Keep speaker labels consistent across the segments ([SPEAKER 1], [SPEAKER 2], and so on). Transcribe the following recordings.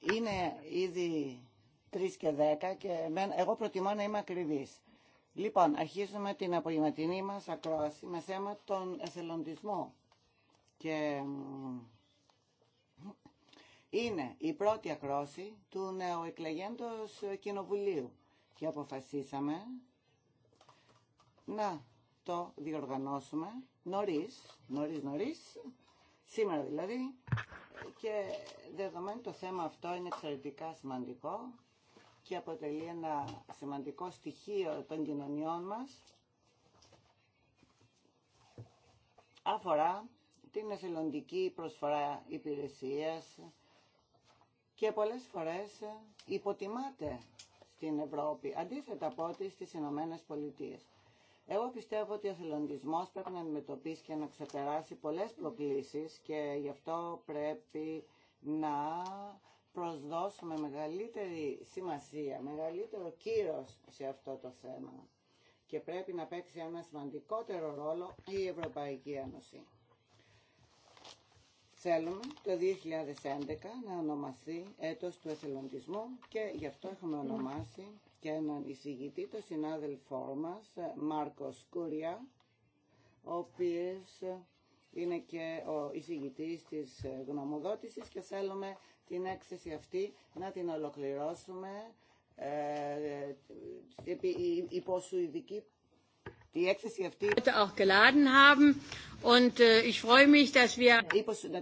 [SPEAKER 1] Είναι ήδη 3 και 10 και εγώ προτιμώ να είμαι ακριβή. Λοιπόν, αρχίζουμε την απογευματινή μας ακρόαση με θέμα τον εθελοντισμό. Και είναι η πρώτη ακρόαση του νεοεκλεγέντος κοινοβουλίου και αποφασίσαμε να το διοργανώσουμε νωρίς, νωρίς, νωρίς, σήμερα δηλαδή, και δεδομένου το θέμα αυτό είναι εξαιρετικά σημαντικό και αποτελεί ένα σημαντικό στοιχείο των κοινωνιών μας, αφορά την εθελοντική προσφορά υπηρεσίας και πολλές φορές υποτιμάται στην Ευρώπη, αντίθετα από ό,τι στις Ηνωμένες Πολιτείες. Εγώ πιστεύω ότι ο εθελοντισμός πρέπει να αντιμετωπίσει και να ξεπεράσει πολλές προκλήσεις και γι' αυτό πρέπει να προσδώσουμε μεγαλύτερη σημασία, μεγαλύτερο κύρος σε αυτό το θέμα και πρέπει να παίξει ένα σημαντικότερο ρόλο η Ευρωπαϊκή Ένωση. Θέλουμε το 2011 να ονομαστεί έτος του εθελοντισμού και γι' αυτό έχουμε ονομάσει και έναν εισηγητή, τον συνάδελφό μας, ε, Μάρκος Κούρια, ο οποίος ε, είναι και ο εισηγητής της ε, γνωμοδότησης και θέλουμε την έκθεση αυτή να την ολοκληρώσουμε ε, υπό σουηδική έκθεση αυτή να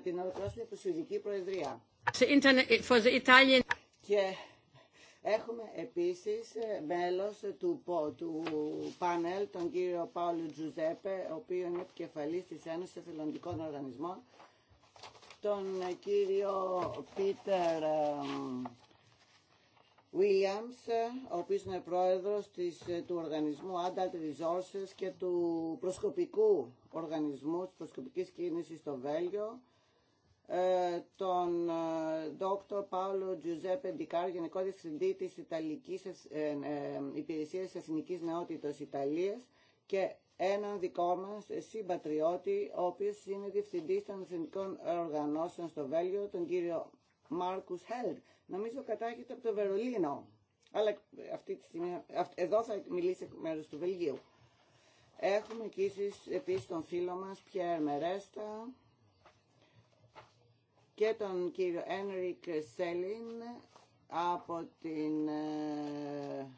[SPEAKER 1] την ολοκληρώσουμε προεδρία. Έχουμε επίσης ε, μέλος του, του πάνελ, τον κύριο Παύλο Τζουζέπε, ο οποίος είναι επικεφαλής της Ένωσης Εθελοντικών Οργανισμών, τον ε, κύριο Πίτερ ε, Williams, ο οποίος είναι πρόεδρος της, του οργανισμού Adult Resources και του προσκοπικού οργανισμού της προσκοπικής κίνησης στο Βέλγιο, ε, τον ε, Δόκτωρ Πάολο Τζουζέπε Ντικάρ, Γενικό Διευθυντή της Ιταλικής ε, Υπηρεσίας Εθνικής Νεότητας Ιταλίας και έναν δικό μας συμπατριώτη, ο οποίος είναι Διευθυντής των Εθνικών Οργανώσεων στο Βέλγιο, τον κύριο Μάρκους Χέλτ. Νομίζω κατάγεται από το Βερολίνο, αλλά αυτή τη στιγμή, εδώ θα μιλήσει εκ του Βελγίου. Έχουμε επίση επίσης τον φίλο μας Πιέρ Μερέστα, και τον κύριο Ένρικ Σέλιν από την ε,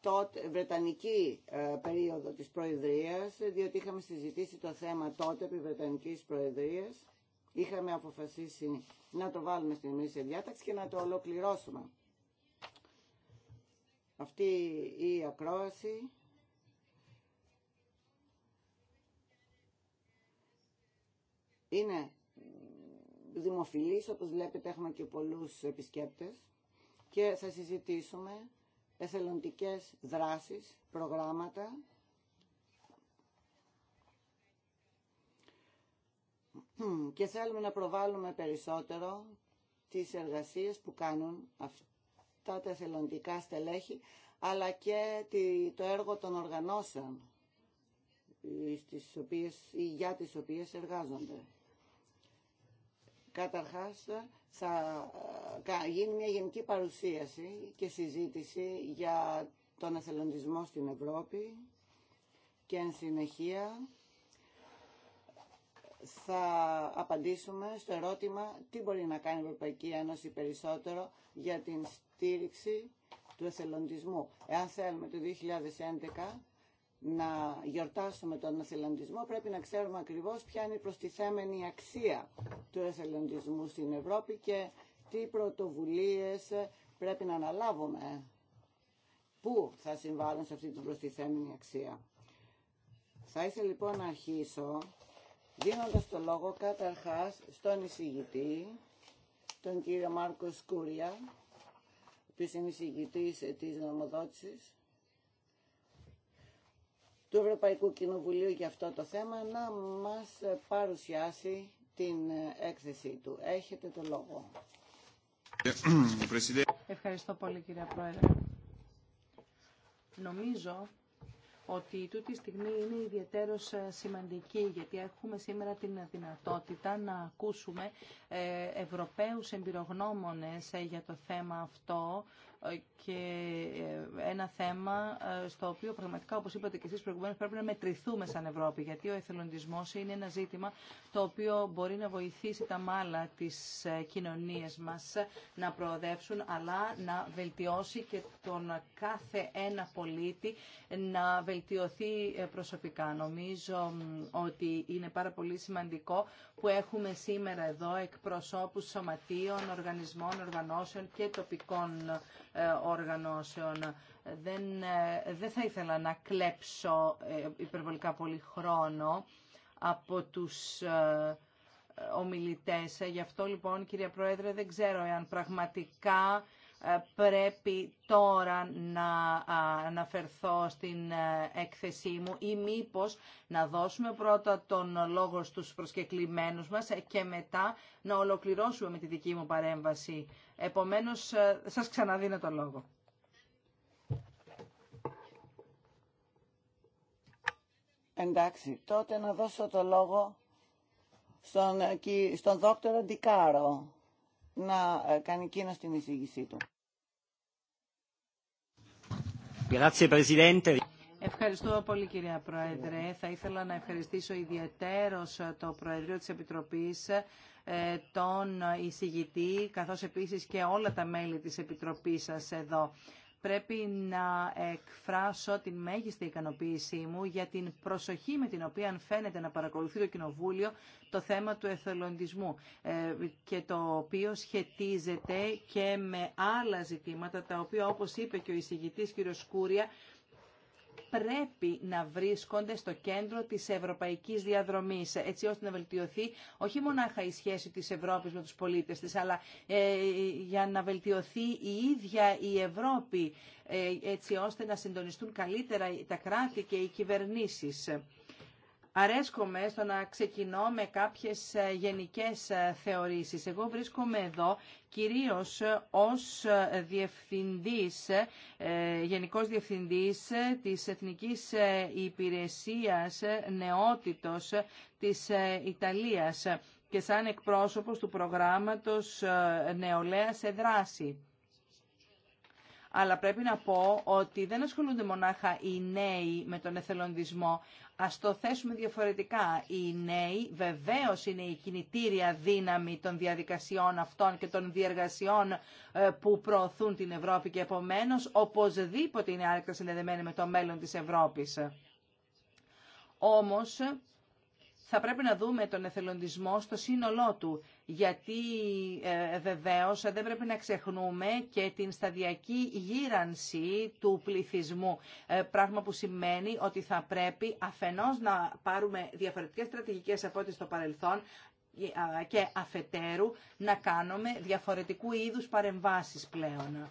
[SPEAKER 1] τότε, Βρετανική ε, περίοδο της Προεδρίας, διότι είχαμε συζητήσει το θέμα τότε επί Βρετανικής Προεδρίας. Είχαμε αποφασίσει να το βάλουμε στην ημερήσια διάταξη και να το ολοκληρώσουμε. Αυτή η ακρόαση είναι δημοφιλής, όπως βλέπετε έχουμε και πολλούς επισκέπτες και θα συζητήσουμε εθελοντικές δράσεις, προγράμματα και θέλουμε να προβάλλουμε περισσότερο τις εργασίες που κάνουν αυτά τα εθελοντικά στελέχη αλλά και το έργο των οργανώσεων ε, οποίες, ή για τις οποίες εργάζονται. Καταρχάς θα γίνει μια γενική παρουσίαση και συζήτηση για τον εθελοντισμό στην Ευρώπη και εν συνεχεία θα απαντήσουμε στο ερώτημα τι μπορεί να κάνει η Ευρωπαϊκή Ένωση περισσότερο για την στήριξη του εθελοντισμού. Εάν θέλουμε το 2011 να γιορτάσουμε τον εθελοντισμό πρέπει να ξέρουμε ακριβώς ποια είναι η προστιθέμενη αξία του εθελοντισμού στην Ευρώπη και τι πρωτοβουλίες πρέπει να αναλάβουμε ε. που θα συμβάλλουν σε αυτή την προστιθέμενη αξία. Θα ήθελα λοιπόν να αρχίσω δίνοντας το λόγο καταρχάς στον εισηγητή, τον κύριο Μάρκο Σκούρια, ο είναι εισηγητής της νομοδότησης του Ευρωπαϊκού Κοινοβουλίου για αυτό το θέμα να μας παρουσιάσει την έκθεσή του. Έχετε το λόγο. Ευχαριστώ πολύ κύριε Πρόεδρε. Νομίζω
[SPEAKER 2] ότι τούτη τη στιγμή είναι ιδιαίτερος ε, σημαντική γιατί έχουμε σήμερα την δυνατότητα να ακούσουμε ε, Ευρωπαίους εμπειρογνώμονες ε, για το θέμα αυτό και ε, ένα θέμα ε, στο οποίο πραγματικά, όπως είπατε και εσείς προηγουμένως, πρέπει να μετρηθούμε σαν Ευρώπη, γιατί ο εθελοντισμός είναι ένα ζήτημα το οποίο μπορεί να βοηθήσει τα μάλα της ε, κοινωνίας μας να προοδεύσουν, αλλά να βελτιώσει και τον κάθε ένα πολίτη να βελτιωθεί προσωπικά. Νομίζω ότι είναι πάρα πολύ σημαντικό που έχουμε σήμερα εδώ εκπροσώπους σωματείων, οργανισμών, οργανώσεων και τοπικών ε, οργανώσεων. Δεν, ε, δεν θα ήθελα να κλέψω ε, υπερβολικά πολύ χρόνο από τους ομιλητές. Γι' αυτό λοιπόν, κυρία Πρόεδρε, δεν ξέρω εάν πραγματικά πρέπει τώρα να αναφερθώ στην ε, έκθεσή μου ή μήπως να δώσουμε πρώτα τον λόγο στους προσκεκλημένους μας και μετά να ολοκληρώσουμε με τη δική μου παρέμβαση. Επομένως,
[SPEAKER 1] ε, σας ξαναδίνω τον λόγο. Εντάξει, τότε να δώσω το λόγο στον, ε, στον δόκτωρο Ντικάρο να κάνει εκείνο την εισήγησή του.
[SPEAKER 2] Ευχαριστώ πολύ κυρία Πρόεδρε. Θα ήθελα να ευχαριστήσω ιδιαίτερος το Προεδρείο της Επιτροπής, ε, τον εισηγητή, καθώς επίσης και όλα τα μέλη της Επιτροπής σας εδώ πρέπει να εκφράσω την μέγιστη ικανοποίησή μου για την προσοχή με την οποία φαίνεται να παρακολουθεί το Κοινοβούλιο το θέμα του εθελοντισμού ε, και το οποίο σχετίζεται και με άλλα ζητήματα τα οποία όπως είπε και ο εισηγητής κ. Σκούρια πρέπει να βρίσκονται στο κέντρο της ευρωπαϊκής διαδρομής, έτσι ώστε να βελτιωθεί όχι μονάχα η σχέση της Ευρώπης με τους πολίτες της, αλλά ε, για να βελτιωθεί η ίδια η Ευρώπη, ε, έτσι ώστε να συντονιστούν καλύτερα τα κράτη και οι κυβερνήσεις αρέσκομαι στο να ξεκινώ με κάποιες ε, γενικές ε, θεωρήσεις. Εγώ βρίσκομαι εδώ κυρίως ε, ως διευθυντής, γενικός διευθυντής της Εθνικής Υπηρεσίας Νεότητος της Ιταλίας και σαν εκπρόσωπος του προγράμματος Νεολαία σε δράση. Αλλά πρέπει να πω ότι δεν ασχολούνται μονάχα οι νέοι με τον εθελοντισμό, Ας το θέσουμε διαφορετικά. Οι νέοι βεβαίως είναι η κινητήρια δύναμη των διαδικασιών αυτών και των διεργασιών ε, που προωθούν την Ευρώπη και επομένως οπωσδήποτε είναι άρρηκτα συνδεδεμένοι με το μέλλον της Ευρώπης. Όμως θα πρέπει να δούμε τον εθελοντισμό στο σύνολό του γιατί ε, βεβαίως δεν πρέπει να ξεχνούμε και την σταδιακή γύρανση του πληθυσμού, ε, πράγμα που σημαίνει ότι θα πρέπει αφενός να πάρουμε διαφορετικές στρατηγικές από ό,τι στο παρελθόν, ε, και αφετέρου να κάνουμε διαφορετικού είδους παρεμβάσεις πλέον.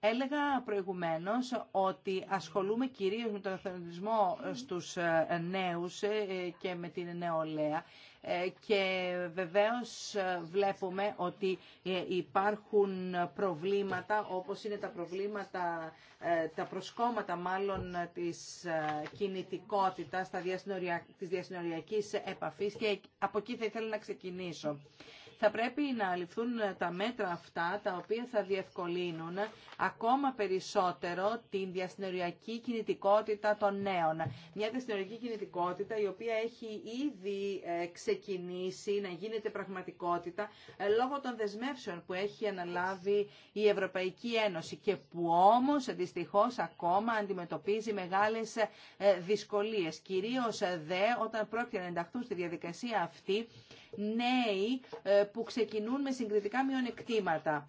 [SPEAKER 2] Έλεγα προηγουμένως ότι ασχολούμε κυρίως με τον αθλητισμό στους ε, νέους και με την νεολαία ε, και βεβαίως ε, βλέπουμε ότι ε, υπάρχουν προβλήματα όπως είναι τα προβλήματα, τα προσκόμματα μάλλον της κινητικότητας, της διασυνοριακής επαφής και από εκεί θα ήθελα να ξεκινήσω. Θα πρέπει να ληφθούν ε, τα μέτρα αυτά τα οποία θα διευκολύνουν ε, ακόμα περισσότερο την διασυνοριακή κινητικότητα των νέων. Μια διασυνοριακή κινητικότητα η οποία έχει ήδη ε, ξεκινήσει να γίνεται πραγματικότητα λόγω των δεσμεύσεων που έχει αναλάβει η Ευρωπαϊκή Ένωση και που όμως δυστυχώς ακόμα αντιμετωπίζει μεγάλες δυσκολίες. Κυρίως δε όταν πρόκειται να ενταχθούν στη διαδικασία αυτή νέοι ε, που ξεκινούν με συγκριτικά μειονεκτήματα.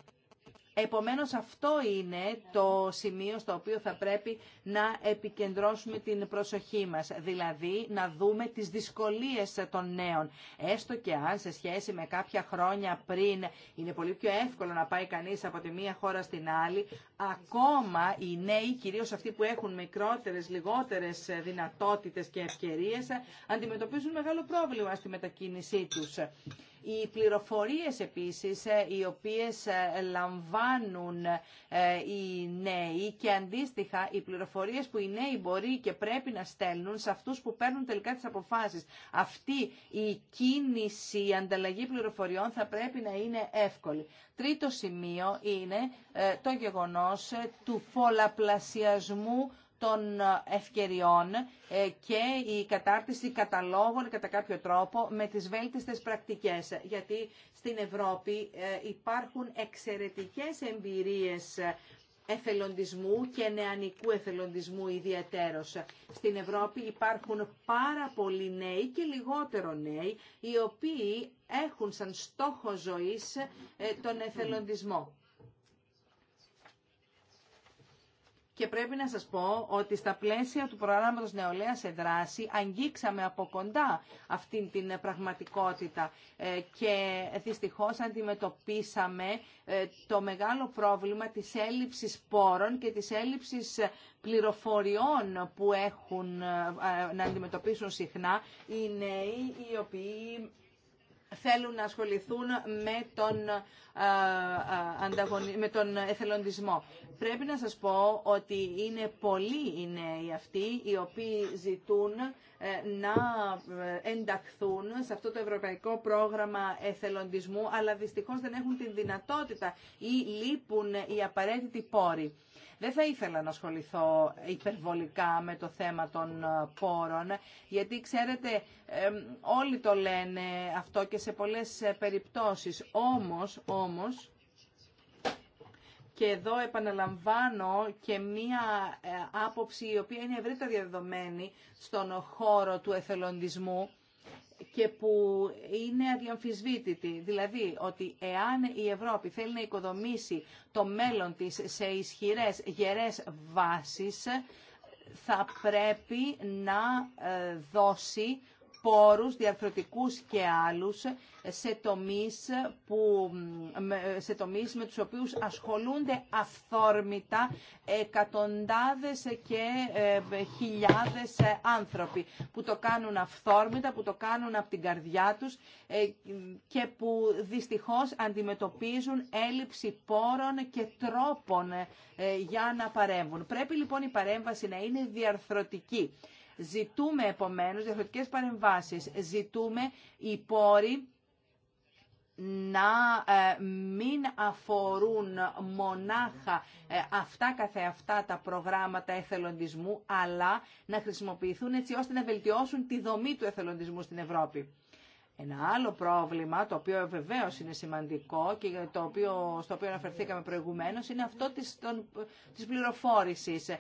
[SPEAKER 2] Επομένως αυτό είναι το σημείο στο οποίο θα πρέπει να επικεντρώσουμε την προσοχή μας, δηλαδή να δούμε τις δυσκολίες των νέων. Έστω και αν σε σχέση με κάποια χρόνια πριν είναι πολύ πιο εύκολο να πάει κανείς από τη μία χώρα στην άλλη, ακόμα οι νέοι, κυρίως αυτοί που έχουν μικρότερες, λιγότερες δυνατότητες και ευκαιρίες, αντιμετωπίζουν μεγάλο πρόβλημα στη μετακίνησή τους. Οι πληροφορίες επίσης ε, οι οποίες ε, λαμβάνουν ε, οι νέοι και αντίστοιχα οι πληροφορίες που οι νέοι μπορεί και πρέπει να στέλνουν σε αυτούς που παίρνουν τελικά τις αποφάσεις. Αυτή η κίνηση, η ανταλλαγή πληροφοριών θα πρέπει να είναι εύκολη. Τρίτο σημείο είναι το γεγονός του πολλαπλασιασμού των ευκαιριών ε, και η κατάρτιση καταλόγων κατά κάποιο τρόπο με τις βέλτιστες πρακτικές. Γιατί στην Ευρώπη ε, υπάρχουν εξαιρετικές εμπειρίες εθελοντισμού και νεανικού εθελοντισμού ιδιαίτερος. Στην Ευρώπη υπάρχουν πάρα πολλοί νέοι και λιγότερο νέοι, οι οποίοι έχουν σαν στόχο ζωής ε, τον εθελοντισμό. και πρέπει να σας πω ότι στα πλαίσια του προγράμματος Νεολαία σε δράση αγγίξαμε από κοντά αυτήν την ε, πραγματικότητα ε, και δυστυχώς αντιμετωπίσαμε ε, το μεγάλο πρόβλημα της έλλειψης πόρων και της έλλειψης πληροφοριών που έχουν να αντιμετωπίσουν συχνά οι νέοι οι οποίοι θέλουν να ασχοληθούν με τον, ε, ε, με τον εθελοντισμό. Πρέπει να σας πω ότι είναι πολλοί οι νέοι αυτοί οι οποίοι ζητούν ε, να ενταχθούν σε αυτό το ευρωπαϊκό πρόγραμμα εθελοντισμού, αλλά δυστυχώς δεν έχουν την δυνατότητα ή λείπουν οι απαραίτητοι πόροι. Δεν θα ήθελα να ασχοληθώ υπερβολικά με το θέμα των ε, πόρων, γιατί ξέρετε όλοι το λένε αυτό και σε πολλές ε, περιπτώσεις. Όμως, όμως, και εδώ επαναλαμβάνω και μία ε, άποψη η οποία είναι ευρύτερα διαδεδομένη στον χώρο του εθελοντισμού, και που είναι αδιαμφισβήτητη. Δηλαδή ότι εάν η Ευρώπη θέλει να οικοδομήσει το μέλλον της σε ισχυρές γερές βάσεις, θα πρέπει να ε, δώσει πόρους διαφορετικούς και άλλους σε τομείς, που, σε τομείς με τους οποίους ασχολούνται αυθόρμητα εκατοντάδες και ε, χιλιάδες άνθρωποι που το κάνουν αυθόρμητα, που το κάνουν από την καρδιά τους ε, και που δυστυχώς αντιμετωπίζουν έλλειψη πόρων και τρόπων ε, για να παρέμβουν. Πρέπει λοιπόν η παρέμβαση να είναι διαρθρωτική Ζητούμε επομένως διαφορετικές παρεμβάσεις. Ζητούμε οι πόροι να ε, μην αφορούν μονάχα ε, αυτά καθεαυτά τα προγράμματα εθελοντισμού, αλλά να χρησιμοποιηθούν έτσι ώστε να βελτιώσουν τη δομή του εθελοντισμού στην Ευρώπη. Ένα άλλο πρόβλημα, το οποίο βεβαίω είναι σημαντικό και το οποίο, στο οποίο αναφερθήκαμε προηγουμένως, είναι αυτό της, των, της πληροφόρησης ε,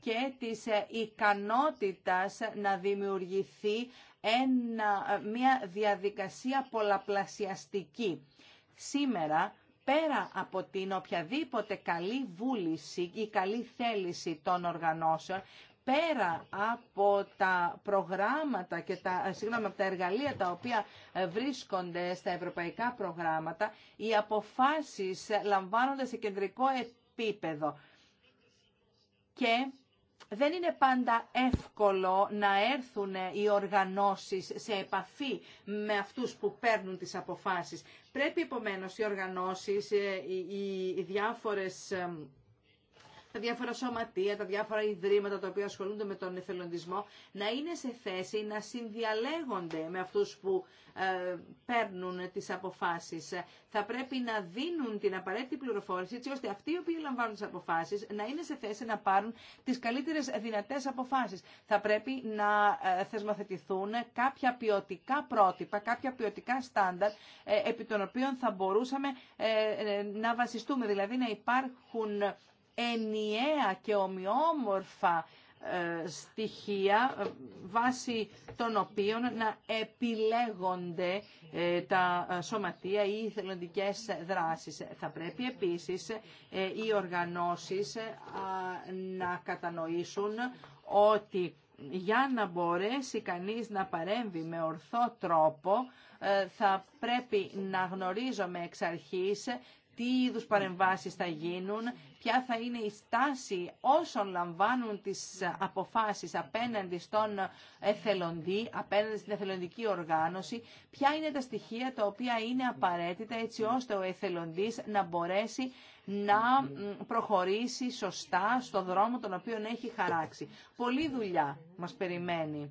[SPEAKER 2] και της ε, ικανότητας να δημιουργηθεί ένα, ε, μια διαδικασία πολλαπλασιαστική. Σήμερα, πέρα από την οποιαδήποτε καλή βούληση ή καλή θέληση των οργανώσεων, πέρα από τα προγράμματα και τα, τα εργαλεία τα οποία ε, βρίσκονται στα ευρωπαϊκά προγράμματα, οι αποφάσεις λαμβάνονται σε κεντρικό επίπεδο. Και δεν είναι πάντα εύκολο να έρθουν ε, οι οργανώσεις σε επαφή με αυτούς που παίρνουν τις αποφάσεις. Πρέπει επομένως οι οργανώσεις, ε, οι διάφορες τα διάφορα σωματεία, τα διάφορα ιδρύματα τα οποία ασχολούνται με τον εθελοντισμό, να είναι σε θέση να συνδιαλέγονται με αυτούς που ε, παίρνουν τις αποφάσεις. Θα πρέπει να δίνουν την απαραίτητη πληροφόρηση, έτσι ώστε αυτοί οι οποίοι λαμβάνουν τις αποφάσεις να είναι σε θέση να πάρουν τις καλύτερες δυνατές αποφάσεις. Θα πρέπει να ε, θεσμοθετηθούν κάποια ποιοτικά πρότυπα, κάποια ποιοτικά στάνταρ, ε, επί των οποίων θα μπορούσαμε ε, να βασιστούμε, δηλαδή να υπάρχουν ενιαία και ομοιόμορφα ε, στοιχεία ε, βάσει των οποίων να επιλέγονται ε, τα σωματεία ή οι θελοντικές δράσεις. Θα πρέπει επίσης οι οργανώσεις να κατανοήσουν ότι για να μπορέσει κανείς να παρέμβει με ορθό τρόπο θα πρέπει να γνωρίζουμε εξ αρχής τι είδους παρεμβάσεις θα γίνουν, ποια θα είναι η στάση όσων λαμβάνουν τις αποφάσεις απέναντι στον εθελοντή, απέναντι στην εθελοντική οργάνωση, ποια είναι τα στοιχεία τα οποία είναι απαραίτητα έτσι ώστε ο εθελοντής να μπορέσει να προχωρήσει σωστά στο δρόμο τον οποίο έχει χαράξει. Πολύ δουλειά μας περιμένει.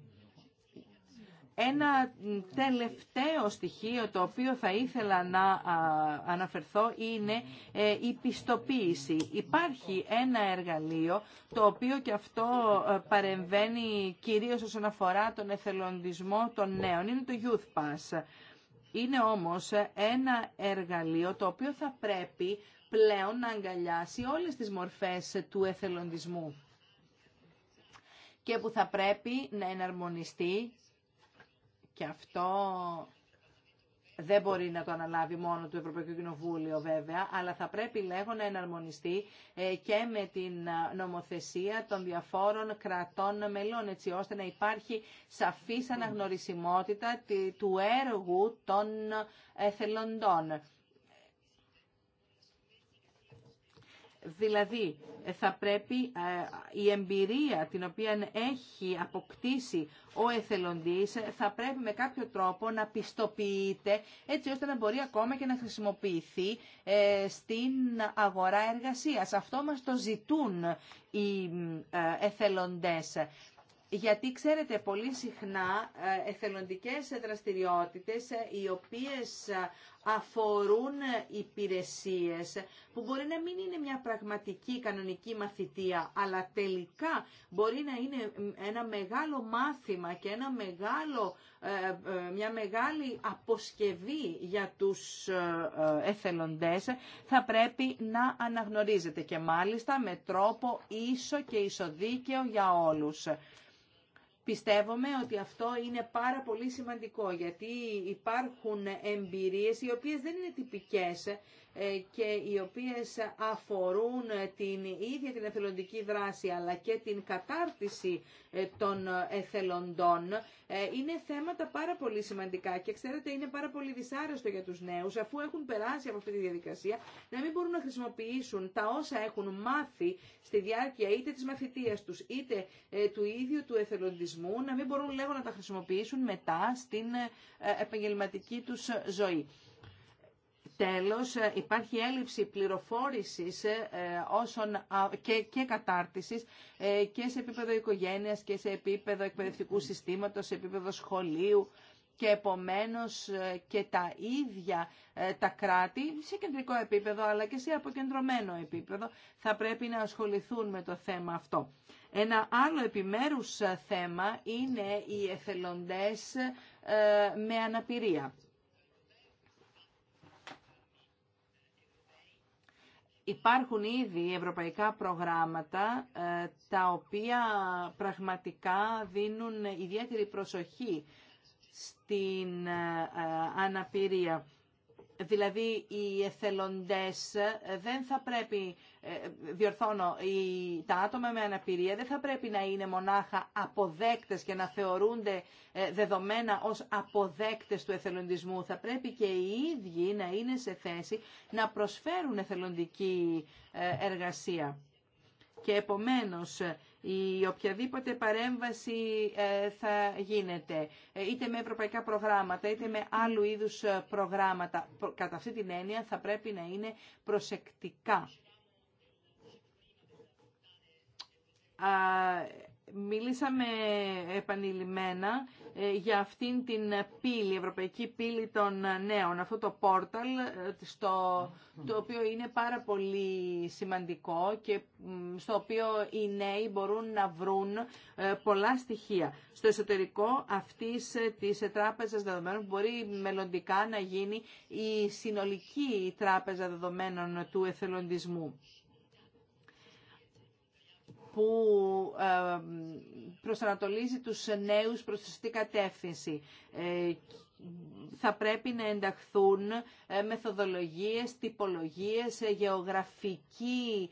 [SPEAKER 2] Ένα τελευταίο στοιχείο το οποίο θα ήθελα να αναφερθώ είναι ε, η πιστοποίηση. Υπάρχει ένα εργαλείο το οποίο και αυτό ε, παρεμβαίνει κυρίως όσον αφορά τον εθελοντισμό των νέων. Είναι το Youth Pass. Είναι όμως ένα εργαλείο το οποίο θα πρέπει πλέον να αγκαλιάσει όλες τις μορφές του εθελοντισμού και που θα πρέπει να εναρμονιστεί και αυτό δεν μπορεί να το αναλάβει μόνο το Ευρωπαϊκό Κοινοβούλιο βέβαια, αλλά θα πρέπει λέγω να εναρμονιστεί ε, και με την νομοθεσία των διαφόρων κρατών μελών, έτσι ώστε να υπάρχει σαφής αναγνωρισιμότητα του έργου των εθελοντών. Δηλαδή, ε, θα πρέπει ε, η εμπειρία την οποία έχει αποκτήσει ο εθελοντής ε, θα πρέπει με κάποιο τρόπο να πιστοποιείται έτσι ώστε να μπορεί ακόμα και να χρησιμοποιηθεί στην αγορά εργασίας. Αυτό μας το ζητούν οι εθελοντές. Γιατί ξέρετε πολύ συχνά εθελοντικές δραστηριότητες οι οποίες αφορούν υπηρεσίες που μπορεί να μην είναι μια πραγματική κανονική μαθητεία, αλλά τελικά μπορεί να είναι ένα μεγάλο μάθημα και ένα μεγάλο, ε, ε, μια μεγάλη αποσκευή για τους ε, εθελοντές, θα πρέπει να αναγνωρίζεται και μάλιστα με τρόπο ίσο και ισοδίκαιο για όλους. Πιστεύουμε ότι αυτό είναι πάρα πολύ σημαντικό γιατί υπάρχουν εμπειρίες οι οποίες δεν είναι τυπικές ε, και οι οποίες αφορούν την ίδια την εθελοντική δράση αλλά και την κατάρτιση ε, των εθελοντών ε, είναι θέματα πάρα πολύ σημαντικά και ξέρετε είναι πάρα πολύ δυσάρεστο για τους νέους αφού έχουν περάσει από αυτή τη διαδικασία να μην μπορούν να χρησιμοποιήσουν τα όσα έχουν μάθει στη διάρκεια είτε της μαθητείας τους είτε του ίδιου του εθελοντισμού να μην μπορούν λέγω να τα χρησιμοποιήσουν μετά στην επαγγελματική τους ζωή. Τέλος, ε, υπάρχει έλλειψη πληροφόρησης ε, ε, όσον, και, και κατάρτισης και σε επίπεδο οικογένειας και σε επίπεδο εκπαιδευτικού συστήματος, σε επίπεδο σχολείου και επομένως και τα ίδια τα κράτη σε κεντρικό επίπεδο αλλά και σε αποκεντρωμένο επίπεδο θα πρέπει να ασχοληθούν με το θέμα αυτό. Ένα άλλο επιμέρους θέμα είναι οι εθελοντές με αναπηρία. Υπάρχουν ήδη ευρωπαϊκά προγράμματα ε, τα οποία πραγματικά δίνουν ιδιαίτερη προσοχή στην ε, ε, αναπηρία. Δηλαδή οι εθελοντές δεν θα πρέπει ε, διορθώνω, τα άτομα με αναπηρία δεν θα πρέπει να είναι μονάχα αποδέκτες και να θεωρούνται ε, δεδομένα ως αποδέκτες του εθελοντισμού. Θα πρέπει και οι ίδιοι να είναι σε θέση να προσφέρουν εθελοντική ε, εργασία. Και επομένως η οποιαδήποτε παρέμβαση θα γίνεται, είτε με ευρωπαϊκά προγράμματα, είτε με άλλου είδους προγράμματα, κατά αυτή την έννοια θα πρέπει να είναι προσεκτικά Μίλησαμε επανειλημμένα ε, για αυτήν την πύλη, ευρωπαϊκή πύλη των νέων, αυτό το πόρταλ, στο, ε, το οποίο είναι πάρα πολύ σημαντικό και στο οποίο οι νέοι μπορούν να βρουν ε, πολλά στοιχεία. Στο εσωτερικό αυτής της τράπεζας δεδομένων μπορεί μελλοντικά να γίνει η συνολική τράπεζα δεδομένων του εθελοντισμού που προσανατολίζει τους νέους προς τη σωστή κατεύθυνση. Ε, θα πρέπει να ενταχθούν ε, μεθοδολογίες, τυπολογίες, ε, γεωγραφική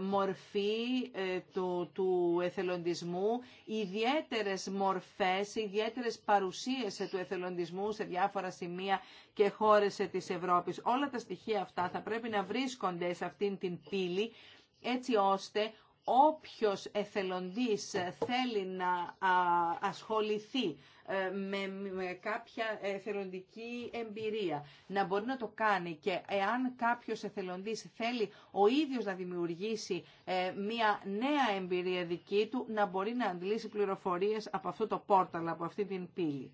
[SPEAKER 2] μορφή του, του εθελοντισμού, ιδιαίτερες μορφές, ιδιαίτερες παρουσίες του εθελοντισμού σε διάφορα σημεία και χώρες της Ευρώπης. Όλα τα στοιχεία αυτά θα πρέπει να βρίσκονται σε αυτήν την πύλη έτσι ώστε όποιος εθελοντής θέλει να ασχοληθεί ε, με κάποια εθελοντική εμπειρία, να μπορεί να το κάνει και εάν κάποιος εθελοντής θέλει ο ίδιος να δημιουργήσει ε, μια νέα εμπειρία δική του, να μπορεί να αντλήσει πληροφορίες από αυτό το πόρταλ, από αυτή την πύλη.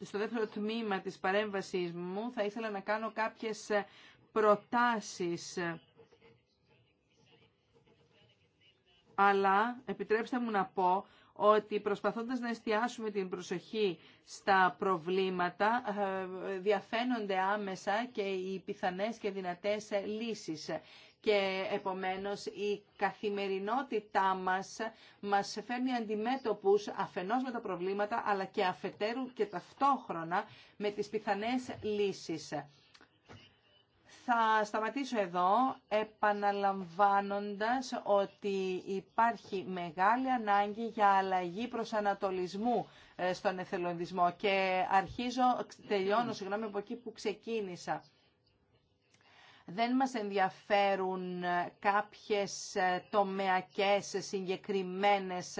[SPEAKER 2] Στο δεύτερο τμήμα της παρέμβασής μου θα ήθελα να κάνω κάποιες ε, προτάσεις. Αλλά επιτρέψτε μου να πω ότι προσπαθώντας να εστιάσουμε την προσοχή στα προβλήματα ε, διαφαίνονται άμεσα και οι πιθανές και δυνατές λύσεις και επομένως η καθημερινότητά μας μας φέρνει αντιμέτωπους αφενός με τα προβλήματα αλλά και αφετέρου και ταυτόχρονα με τις πιθανές λύσεις. Θα σταματήσω εδώ επαναλαμβάνοντας ότι υπάρχει μεγάλη ανάγκη για αλλαγή προσανατολισμού ε, στον εθελοντισμό και αρχίζω, τελειώνω συγγνώμη από εκεί που ξεκίνησα. Δεν μας ενδιαφέρουν ε, κάποιες ε, τομεακές συγκεκριμένες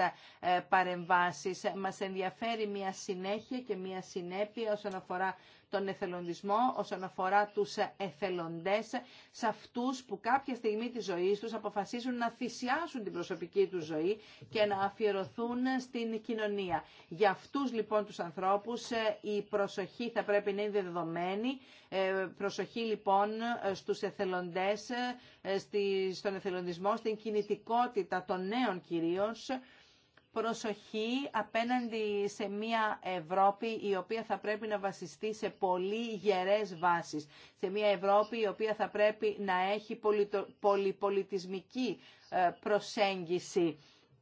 [SPEAKER 2] παρεμβάσεις. Μας ενδιαφέρει μια συνέχεια και μια συνέπεια όσον αφορά τον εθελοντισμό όσον αφορά τους εθελοντές, σε αυτούς που κάποια στιγμή της ζωής τους αποφασίζουν να θυσιάσουν την προσωπική τους ζωή και να αφιερωθούν στην κοινωνία. Για αυτούς λοιπόν τους ανθρώπους ε, η προσοχή θα πρέπει να είναι δεδομένη, ε, προσοχή λοιπόν στους εθελοντές, ε, στον εθελοντισμό, στην κινητικότητα των νέων κυρίως, προσοχή απέναντι σε μια Ευρώπη η οποία θα πρέπει να βασιστεί σε πολύ γερές βάσεις. Σε μια Ευρώπη η οποία θα πρέπει να έχει πολυπολιτισμική ε, προσέγγιση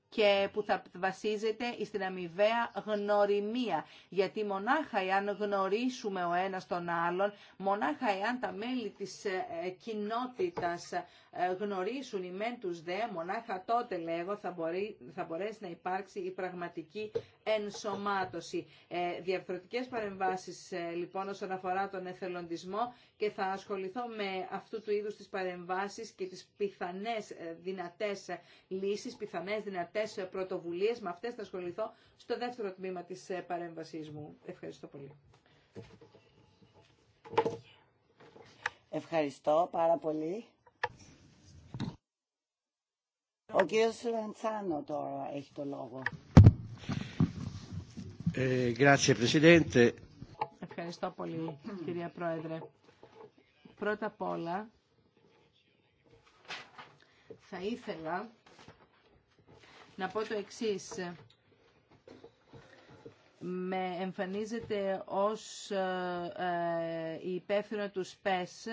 [SPEAKER 2] και που θα βασίζεται στην αμοιβαία γνωριμία. Γιατί μονάχα εάν γνωρίσουμε ο ένας τον άλλον, μονάχα εάν τα μέλη της ε, κοινότητας ε, γνωρίσουν οι μεν τους δε, μονάχα τότε λέγω θα, μπορεί, θα μπορέσει να υπάρξει η πραγματική ενσωμάτωση. Ε, διαφορετικές παρεμβάσεις ε, λοιπόν όσον αφορά τον εθελοντισμό και θα ασχοληθώ με αυτού του είδους τις παρεμβάσεις και τις πιθανές ε, δυνατές λύσεις, πιθανές δυνατές πρωτοβουλίες. Με αυτές θα ασχοληθώ στο δεύτερο τμήμα της παρεμβασή μου. Ευχαριστώ πολύ.
[SPEAKER 1] Ευχαριστώ πάρα πολύ. Ο κύριος Λαντσάνο τώρα έχει το λόγο. Ε, Ευχαριστώ πολύ, κυρία
[SPEAKER 2] Πρόεδρε. Πρώτα απ' όλα, θα ήθελα να πω το εξής. Με εμφανίζεται ως ε, ε η υπεύθυνο του ΣΠΕΣ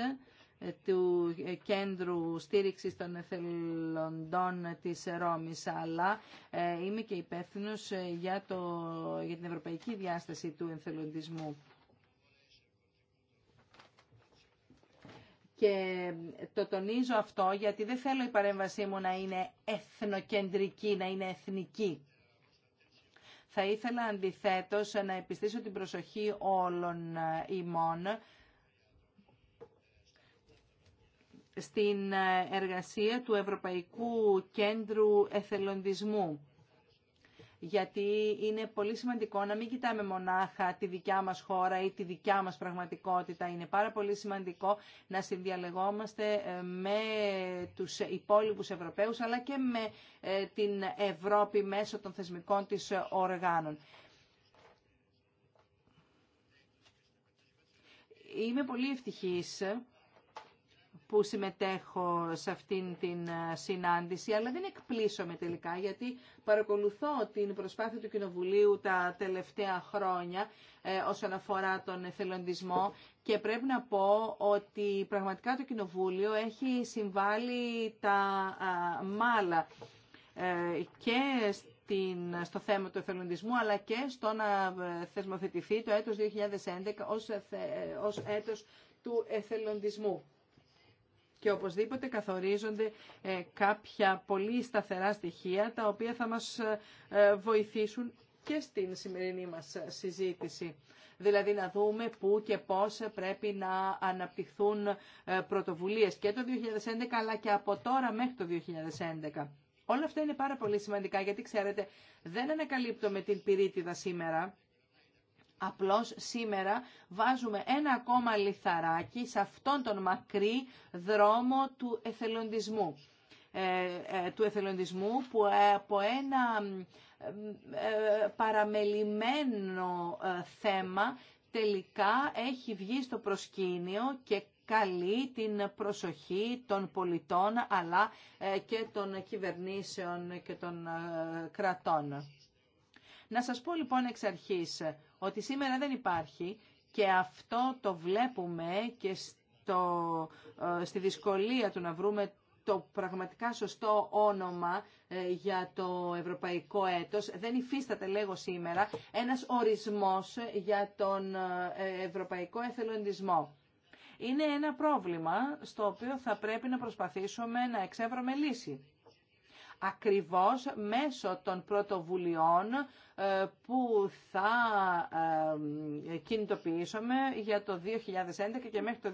[SPEAKER 2] του Κέντρου Στήριξης των Εθελοντών της Ρώμης, αλλά ε, είμαι και υπεύθυνο ε, για, για την ευρωπαϊκή διάσταση του εθελοντισμού. Και ε, το τονίζω αυτό γιατί δεν θέλω η παρέμβασή μου να είναι εθνοκεντρική, να είναι εθνική. Θα ήθελα αντιθέτως να επιστήσω την προσοχή όλων ημών στην ε, εργασία του Ευρωπαϊκού Κέντρου Εθελοντισμού γιατί είναι πολύ σημαντικό να μην κοιτάμε μονάχα τη δικιά μας χώρα ή τη δικιά μας πραγματικότητα. Είναι πάρα πολύ σημαντικό να συνδιαλεγόμαστε ε, με τους υπόλοιπους Ευρωπαίους, αλλά και με ε, την Ευρώπη μέσω των θεσμικών της οργάνων. Είμαι πολύ ευτυχής που συμμετέχω σε αυτήν την ε, συνάντηση, αλλά δεν με τελικά, γιατί παρακολουθώ την προσπάθεια του Κοινοβουλίου τα τελευταία χρόνια ε, όσον αφορά τον εθελοντισμό και πρέπει να πω ότι πραγματικά το Κοινοβούλιο έχει συμβάλει τα α, μάλα ε, και στο θέμα του εθελοντισμού, αλλά και στο να ε, θεσμοθετηθεί το έτος 2011 ως, ως έτος του εθελοντισμού και οπωσδήποτε καθορίζονται ε, κάποια πολύ σταθερά στοιχεία τα οποία θα μας ε, ε, βοηθήσουν και στην σημερινή μας συζήτηση. Δηλαδή να δούμε πού και πώς πρέπει να αναπτυχθούν πρωτοβουλίες και το 2011 αλλά και από τώρα μέχρι το 2011. Όλα αυτά είναι πάρα πολύ σημαντικά γιατί ξέρετε δεν με την πυρίτιδα σήμερα Απλώς σήμερα βάζουμε ένα ακόμα λιθαράκι σε αυτόν τον μακρύ δρόμο του εθελοντισμού. Ε, ε, του εθελοντισμού που ε, από ένα παραμελημένο θέμα τελικά έχει βγει στο προσκήνιο και καλεί την προσοχή των πολιτών αλλά και των κυβερνήσεων και των κρατών. Να σας πω λοιπόν εξ αρχής ότι σήμερα δεν υπάρχει και αυτό το βλέπουμε και στο, ε, στη δυσκολία του να βρούμε το πραγματικά σωστό όνομα ε, για το ευρωπαϊκό έτος. Δεν υφίσταται, λέγω σήμερα, ένας ορισμός για τον ε, ευρωπαϊκό εθελοντισμό. Είναι ένα πρόβλημα στο οποίο θα πρέπει να προσπαθήσουμε να εξεύρουμε λύση ακριβώς μέσω των πρωτοβουλειών ε, που θα ε, κινητοποιήσουμε για το 2011 και μέχρι το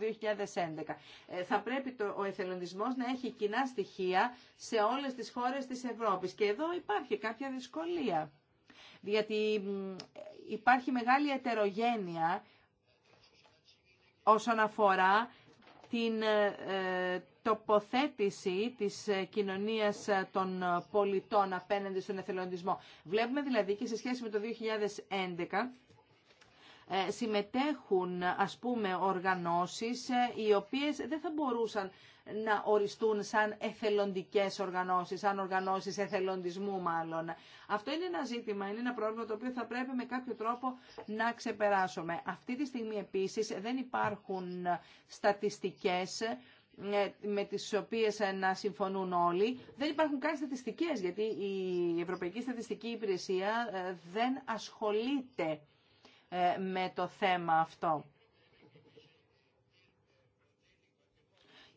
[SPEAKER 2] 2011. Ε, θα πρέπει το, ο εθελοντισμός να έχει κοινά στοιχεία σε όλες τις χώρες της Ευρώπης και εδώ υπάρχει κάποια δυσκολία. Γιατί υπάρχει μεγάλη ετερογένεια όσον αφορά την, τοποθέτηση της ε, κοινωνίας ε, των ε, πολιτών απέναντι στον εθελοντισμό. Βλέπουμε δηλαδή και σε σχέση με το 2011 συμμετέχουν ας πούμε οργανώσεις οι οποίες δεν θα μπορούσαν να οριστούν σαν εθελοντικές οργανώσεις, σαν οργανώσεις εθελοντισμού μάλλον. Αυτό είναι ένα ζήτημα, είναι ένα πρόβλημα το οποίο θα πρέπει με κάποιο τρόπο να ξεπεράσουμε. Αυτή τη στιγμή επίσης δεν υπάρχουν στατιστικές ε, με τις οποίες ε, να συμφωνούν όλοι. Δεν υπάρχουν καν στατιστικές, γιατί η Ευρωπαϊκή Στατιστική Υπηρεσία ε, δεν ασχολείται με το θέμα αυτό.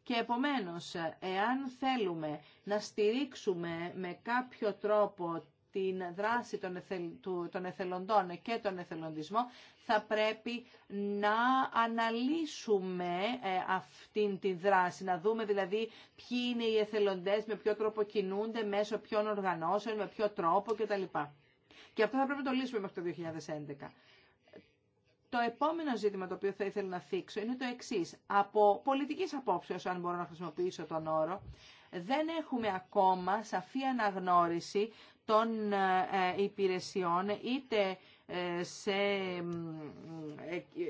[SPEAKER 2] Και επομένως, εάν θέλουμε να στηρίξουμε με κάποιο τρόπο την δράση των εθελοντών και τον εθελοντισμό, θα πρέπει να αναλύσουμε ε, αυτήν την δράση, να δούμε δηλαδή ποιοι είναι οι εθελοντές, με ποιο τρόπο κινούνται, μέσω ποιων οργανώσεων, με ποιο τρόπο κτλ. Και αυτό θα πρέπει να το λύσουμε μέχρι το 2011. Το επόμενο ζήτημα το οποίο θα ήθελα να θίξω είναι το εξή. Από πολιτική απόψεω, αν μπορώ να χρησιμοποιήσω τον όρο, δεν έχουμε ακόμα σαφή αναγνώριση των ε, ε, υπηρεσιών είτε ε, σε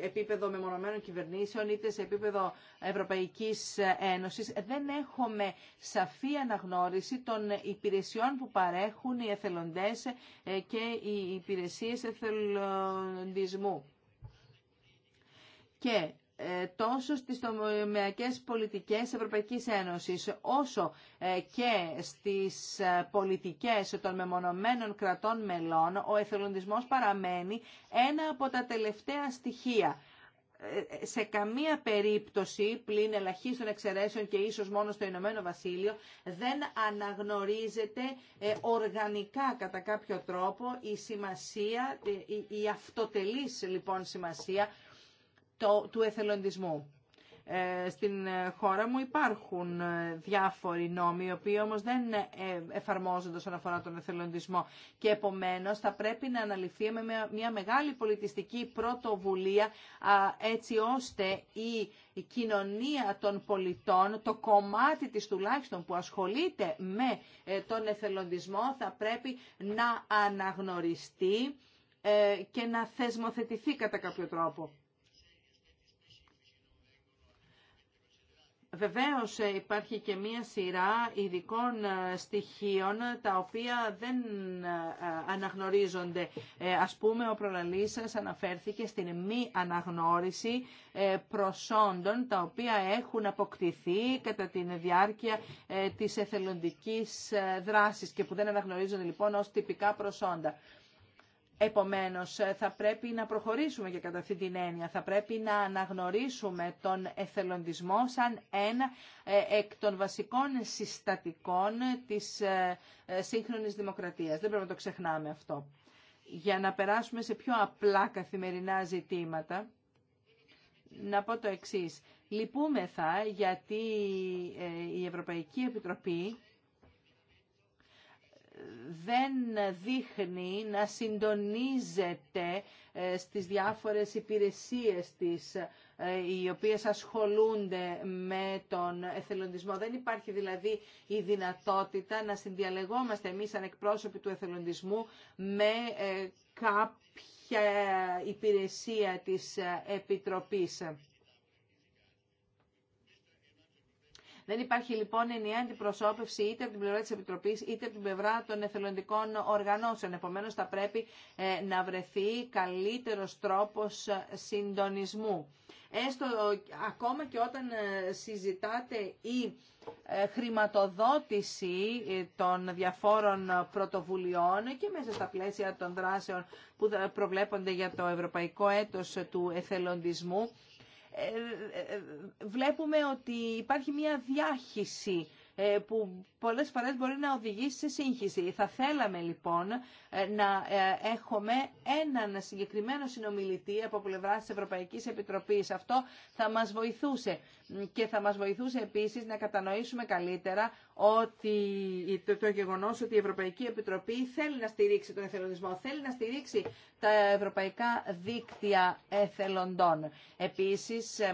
[SPEAKER 2] επίπεδο μεμονωμένων κυβερνήσεων είτε σε επίπεδο Ευρωπαϊκής Ένωσης δεν έχουμε σαφή αναγνώριση των υπηρεσιών που παρέχουν οι εθελοντές και οι υπηρεσίες εθελοντισμού. Και ε, τόσο στις τομεακές πολιτικές Ευρωπαϊκής Ένωσης όσο ε, και στις ε, πολιτικές των μεμονωμένων κρατών μελών ο εθελοντισμός παραμένει ένα από τα τελευταία στοιχεία σε καμία περίπτωση πλην ελαχίστων εξαιρέσεων και ίσως μόνο στο Ηνωμένο Βασίλειο δεν αναγνωρίζεται οργανικά κατά κάποιο τρόπο η σημασία, η, αυτοτελής λοιπόν σημασία το, του εθελοντισμού. Ε, στην ε, χώρα μου υπάρχουν ε, διάφοροι νόμοι, οι οποίοι όμως δεν εφαρμόζονται όσον αφορά τον εθελοντισμό και επομένως θα πρέπει να αναλυθεί με μια μεγάλη πολιτιστική πρωτοβουλία έτσι ώστε η κοινωνία των πολιτών, το κομμάτι της τουλάχιστον που ασχολείται με τον εθελοντισμό θα πρέπει να αναγνωριστεί και να θεσμοθετηθεί κατά κάποιο τρόπο. Βεβαίως ε, υπάρχει και μία σειρά ειδικών ε, στοιχείων τα οποία δεν ε, αναγνωρίζονται. Ας πούμε ο προλαλής σας αναφέρθηκε στην μη αναγνώριση προσόντων τα οποία έχουν αποκτηθεί κατά τη διάρκεια της εθελοντικής δράσης και που δεν αναγνωρίζονται λοιπόν ως τυπικά προσόντα. Επομένως, θα πρέπει να προχωρήσουμε και κατά αυτή την έννοια. Θα πρέπει να αναγνωρίσουμε τον εθελοντισμό σαν ένα ε, εκ των βασικών συστατικών της ε, ε, σύγχρονης δημοκρατίας. Δεν πρέπει να το ξεχνάμε αυτό. Για να περάσουμε σε πιο απλά καθημερινά ζητήματα, να πω το εξής. Λυπούμεθα γιατί η Ευρωπαϊκή Επιτροπή δεν δείχνει να συντονίζεται ε, στις διάφορες υπηρεσίες της ε, οι οποίες ασχολούνται με τον εθελοντισμό. Δεν υπάρχει δηλαδή η δυνατότητα να συνδιαλεγόμαστε εμείς σαν εκπρόσωποι του εθελοντισμού με ε, κάποια υπηρεσία της Επιτροπής. Δεν υπάρχει λοιπόν ενιαία αντιπροσώπευση είτε από την πλευρά τη Επιτροπή είτε από την πλευρά των εθελοντικών οργανώσεων. Επομένω, θα πρέπει ε, να βρεθεί καλύτερο τρόπο ε, συντονισμού. Έστω ε, ακόμα και όταν συζητάτε η χρηματοδότηση των διαφόρων πρωτοβουλειών και μέσα στα πλαίσια των δράσεων που προβλέπονται για το Ευρωπαϊκό Έτος του Εθελοντισμού βλέπουμε ότι υπάρχει μια διάχυση ε, που πολλές φορές μπορεί να οδηγήσει σε σύγχυση. Θα θέλαμε λοιπόν ε, να ε, έχουμε έναν συγκεκριμένο συνομιλητή από πλευρά της Ευρωπαϊκής Επιτροπής. Αυτό θα μας βοηθούσε και θα μας βοηθούσε επίσης να κατανοήσουμε καλύτερα ότι το, το γεγονός ότι η Ευρωπαϊκή Επιτροπή θέλει να στηρίξει τον εθελοντισμό, θέλει να στηρίξει τα ευρωπαϊκά δίκτυα εθελοντών. Επίσης, ε, ε,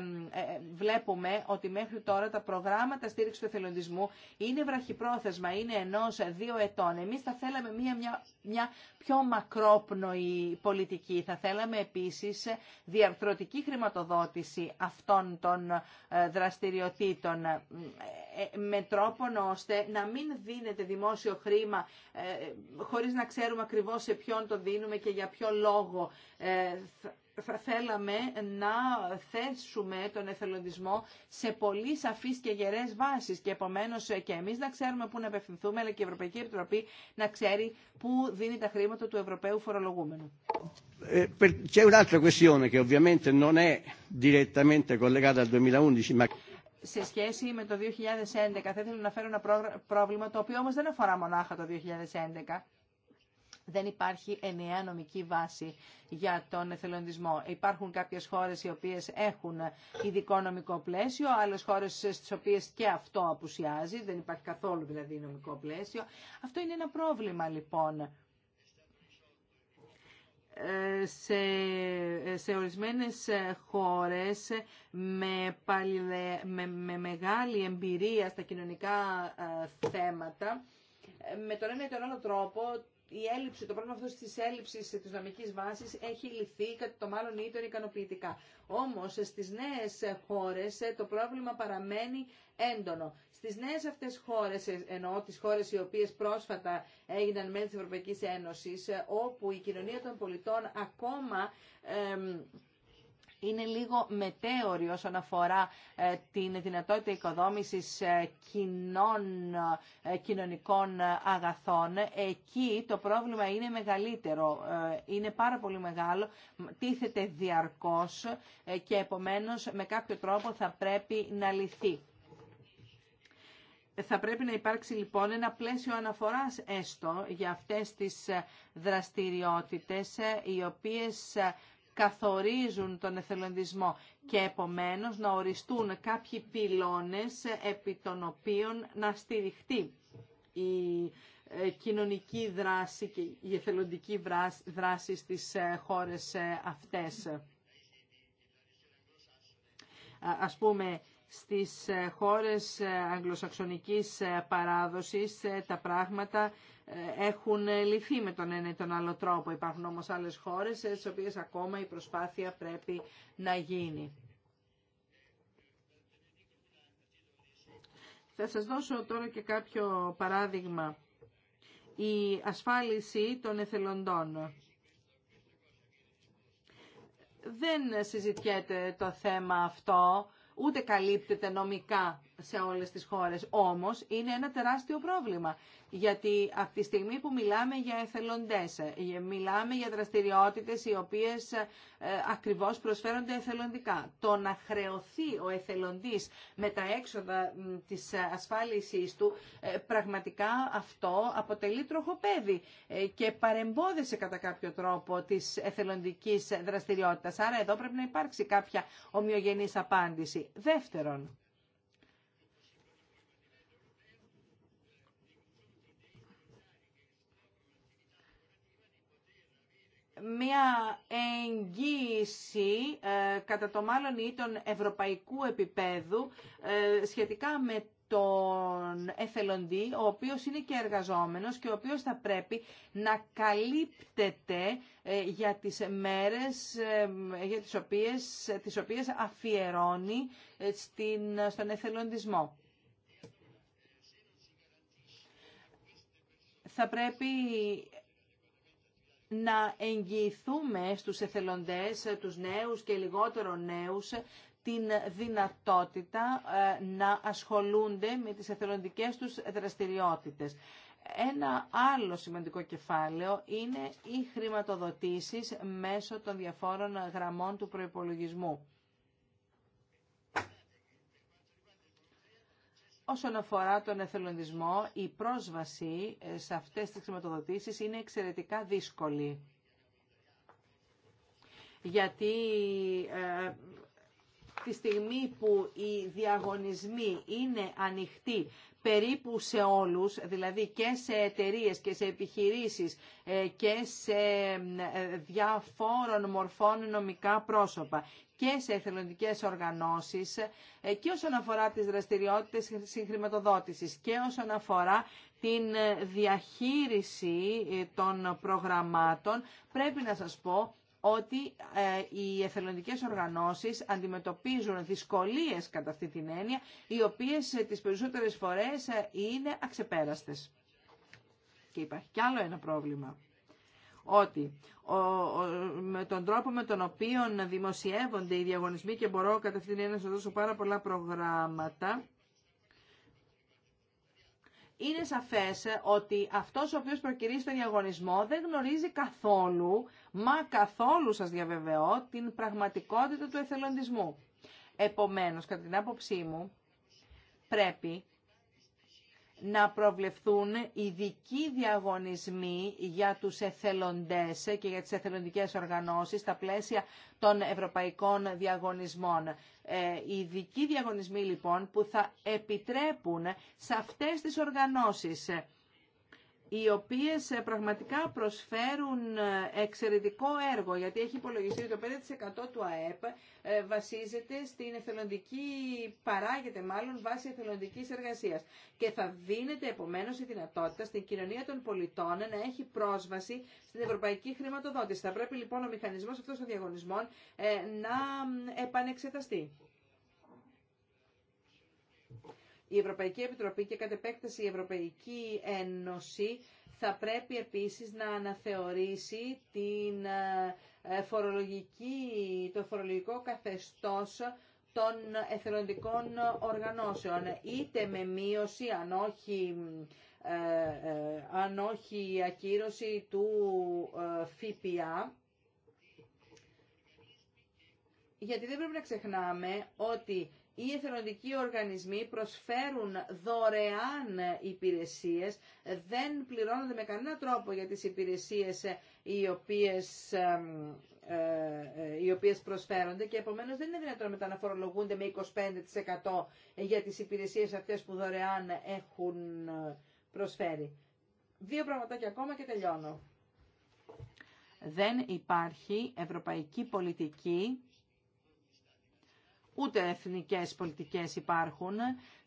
[SPEAKER 2] βλέπουμε ότι μέχρι τώρα τα προγράμματα στήριξη του εθελοντισμού είναι βραχυπρόθεσμα, είναι ενός ε, δύο ετών. Εμείς θα θέλαμε μια, μια, μια πιο μακρόπνοη πολιτική. Θα θέλαμε επίσης διαρθρωτική χρηματοδότηση αυτών των δραστηριοτήτων με τρόπο ώστε να μην δίνεται δημόσιο χρήμα χωρίς να ξέρουμε ακριβώς σε ποιον το δίνουμε και για ποιο λόγο ε, θα θέλαμε να θέσουμε τον εθελοντισμό σε πολύ σαφείς και γερές βάσεις και επομένως ε, και εμείς να ξέρουμε πού να απευθυνθούμε αλλά και η Ευρωπαϊκή Επιτροπή να ξέρει πού δίνει τα χρήματα του Ευρωπαίου φορολογούμενου.
[SPEAKER 1] Ε, ovviamente non è direttamente collegata al 2011 ma
[SPEAKER 2] σε σχέση με το 2011 θα ήθελα να φέρω ένα πρόβλημα το οποίο όμως δεν αφορά μονάχα το 2011 δεν υπάρχει ενιαία νομική βάση για τον εθελοντισμό. Υπάρχουν κάποιες χώρες οι οποίες έχουν ειδικό νομικό πλαίσιο, άλλες χώρες στις οποίες και αυτό απουσιάζει, δεν υπάρχει καθόλου δηλαδή νομικό πλαίσιο. Αυτό είναι ένα πρόβλημα λοιπόν. Ε, σε, σε ορισμένες χώρες με, με, με μεγάλη εμπειρία στα κοινωνικά ε, θέματα ε, με τον ένα ή τον άλλο τρόπο η έλλειψη, το πρόβλημα αυτό τη έλλειψη τη νομική βάση έχει λυθεί κατά το μάλλον ή τον ικανοποιητικά. Όμω στι νέε χώρε ε, το πρόβλημα παραμένει έντονο. Στι νέε αυτέ χώρε, ε, εννοώ τι χώρε οι οποίε πρόσφατα έγιναν μέλη τη Ευρωπαϊκή Ένωση, ε, όπου η κοινωνία των πολιτών ακόμα είναι λίγο μετέωρη όσον αφορά ε, την δυνατότητα οικοδόμησης ε, κοινών, ε, κοινωνικών αγαθών. Εκεί το πρόβλημα είναι μεγαλύτερο, είναι πάρα πολύ μεγάλο, τίθεται διαρκώς και επομένως με κάποιο τρόπο θα πρέπει να λυθεί. Θα πρέπει να υπάρξει λοιπόν ένα πλαίσιο αναφοράς έστω για αυτές τις δραστηριότητες οι οποίες καθορίζουν τον εθελοντισμό και επομένως να οριστούν κάποιοι πυλώνες επί των οποίων να στηριχτεί η ε, κοινωνική δράση και η εθελοντική δράση στις ε, χώρες ε, αυτές. Ας πούμε, στις χώρες αγγλοσαξονικής παράδοσης τα πράγματα ε, έχουν λυθεί με τον ένα ή τον άλλο τρόπο. Υπάρχουν όμως άλλες χώρες ε, στις οποίες ακόμα η προσπάθεια πρέπει να γίνει. Θα σας δώσω τώρα και κάποιο παράδειγμα. Η ασφάλιση των εθελοντών. Δεν συζητιέται το θέμα αυτό, ούτε καλύπτεται νομικά σε όλες τις χώρες. Όμως είναι ένα τεράστιο πρόβλημα, γιατί από τη στιγμή που μιλάμε για εθελοντές, ε, μιλάμε για δραστηριότητες οι οποίες ε, ακριβώς προσφέρονται εθελοντικά. Το να χρεωθεί ο εθελοντής με τα έξοδα της ασφάλισης του, ε, πραγματικά αυτό αποτελεί τροχοπέδι ε, και παρεμπόδισε κατά κάποιο τρόπο της εθελοντικής δραστηριότητας. Άρα εδώ πρέπει να υπάρξει κάποια ομοιογενής απάντηση. Δεύτερον, μια εγγύηση ε, κατά το μάλλον ή των ευρωπαϊκού επίπεδου ε, σχετικά με τον εθελοντή, ο οποίος είναι και εργαζόμενος και ο οποίος θα πρέπει να καλύπτεται ε, για τις μέρες για τις οποίες, τις οποίες αφιερώνει στην, στον εθελοντισμό. Θα πρέπει να εγγυηθούμε στους εθελοντές, τους νέους και λιγότερο νέους, την δυνατότητα ε, να ασχολούνται με τις εθελοντικές τους δραστηριότητες. Ένα άλλο σημαντικό κεφάλαιο είναι οι χρηματοδοτήσεις μέσω των διαφόρων γραμμών του προϋπολογισμού. Όσον αφορά τον εθελοντισμό, η πρόσβαση ε, σε αυτές τις χρηματοδοτήσεις είναι εξαιρετικά δύσκολη. Γιατί ε, τη στιγμή που οι διαγωνισμοί είναι ανοιχτοί περίπου σε όλους, δηλαδή και σε εταιρείες και σε επιχειρήσεις ε, και σε ε, διαφόρων μορφών νομικά πρόσωπα και σε εθελοντικές οργανώσεις ε, και όσον αφορά τις δραστηριότητες συγχρηματοδότησης και όσον αφορά την διαχείριση των προγραμμάτων, πρέπει να σας πω ότι ε, οι εθελοντικές οργανώσεις αντιμετωπίζουν δυσκολίες κατά αυτή την έννοια, οι οποίες ε, τις περισσότερες φορές ε, είναι αξεπέραστες. Και υπάρχει κι άλλο ένα πρόβλημα ότι με τον τρόπο με τον οποίο δημοσιεύονται οι διαγωνισμοί και μπορώ κατά αυτήν την έννοια να σας δώσω πάρα πολλά προγράμματα είναι σαφές ότι αυτός ο οποίος προκυρίζει στον διαγωνισμό δεν γνωρίζει καθόλου, μα καθόλου σας διαβεβαιώ, την πραγματικότητα του εθελοντισμού. Επομένως, κατά την άποψή μου, πρέπει να προβλεφθούν ειδικοί διαγωνισμοί για τους εθελοντές και για τις εθελοντικές οργανώσεις στα πλαίσια των ευρωπαϊκών διαγωνισμών. Ε, ειδικοί διαγωνισμοί λοιπόν που θα επιτρέπουν σε αυτές τις οργανώσεις οι οποίες ε, πραγματικά προσφέρουν ε, εξαιρετικό έργο, γιατί έχει υπολογιστεί ότι το 5% του ΑΕΠ ε, βασίζεται στην εθελοντική, παράγεται μάλλον βάσει εθελοντικής εργασίας. Και θα δίνεται επομένως η δυνατότητα στην κοινωνία των πολιτών να έχει πρόσβαση στην ευρωπαϊκή χρηματοδότηση. Θα πρέπει λοιπόν ο μηχανισμός αυτών των διαγωνισμών να επανεξεταστεί. Η Ευρωπαϊκή Επιτροπή και κατ' επέκταση η Ευρωπαϊκή Ένωση θα πρέπει επίσης να αναθεωρήσει την ε, φορολογική, το φορολογικό καθεστώς των εθελοντικών οργανώσεων, είτε με μείωση, αν όχι, ε, ε, αν όχι ακύρωση του ΦΠΑ, γιατί δεν πρέπει να ξεχνάμε ότι οι εθελοντικοί οργανισμοί προσφέρουν δωρεάν υπηρεσίες, δεν πληρώνονται με κανένα τρόπο για τις υπηρεσίες ε, οι οποίες, ε, ε, οι οποίες προσφέρονται και επομένως δεν είναι δυνατόν μετά να φορολογούνται με 25% για τις υπηρεσίες αυτές που δωρεάν έχουν προσφέρει. Δύο πραγματάκια ακόμα και τελειώνω. Δεν υπάρχει ευρωπαϊκή πολιτική ούτε εθνικές πολιτικές υπάρχουν,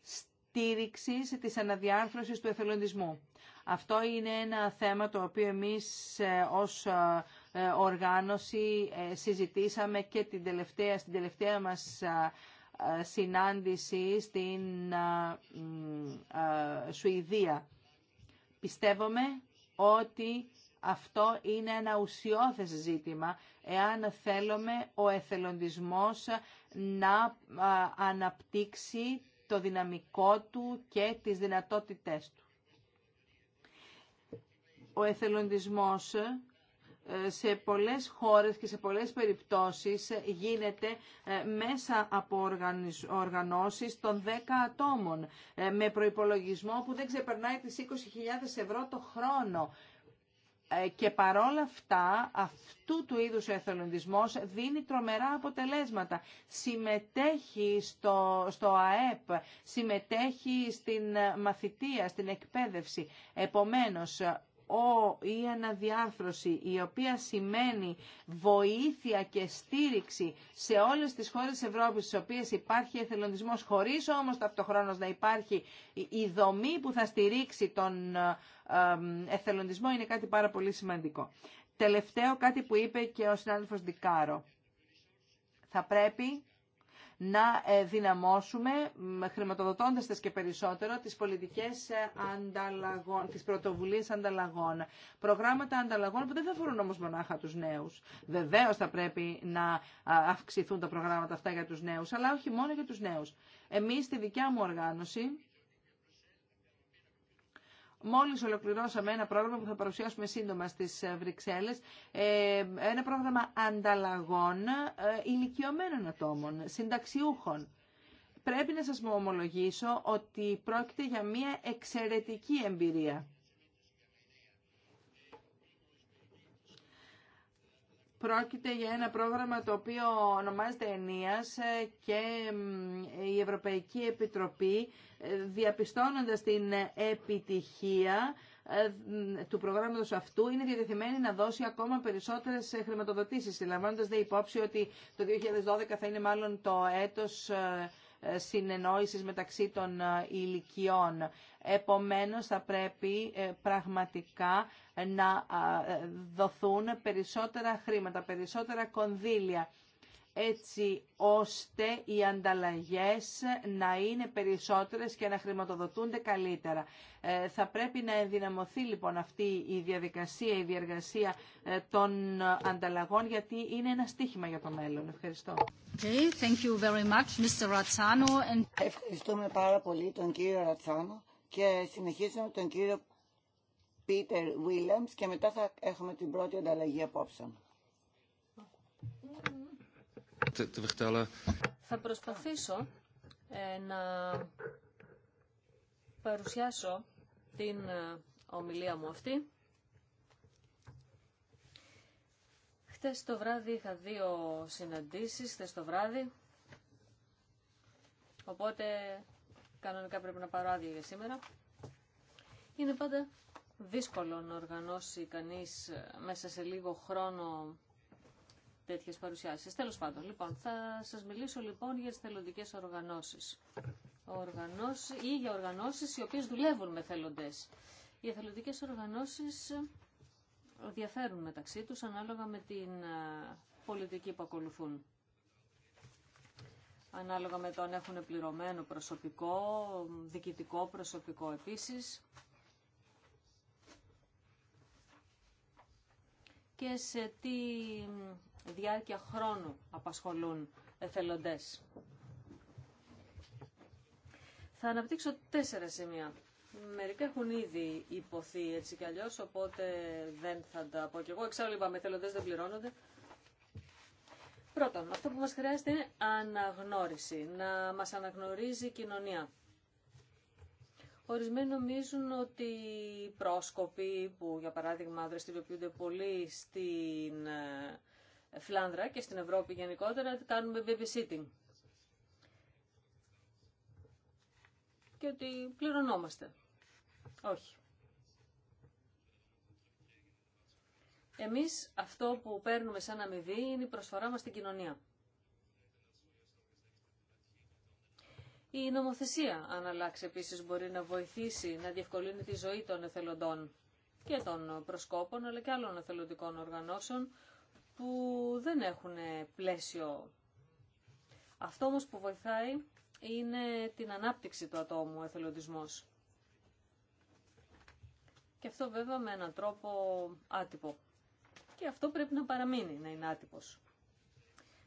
[SPEAKER 2] στήριξη της αναδιάρθρωσης του εθελοντισμού. Αυτό είναι ένα θέμα το οποίο εμείς ε, ως ε, ε, οργάνωση συζητήσαμε και την τελευταία, στην τελευταία μας συνάντηση στην Σουηδία. Πιστεύουμε ότι αυτό είναι ένα ουσιώδες ζήτημα εάν θέλουμε ο εθελοντισμός να αναπτύξει το δυναμικό του και τις δυνατότητές του. Ο εθελοντισμός ε, σε πολλές χώρες και σε πολλές περιπτώσεις ε, γίνεται ε, μέσα από οργανώσεις των 10 ατόμων με προϋπολογισμό που δεν ξεπερνάει τις 20.000 ευρώ το χρόνο. Ε, και παρόλα αυτά αυτού του είδους ο εθελοντισμός δίνει τρομερά αποτελέσματα. Συμμετέχει στο, στο ΑΕΠ, συμμετέχει στην μαθητεία, στην εκπαίδευση. Επομένως, ο, η αναδιάρθρωση η οποία σημαίνει βοήθεια και στήριξη σε όλες τις χώρες της Ευρώπης στις οποίες υπάρχει εθελοντισμός χωρίς όμως ταυτοχρόνως να υπάρχει η δομή που θα στηρίξει τον ε, ε, εθελοντισμό είναι κάτι πάρα πολύ σημαντικό. Τελευταίο κάτι που είπε και ο συνάδελφος Δικάρο. Θα πρέπει να ε, δυναμώσουμε χρηματοδοτώντας τις και περισσότερο τις πολιτικές ε, ανταλλαγών, τις πρωτοβουλίες ανταλλαγών. Προγράμματα ανταλλαγών που δεν θα αφορούν όμως μονάχα τους νέους. Βεβαίως θα πρέπει να αυξηθούν τα προγράμματα αυτά για τους νέους, αλλά όχι μόνο για τους νέους. Εμείς στη δικιά μου οργάνωση Μόλις ολοκληρώσαμε ένα πρόγραμμα που θα παρουσιάσουμε σύντομα στις ε, Βρυξέλλες, ε, ένα πρόγραμμα ανταλλαγών ε, ηλικιωμένων ατόμων, συνταξιούχων. Πρέπει να σας ομολογήσω ότι πρόκειται για μια εξαιρετική εμπειρία. Πρόκειται για ένα πρόγραμμα το οποίο ονομάζεται Ενίας ε, και η Ευρωπαϊκή Επιτροπή ε, διαπιστώνοντας την επιτυχία ε, του προγράμματος αυτού είναι διατεθειμένη να δώσει ακόμα περισσότερες χρηματοδοτήσεις, συλλαμβάνοντας δε υπόψη ότι το 2012 θα είναι μάλλον το έτος συνεννόησης μεταξύ των ηλικιών. Επομένως θα πρέπει ε, πραγματικά να ε, δοθούν περισσότερα χρήματα, περισσότερα κονδύλια έτσι ώστε οι ανταλλαγές να είναι περισσότερες και να χρηματοδοτούνται καλύτερα. Ε, θα πρέπει να ενδυναμωθεί λοιπόν αυτή η διαδικασία, η διεργασία των ανταλλαγών,
[SPEAKER 1] γιατί είναι ένα στίχημα για το μέλλον. Ευχαριστώ. thank Ευχαριστούμε πάρα πολύ τον κύριο Ρατσάνο και συνεχίζουμε με τον κύριο Πίτερ Βίλεμς και μετά θα έχουμε την πρώτη ανταλλαγή απόψε.
[SPEAKER 3] Θα προσπαθήσω ε, να παρουσιάσω την ε, ομιλία μου αυτή. Χτες το βράδυ είχα δύο συναντήσεις, το βράδυ, οπότε κανονικά πρέπει να πάρω άδεια για σήμερα. Είναι πάντα δύσκολο να οργανώσει κανείς μέσα σε λίγο χρόνο τέτοιες παρουσιάσεις. Τέλος πάντων, λοιπόν, θα σας μιλήσω λοιπόν για τις θελοντικές οργανώσεις. Οργανώσει, ή για οργανώσεις οι οποίες δουλεύουν με θελοντές. Οι θελοντικές οργανώσεις διαφέρουν μεταξύ τους ανάλογα με την ε, πολιτική που ακολουθούν ανάλογα με το αν έχουν πληρωμένο προσωπικό, διοικητικό προσωπικό επίσης. Και σε τι διάρκεια χρόνου απασχολούν εθελοντές. Θα αναπτύξω τέσσερα σημεία. Μερικά έχουν ήδη υποθεί έτσι κι αλλιώς, οπότε δεν θα τα πω κι εγώ. Εξάλλου είπαμε, εθελοντές δεν πληρώνονται. Πρώτον, αυτό που μας χρειάζεται είναι αναγνώριση, να μας αναγνωρίζει η κοινωνία. Ορισμένοι νομίζουν ότι οι πρόσκοποι που για παράδειγμα δραστηριοποιούνται πολύ στην ε, Φλάνδρα και στην Ευρώπη γενικότερα κάνουμε babysitting. Και ότι πληρωνόμαστε. Όχι. Εμείς αυτό που παίρνουμε σαν αμοιβή είναι η προσφορά μας στην κοινωνία. Η νομοθεσία, αν αλλάξει επίσης, μπορεί να βοηθήσει να διευκολύνει τη ζωή των εθελοντών και των προσκόπων, αλλά και άλλων εθελοντικών οργανώσεων που δεν έχουν πλαίσιο. Αυτό όμως που βοηθάει είναι την ανάπτυξη του ατόμου ο Και αυτό βέβαια με έναν τρόπο άτυπο. Και αυτό πρέπει να παραμείνει, να είναι άτυπος.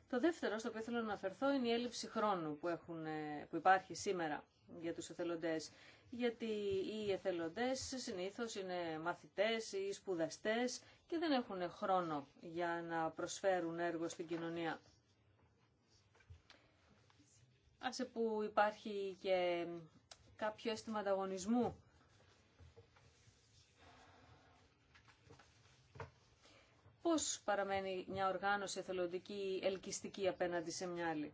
[SPEAKER 3] Το δεύτερο στο οποίο θέλω να αναφερθώ είναι η έλλειψη χρόνου που, έχουν, ε, που υπάρχει σήμερα για τους εθελοντές. Γιατί οι εθελοντές συνήθως είναι μαθητές ή σπουδαστές και δεν έχουν χρόνο για να προσφέρουν έργο στην κοινωνία. Άσε που υπάρχει και κάποιο αίσθημα ανταγωνισμού Πώς παραμένει μια οργάνωση εθελοντική ελκυστική απέναντι σε μια άλλη.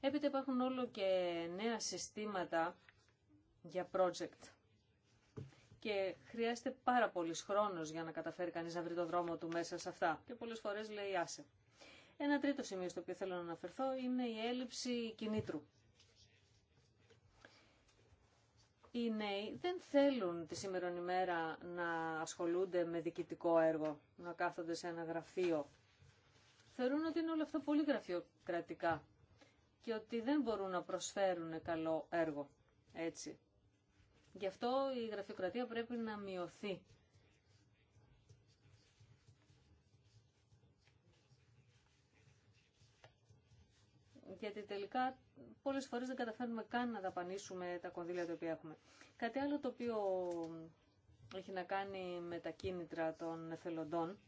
[SPEAKER 3] Έπειτα υπάρχουν όλο και νέα συστήματα για project. Και χρειάζεται πάρα πολύς χρόνος για να καταφέρει κανείς να βρει το δρόμο του μέσα σε αυτά. Και πολλές φορές λέει άσε. Ένα τρίτο σημείο στο οποίο θέλω να αναφερθώ είναι η έλλειψη κινήτρου. οι νέοι δεν θέλουν τη σημερινή ημέρα να ασχολούνται με διοικητικό έργο, να κάθονται σε ένα γραφείο. Θεωρούν ότι είναι όλο αυτό πολύ γραφειοκρατικά και ότι δεν μπορούν να προσφέρουν καλό έργο έτσι. Γι' αυτό η γραφειοκρατία πρέπει να μειωθεί. Γιατί τελικά Πολλέ φορέ δεν καταφέρνουμε καν να δαπανίσουμε τα κονδύλια τα οποία έχουμε. Κάτι άλλο το οποίο έχει να κάνει με τα κίνητρα των εθελοντών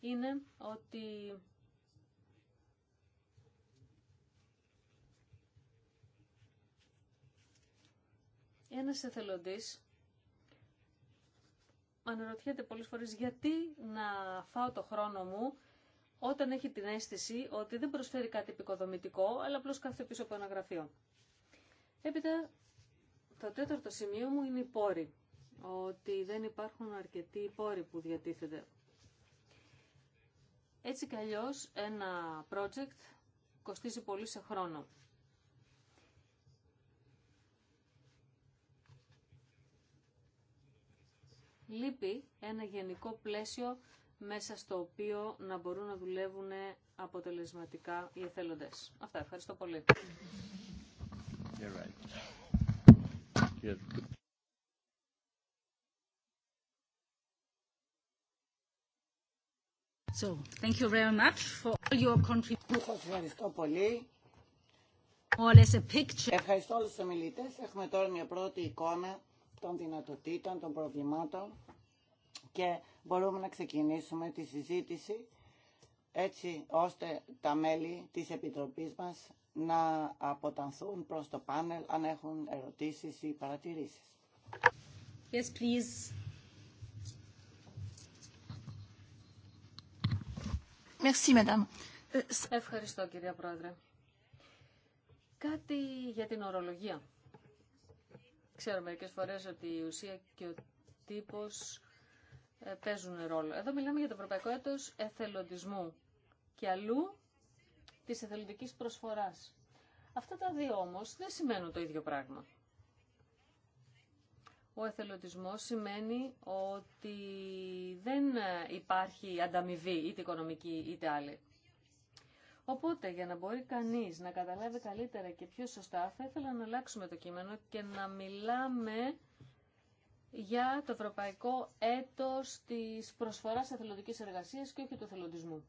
[SPEAKER 3] είναι ότι ένας εθελοντής αναρωτιέται πολλές φορές γιατί να φάω το χρόνο μου όταν έχει την αίσθηση ότι δεν προσφέρει κάτι επικοδομητικό, αλλά απλώ κάθεται πίσω από ένα γραφείο. Έπειτα, το τέταρτο σημείο μου είναι οι πόροι. Ότι δεν υπάρχουν αρκετοί πόροι που διατίθεται. Έτσι κι αλλιώς ένα project κοστίζει πολύ σε χρόνο. Λείπει ένα γενικό πλαίσιο μέσα στο οποίο να μπορούν να δουλεύουν αποτελεσματικά οι εθελοντές. Αυτά. Ευχαριστώ πολύ.
[SPEAKER 1] So, thank you very much for your ευχαριστώ πολύ. picture. Ευχαριστώ όλους τους ομιλητές. Έχουμε τώρα μια πρώτη εικόνα των δυνατοτήτων, των προβλημάτων και μπορούμε να ξεκινήσουμε τη συζήτηση έτσι ώστε τα μέλη της Επιτροπής μας να αποτανθούν προς το πάνελ αν έχουν ερωτήσεις ή παρατηρήσεις. Yes, please. Merci, madame.
[SPEAKER 3] Ευχαριστώ, κυρία Πρόεδρε. Κάτι για την ορολογία. Ξέρω μερικές φορές ότι η ουσία και ο τύπος ε, παίζουν ρόλο. Εδώ μιλάμε για το Ευρωπαϊκό Έτος Εθελοντισμού και αλλού της εθελοντικής προσφοράς. Αυτά τα δύο όμως δεν σημαίνουν το ίδιο πράγμα. Ο εθελοντισμός σημαίνει ότι δεν υπάρχει ανταμοιβή είτε οικονομική είτε άλλη. Οπότε, για να μπορεί κανείς να καταλάβει καλύτερα και πιο σωστά, θα ήθελα να αλλάξουμε το κείμενο και να μιλάμε για το ευρωπαϊκό έτος της προσφοράς εθελοντικής εργασίας και όχι του εθελοντισμού.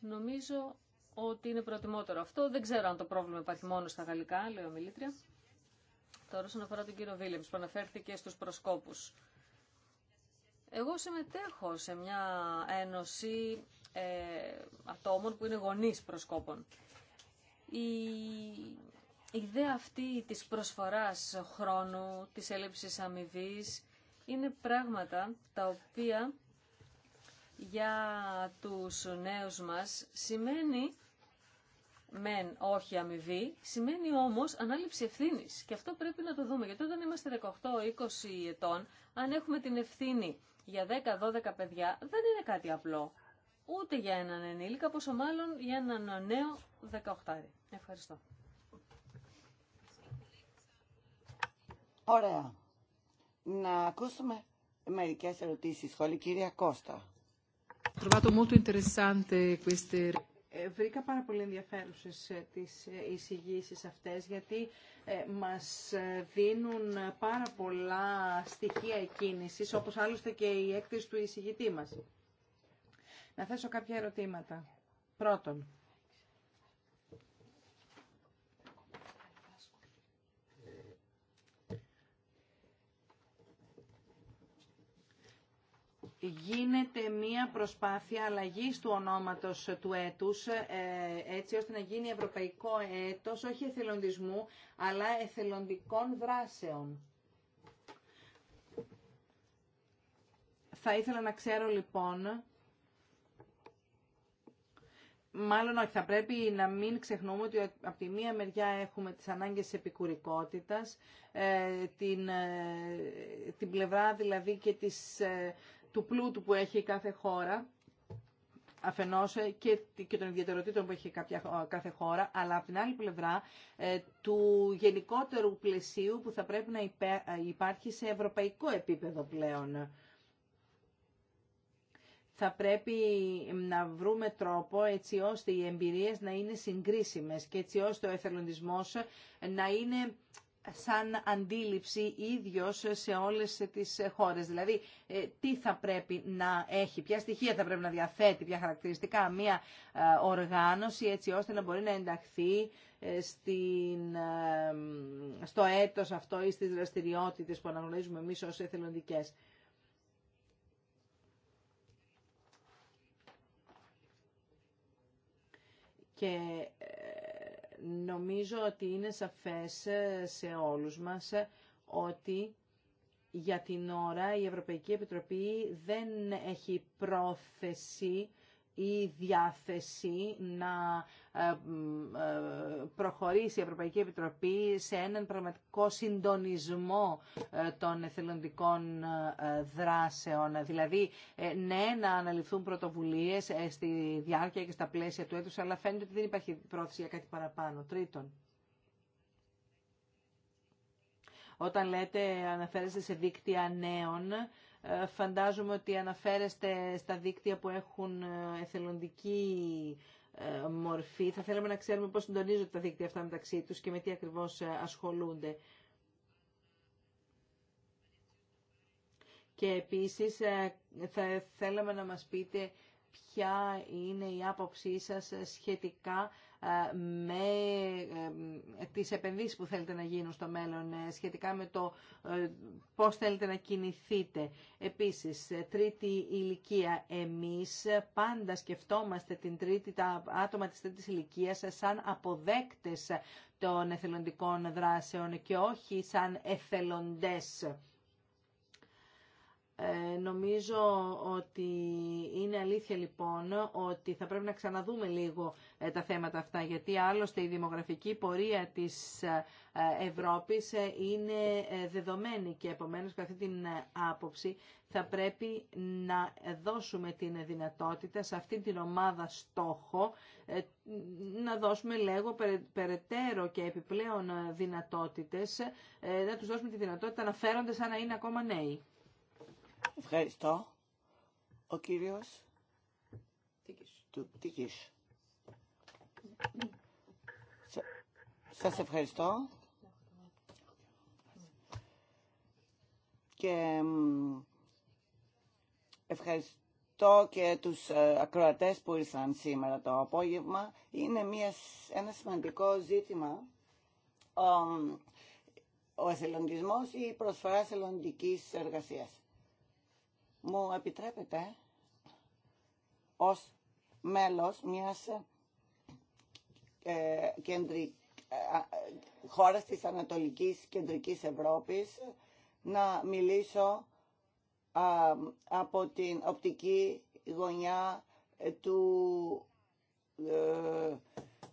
[SPEAKER 3] Νομίζω ότι είναι προτιμότερο αυτό. Δεν ξέρω αν το πρόβλημα υπάρχει μόνο στα γαλλικά, λέει ο Μιλήτρια. Τώρα όσον αφορά τον κύριο Βίλεμς που αναφέρθηκε στους προσκόπους. Εγώ συμμετέχω σε μια ένωση ε, ατόμων που είναι γονείς προσκόπων. Η η ιδέα αυτή της προσφοράς χρόνου, της έλλειψης αμοιβή είναι πράγματα τα οποία για τους νέους μας σημαίνει μεν όχι αμοιβή, σημαίνει όμως ανάληψη ευθύνη. Και αυτό πρέπει να το δούμε, γιατί όταν είμαστε 18-20 ετών, αν έχουμε την ευθύνη για 10-12 παιδιά, δεν είναι κάτι απλό. Ούτε για έναν ενήλικα, πόσο μάλλον για έναν νέο 18. Ευχαριστώ.
[SPEAKER 1] Ωραία. Να ακούσουμε μερικέ ερωτήσει. Σχόλη κυρία Κώστα. Ε, βρήκα πάρα πολύ ενδιαφέρουσες ε, τις ε,
[SPEAKER 2] εισηγήσει αυτές γιατί μας δίνουν πάρα πολλά στοιχεία εκκίνησης όπως άλλωστε και η έκθεση του εισηγητή μας. Να θέσω κάποια ερωτήματα. Πρώτον, γίνεται μία προσπάθεια αλλαγής του ονόματος του έτους, ε, έτσι ώστε να γίνει ευρωπαϊκό έτος, όχι εθελοντισμού, αλλά εθελοντικών δράσεων. Θα ήθελα να ξέρω λοιπόν, μάλλον όχι, θα πρέπει να μην ξεχνούμε ότι από τη μία μεριά έχουμε τις ανάγκες της επικουρικότητας, ε, την, ε, την πλευρά δηλαδή και της του πλούτου που έχει κάθε χώρα αφενός ε, και, και των ιδιαιτεροτήτων που έχει ε, κάθε χώρα, αλλά από την άλλη πλευρά ε, του γενικότερου πλαισίου που θα πρέπει να υπάρχει σε ευρωπαϊκό επίπεδο πλέον. Θα πρέπει να βρούμε τρόπο έτσι ώστε οι εμπειρίες να είναι συγκρίσιμες και έτσι ώστε ο εθελοντισμός να είναι σαν αντίληψη ίδιος σε όλες τις χώρες. Δηλαδή, ε, τι θα πρέπει να έχει, ποια στοιχεία θα πρέπει να διαθέτει, ποια χαρακτηριστικά μία ε, οργάνωση έτσι ώστε να μπορεί να ενταχθεί ε, στην, στο έτος αυτό ή στις δραστηριότητες που αναγνωρίζουμε εμείς ως εθελοντικές. Και νομίζω ότι είναι σαφές ε, σε όλους μας ε, ότι για την ώρα η Ευρωπαϊκή Επιτροπή δεν έχει πρόθεση η διάθεση να ε, ε, προχωρήσει η Ευρωπαϊκή Επιτροπή σε έναν πραγματικό συντονισμό ε, των εθελοντικών δράσεων. Δηλαδή, ναι, να αναλυθούν πρωτοβουλίες στη διάρκεια και στα πλαίσια του έτους, αλλά φαίνεται ότι δεν υπάρχει πρόθεση για κάτι παραπάνω. Τρίτον, όταν λέτε, αναφέρεστε σε δίκτυα νέων, ε, φαντάζομαι ότι αναφέρεστε στα δίκτυα που έχουν ε, εθελοντική ε, μορφή. Θα θέλαμε να ξέρουμε πώς συντονίζονται τα δίκτυα αυτά μεταξύ τους και με τι ακριβώς ασχολούνται. Και επίσης θα θέλαμε να μας πείτε ποια είναι η άποψή σας σχετικά ε, με ε, τις επενδύσεις που θέλετε να γίνουν στο μέλλον ε, σχετικά με το πώς θέλετε να κινηθείτε. Επίσης, τρίτη ηλικία. Εμείς πάντα σκεφτόμαστε την τρίτη, τα άτομα της τρίτης ηλικίας σαν αποδέκτες των εθελοντικών δράσεων και όχι σαν εθελοντές. Ε, νομίζω ότι είναι αλήθεια λοιπόν ότι θα πρέπει να ξαναδούμε λίγο ε, τα θέματα αυτά γιατί άλλωστε η δημογραφική πορεία της ε, Ευρώπης ε, είναι ε, δεδομένη και επομένως κατά αυτή την άποψη θα πρέπει να δώσουμε την δυνατότητα σε αυτή την ομάδα στόχο να δώσουμε λίγο περαιτέρω και επιπλέον δυνατότητες να τους δώσουμε τη δυνατότητα να φέρονται σαν να είναι ακόμα
[SPEAKER 1] νέοι. Ευχαριστώ. Ο κύριος Τίκης. Σας ευχαριστώ. Και ευχαριστώ και τους ε, ακροατές που ήρθαν σήμερα το απόγευμα. Είναι μια, ένα σημαντικό ζήτημα ο εθελοντισμός ή η προσφορά εθελοντικής εργασίας μου επιτρέπετε ως μέλος μιας ε, ε, ε, χώρας της Ανατολικής Κεντρικής Ευρώπης να μιλήσω από την οπτική γωνιά ε, του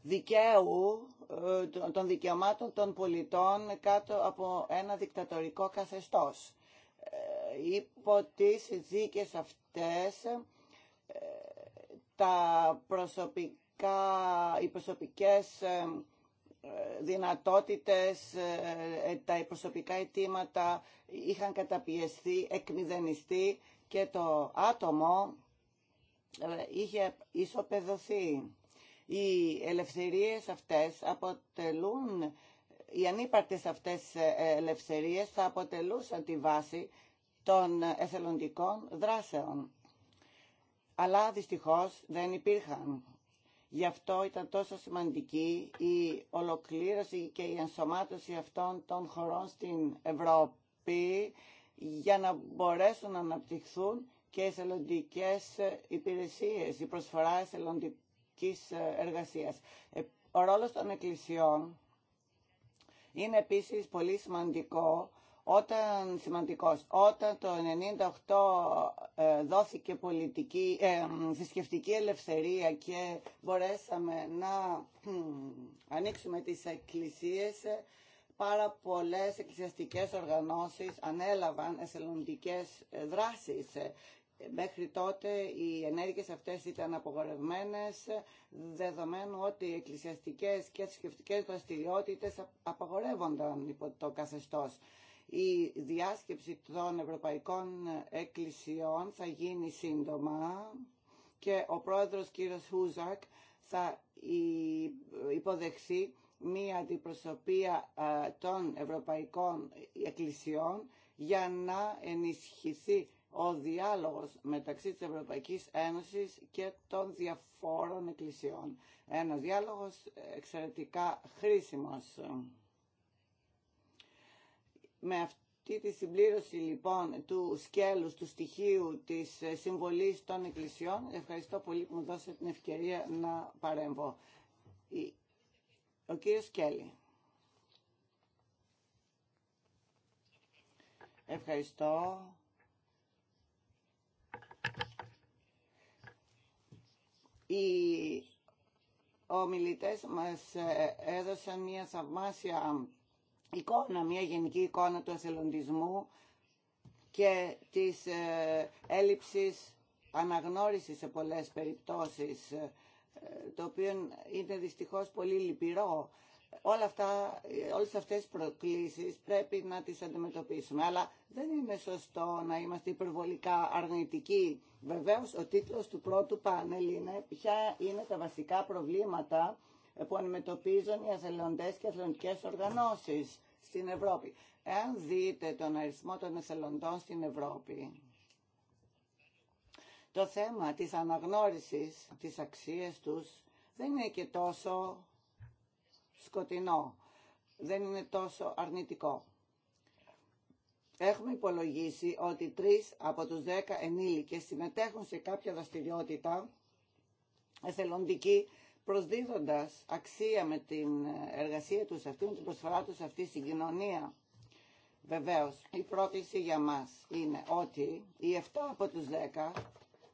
[SPEAKER 1] δικαίου των δικαιωμάτων των πολιτών κάτω από ένα δικτατορικό καθεστώς υπό τις συνθήκες αυτές ε, τα προσωπικά, οι προσωπικές ε, δυνατότητες, ε, τα προσωπικά αιτήματα είχαν καταπιεστεί, εκμηδενιστεί και το άτομο είχε ισοπεδωθεί. Οι ελευθερίες αυτές αποτελούν, οι ανύπαρτες αυτές ελευθερίες θα αποτελούσαν τη βάση των εθελοντικών δράσεων. Αλλά δυστυχώς δεν υπήρχαν. Γι' αυτό ήταν τόσο σημαντική η ολοκλήρωση και η ενσωμάτωση αυτών των χωρών στην Ευρώπη για να μπορέσουν να αναπτυχθούν και εθελοντικές υπηρεσίες, η προσφορά εθελοντικής εργασίας. Ε, ο ρόλος των εκκλησιών είναι επίσης πολύ σημαντικό όταν, σημαντικός, όταν το 1998 ε, δόθηκε πολιτική, ε, θρησκευτική ελευθερία και μπορέσαμε να ανοίξουμε τις εκκλησίες, πάρα πολλές εκκλησιαστικές οργανώσεις ανέλαβαν εθελοντικές ε, δράσεις. Μέχρι τότε οι ενέργειες αυτές ήταν απογορευμένες, δεδομένου ότι οι εκκλησιαστικές και θρησκευτικές δραστηριότητες απαγορεύονταν υπό το καθεστώς. Η διάσκεψη των Ευρωπαϊκών Εκκλησιών θα γίνει σύντομα και ο πρόεδρος κύριος Χούζακ θα υποδεχθεί μία αντιπροσωπεία ε, των Ευρωπαϊκών Εκκλησιών για να ενισχυθεί ο διάλογος μεταξύ της Ευρωπαϊκής Ένωσης και των διαφόρων εκκλησιών. Ένας διάλογος εξαιρετικά χρήσιμος. Με αυτή τη συμπλήρωση λοιπόν του σκέλους, του στοιχείου της συμβολής των εκκλησιών, ευχαριστώ πολύ που μου δώσετε την ευκαιρία να παρέμβω. Ο κύριος Σκέλη. Ευχαριστώ. Οι ομιλητές μας ε, έδωσαν μια θαυμάσια εικόνα, μια γενική εικόνα του εθελοντισμού και της ε, έλλειψης αναγνώρισης σε πολλές περιπτώσεις, ε, το οποίο είναι δυστυχώς πολύ λυπηρό. Όλα αυτά, όλες αυτές τις προκλήσεις πρέπει να τις αντιμετωπίσουμε. Αλλά δεν είναι σωστό να είμαστε υπερβολικά αρνητικοί. Βεβαίως, ο τίτλος του πρώτου πάνελ είναι ποια είναι τα βασικά προβλήματα που αντιμετωπίζουν οι αθελοντές και αθελοντικές οργανώσεις στην Ευρώπη. Εάν δείτε τον αριθμό των εθελοντών στην Ευρώπη, το θέμα της αναγνώρισης της αξίας τους δεν είναι και τόσο σκοτεινό, δεν είναι τόσο αρνητικό. Έχουμε υπολογίσει ότι τρεις από τους δέκα ενήλικες συμμετέχουν σε κάποια δραστηριότητα εθελοντική προσδίδοντας αξία με την εργασία τους αυτή, με την προσφορά τους αυτή στην κοινωνία. Βεβαίως, η πρόκληση για μας είναι ότι οι 7 από τους 10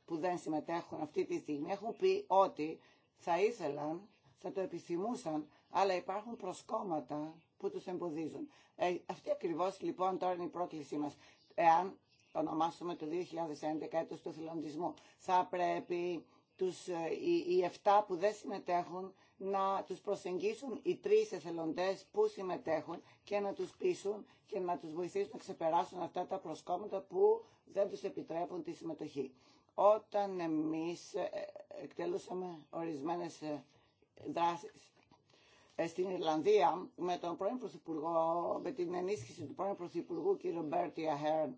[SPEAKER 1] που δεν συμμετέχουν αυτή τη στιγμή έχουν πει ότι θα ήθελαν, θα το επιθυμούσαν, αλλά υπάρχουν προσκόμματα που τους εμποδίζουν. Ε, αυτή ακριβώς λοιπόν τώρα είναι η πρόκλησή μας. Εάν το ονομάσουμε το 2011 έτος του θελοντισμού, θα πρέπει τους, ε, οι, οι 7 που δεν συμμετέχουν να τους προσεγγίσουν οι τρεις εθελοντές που συμμετέχουν και να τους πείσουν και να τους βοηθήσουν να ξεπεράσουν αυτά τα προσκόμματα που δεν τους επιτρέπουν τη συμμετοχή. Όταν εμείς ε, εκτελούσαμε ορισμένες ε, δράσεις στην Ιρλανδία με τον πρώην Πρωθυπουργό, με την ενίσχυση του πρώην Πρωθυπουργού κ. Μπέρτι Αχέρν,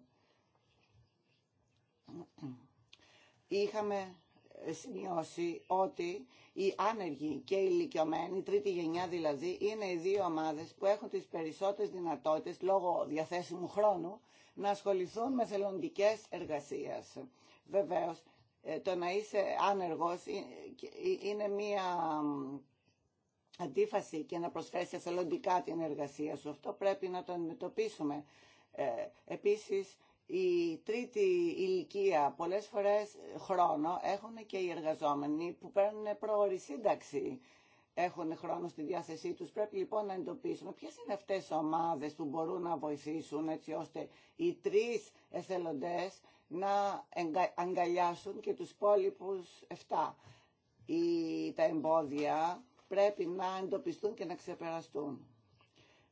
[SPEAKER 1] είχαμε σημειώσει ότι οι άνεργοι και οι ηλικιωμένοι, η τρίτη γενιά δηλαδή, είναι οι δύο ομάδες που έχουν τις περισσότερες δυνατότητες λόγω διαθέσιμου χρόνου να ασχοληθούν με θελοντικές εργασίες. Βεβαίως, ε, το να είσαι άνεργος ε, ε, είναι μία αντίφαση και να προσφέρεις θελοντικά την εργασία σου. Αυτό πρέπει να το αντιμετωπίσουμε. επίσης, η τρίτη ηλικία, πολλές φορές χρόνο, έχουν και οι εργαζόμενοι που παίρνουν προώρη σύνταξη. Έχουν χρόνο στη διάθεσή τους. Πρέπει λοιπόν να εντοπίσουμε ποιες είναι αυτές οι ομάδες που μπορούν να βοηθήσουν έτσι ώστε οι τρεις εθελοντές να αγκαλιάσουν και τους υπόλοιπους 7. Η, τα εμπόδια πρέπει να εντοπιστούν και να ξεπεραστούν.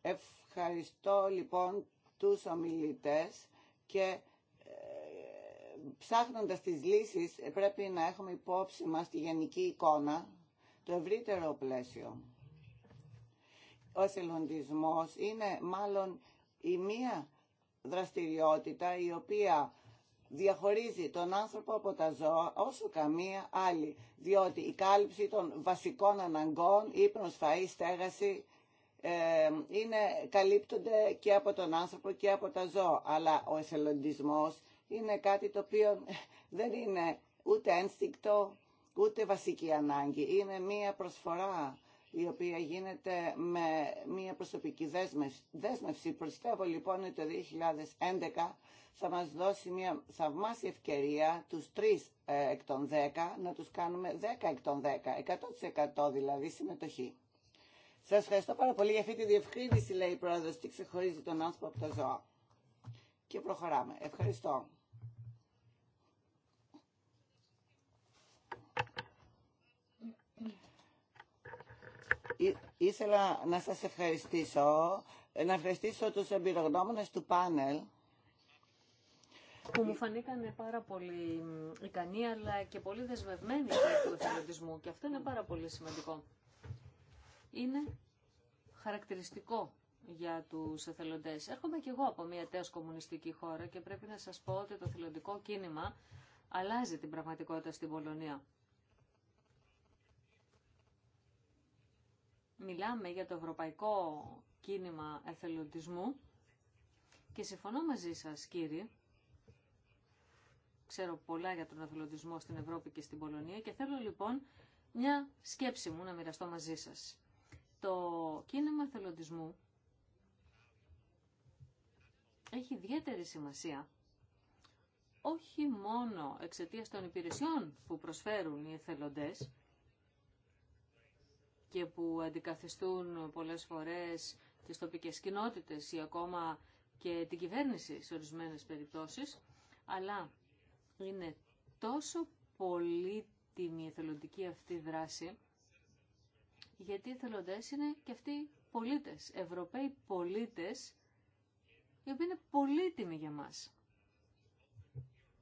[SPEAKER 1] Ευχαριστώ λοιπόν τους ομιλητές και ε, ψάχνοντας τις λύσεις πρέπει να έχουμε υπόψη μας τη γενική εικόνα, το ευρύτερο πλαίσιο. Ο εθελοντισμός είναι μάλλον η μία δραστηριότητα η οποία διαχωρίζει τον άνθρωπο από τα ζώα όσο καμία άλλη, διότι η κάλυψη των βασικών αναγκών, ύπνος, φαΐ, στέγαση, είναι, καλύπτονται και από τον άνθρωπο και από τα ζώα. Αλλά ο εθελοντισμός είναι κάτι το οποίο δεν είναι ούτε ένστικτο, ούτε βασική ανάγκη. Είναι μία προσφορά η οποία γίνεται με μία προσωπική δέσμευση. δέσμευση. λοιπόν ότι το 2011 θα μας δώσει μία θαυμάσια ευκαιρία τους τρεις ε, εκ των 10 να τους κάνουμε 10 εκ των 10, 100% δηλαδή συμμετοχή. Σα ευχαριστώ πάρα πολύ για αυτή τη διευκρίνηση, λέει η πρόεδρο, τι ξεχωρίζει τον άνθρωπο από τα ζώα. Και προχωράμε. Ευχαριστώ. Ήθελα να σας ευχαριστήσω, να ευχαριστήσω τους εμπειρογνώμονες του πάνελ
[SPEAKER 3] που μου φανήκαν πάρα πολύ ικανοί αλλά και πολύ δεσμευμένοι του εθελοντισμού και αυτό είναι πάρα πολύ σημαντικό είναι χαρακτηριστικό για τους εθελοντές. Έρχομαι και εγώ από μια τέως κομμουνιστική χώρα και πρέπει να σας πω ότι το εθελοντικό κίνημα αλλάζει την πραγματικότητα στην Πολωνία. Μιλάμε για το ευρωπαϊκό κίνημα εθελοντισμού και συμφωνώ μαζί σας κύριε, ξέρω πολλά για τον εθελοντισμό στην Ευρώπη και στην Πολωνία και θέλω λοιπόν μια σκέψη μου να μοιραστώ μαζί σας. Το κίνημα εθελοντισμού έχει ιδιαίτερη σημασία όχι μόνο εξαιτίας των υπηρεσιών που προσφέρουν οι εθελοντές και που αντικαθιστούν πολλές φορές τις τοπικές κοινότητες ή ακόμα και την κυβέρνηση σε ορισμένες περιπτώσεις, αλλά είναι τόσο πολύτιμη η εθελοντική αυτή δράση γιατί οι θελοντές είναι και αυτοί πολίτες, Ευρωπαίοι πολίτες, οι οποίοι είναι πολύτιμοι για μας.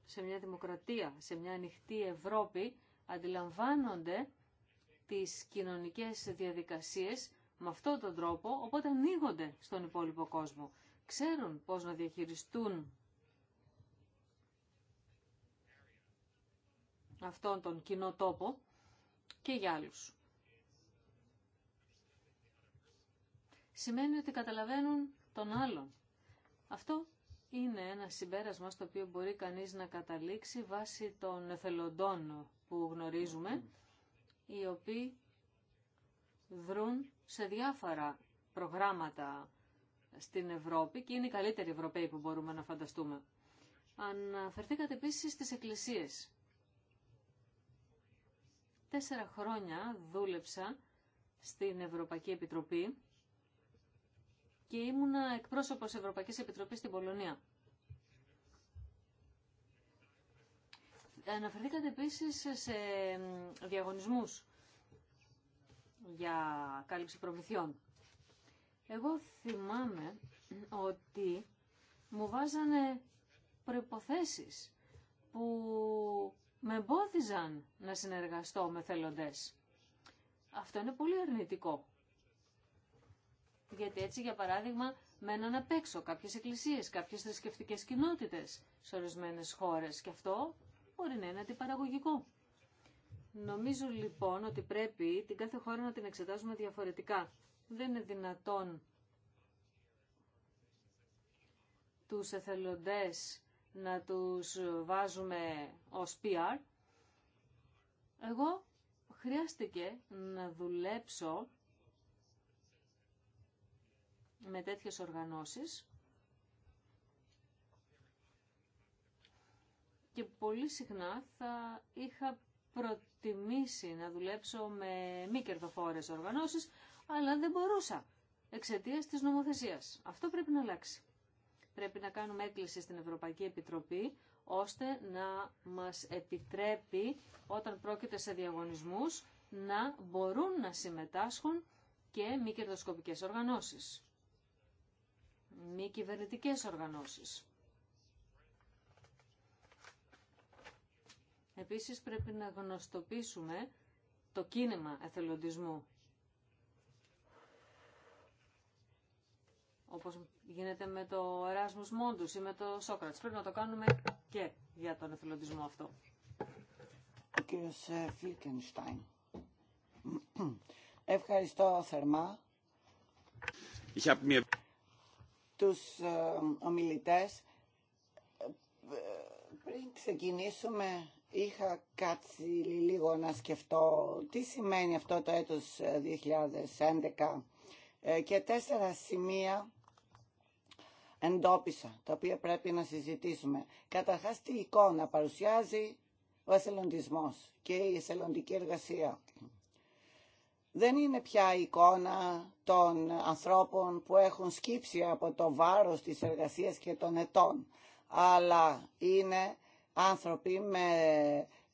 [SPEAKER 3] Σε μια δημοκρατία, σε μια ανοιχτή Ευρώπη, αντιλαμβάνονται τις κοινωνικές διαδικασίες με αυτόν τον τρόπο, οπότε ανοίγονται στον υπόλοιπο κόσμο. Ξέρουν πώς να διαχειριστούν αυτόν τον κοινό τόπο και για άλλους. σημαίνει ότι καταλαβαίνουν τον άλλον. Αυτό είναι ένα συμπέρασμα στο οποίο μπορεί κανείς να καταλήξει βάσει των εθελοντών που γνωρίζουμε, οι οποίοι δρούν σε διάφορα προγράμματα στην Ευρώπη και είναι οι καλύτεροι Ευρωπαίοι που μπορούμε να φανταστούμε. Αναφερθήκατε επίσης στις εκκλησίες. Τέσσερα χρόνια δούλεψα στην Ευρωπαϊκή Επιτροπή και ήμουνα εκπρόσωπος Ευρωπαϊκής Επιτροπής στην Πολωνία. Αναφερθήκατε επίσης σε διαγωνισμούς για κάλυψη προμηθειών. Εγώ θυμάμαι ότι μου βάζανε προϋποθέσεις που με εμπόδιζαν να συνεργαστώ με θελοντές. Αυτό είναι πολύ αρνητικό γιατί έτσι, για παράδειγμα, μέναν απ' έξω κάποιες εκκλησίες, κάποιες θρησκευτικέ κοινότητες σε ορισμένε χώρες και αυτό μπορεί να είναι αντιπαραγωγικό. Νομίζω λοιπόν ότι πρέπει την κάθε χώρα να την εξετάζουμε διαφορετικά. Δεν είναι δυνατόν τους εθελοντές να τους βάζουμε ως PR. Εγώ χρειάστηκε να δουλέψω με τέτοιες οργανώσεις και πολύ συχνά θα είχα προτιμήσει να δουλέψω με μη κερδοφόρες οργανώσεις, αλλά δεν μπορούσα εξαιτίας της νομοθεσίας. Αυτό πρέπει να αλλάξει. Πρέπει να κάνουμε έκκληση στην Ευρωπαϊκή Επιτροπή, ώστε να μας επιτρέπει όταν πρόκειται σε διαγωνισμούς να μπορούν να συμμετάσχουν και μη κερδοσκοπικές οργανώσεις μη κυβερνητικέ οργανώσεις. Επίσης πρέπει να γνωστοποιήσουμε το κίνημα εθελοντισμού. Όπως γίνεται με το Εράσμους Μόντους ή με το Σόκρατς. Πρέπει να το κάνουμε και για τον εθελοντισμό αυτό.
[SPEAKER 1] Ε, Ευχαριστώ θερμά. Ich τους ε, ομιλητές. Πριν ξεκινήσουμε είχα κάτσει λίγο να σκεφτώ τι σημαίνει αυτό το έτος 2011 ε, ε, και τέσσερα σημεία εντόπισα, τα οποία πρέπει να συζητήσουμε. Καταρχάς, τι εικόνα παρουσιάζει ο εθελοντισμός και η εθελοντική εργασία δεν είναι πια η εικόνα των ανθρώπων που έχουν σκύψει από το βάρος της εργασίας και των ετών, αλλά είναι άνθρωποι με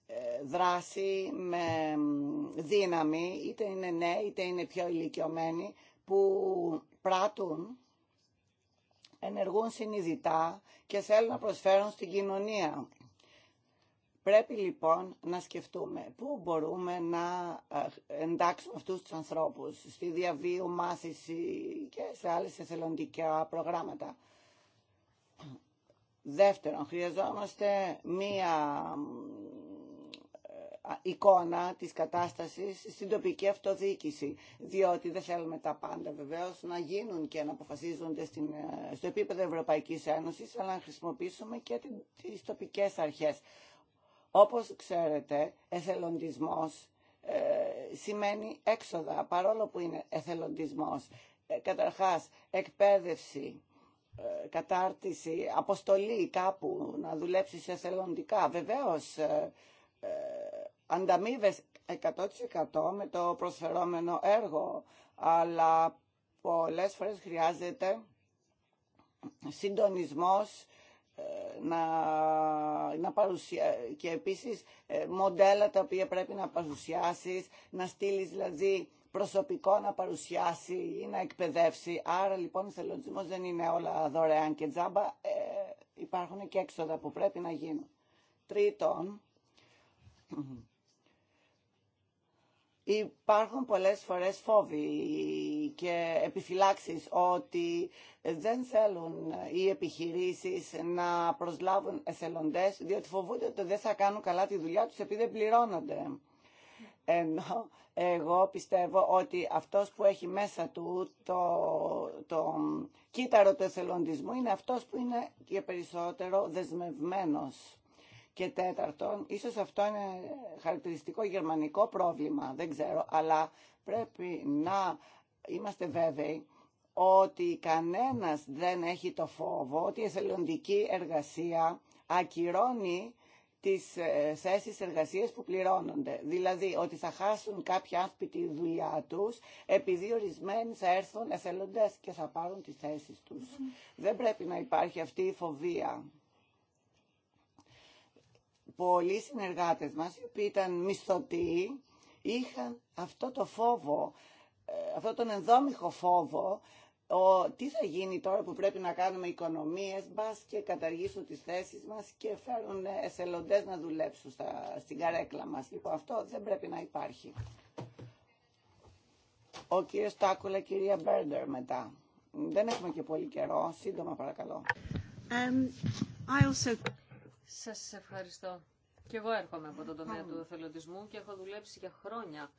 [SPEAKER 1] ε, δράση, με δύναμη, είτε είναι νέοι είτε είναι πιο ηλικιωμένοι, που πράττουν, ενεργούν συνειδητά και θέλουν να προσφέρουν στην κοινωνία. Πρέπει λοιπόν να σκεφτούμε πού μπορούμε να ε, εντάξουμε αυτούς τους ανθρώπους στη διαβίου μάθηση και σε άλλες εθελοντικά προγράμματα. Δεύτερον, χρειαζόμαστε μία ε, εικόνα της κατάστασης στην τοπική αυτοδιοίκηση, διότι δεν θέλουμε τα πάντα βεβαίως να γίνουν και να αποφασίζονται στην, ε, στο επίπεδο Ευρωπαϊκής Ένωσης, αλλά να χρησιμοποιήσουμε και τις τοπικές αρχές. Όπως ξέρετε, εθελοντισμός ε, σημαίνει έξοδα, παρόλο που είναι εθελοντισμός. Ε, καταρχάς, εκπαίδευση, ε, κατάρτιση, αποστολή κάπου, να δουλέψεις εθελοντικά. Βεβαίως, ε, ανταμείβες 100% με το προσφερόμενο έργο, αλλά πολλές φορές χρειάζεται συντονισμός να, να παρουσια... και επίσης ε, μοντέλα τα οποία πρέπει να παρουσιάσεις, να στείλεις δηλαδή προσωπικό να παρουσιάσει ή να εκπαιδεύσει. Άρα λοιπόν ο θελοντισμός δεν είναι όλα δωρεάν και τζάμπα, ε, υπάρχουν και έξοδα που πρέπει να γίνουν. Τρίτον, Υπάρχουν πολλές φορές φόβοι και επιφυλάξεις ότι δεν θέλουν οι επιχειρήσεις να προσλάβουν εθελοντές διότι φοβούνται ότι δεν θα κάνουν καλά τη δουλειά τους επειδή δεν πληρώνονται. Ενώ εγώ πιστεύω ότι αυτός που έχει μέσα του το, το κύτταρο του εθελοντισμού είναι αυτός που είναι και περισσότερο δεσμευμένος. Και τέταρτον, ίσως αυτό είναι χαρακτηριστικό γερμανικό πρόβλημα, δεν ξέρω, αλλά πρέπει να είμαστε βέβαιοι ότι κανένας δεν έχει το φόβο ότι η εθελοντική εργασία ακυρώνει τις ε, θέσεις εργασίες που πληρώνονται. Δηλαδή ότι θα χάσουν κάποια άνθρωποι τη δουλειά τους επειδή ορισμένοι θα έρθουν εθελοντές και θα πάρουν τις θέσεις τους. Δεν πρέπει να υπάρχει αυτή η φοβία πολλοί συνεργάτες μας, οι οποίοι ήταν μισθωτοί, είχαν αυτό το φόβο, ε, αυτό τον ενδόμηχο φόβο, ο, τι θα γίνει τώρα που πρέπει να κάνουμε οικονομίες, μπας και καταργήσουν τις θέσεις μας και φέρουν εσελοντές να δουλέψουν στα, στην καρέκλα μας. Λοιπόν, αυτό δεν πρέπει να υπάρχει. Ο κύριος Τάκουλα, κυρία Μπέρντερ μετά. Δεν έχουμε και πολύ καιρό. Σύντομα παρακαλώ. Um,
[SPEAKER 3] σας ευχαριστώ. Και εγώ έρχομαι από τον τομέα του εθελοντισμού και έχω δουλέψει για χρόνια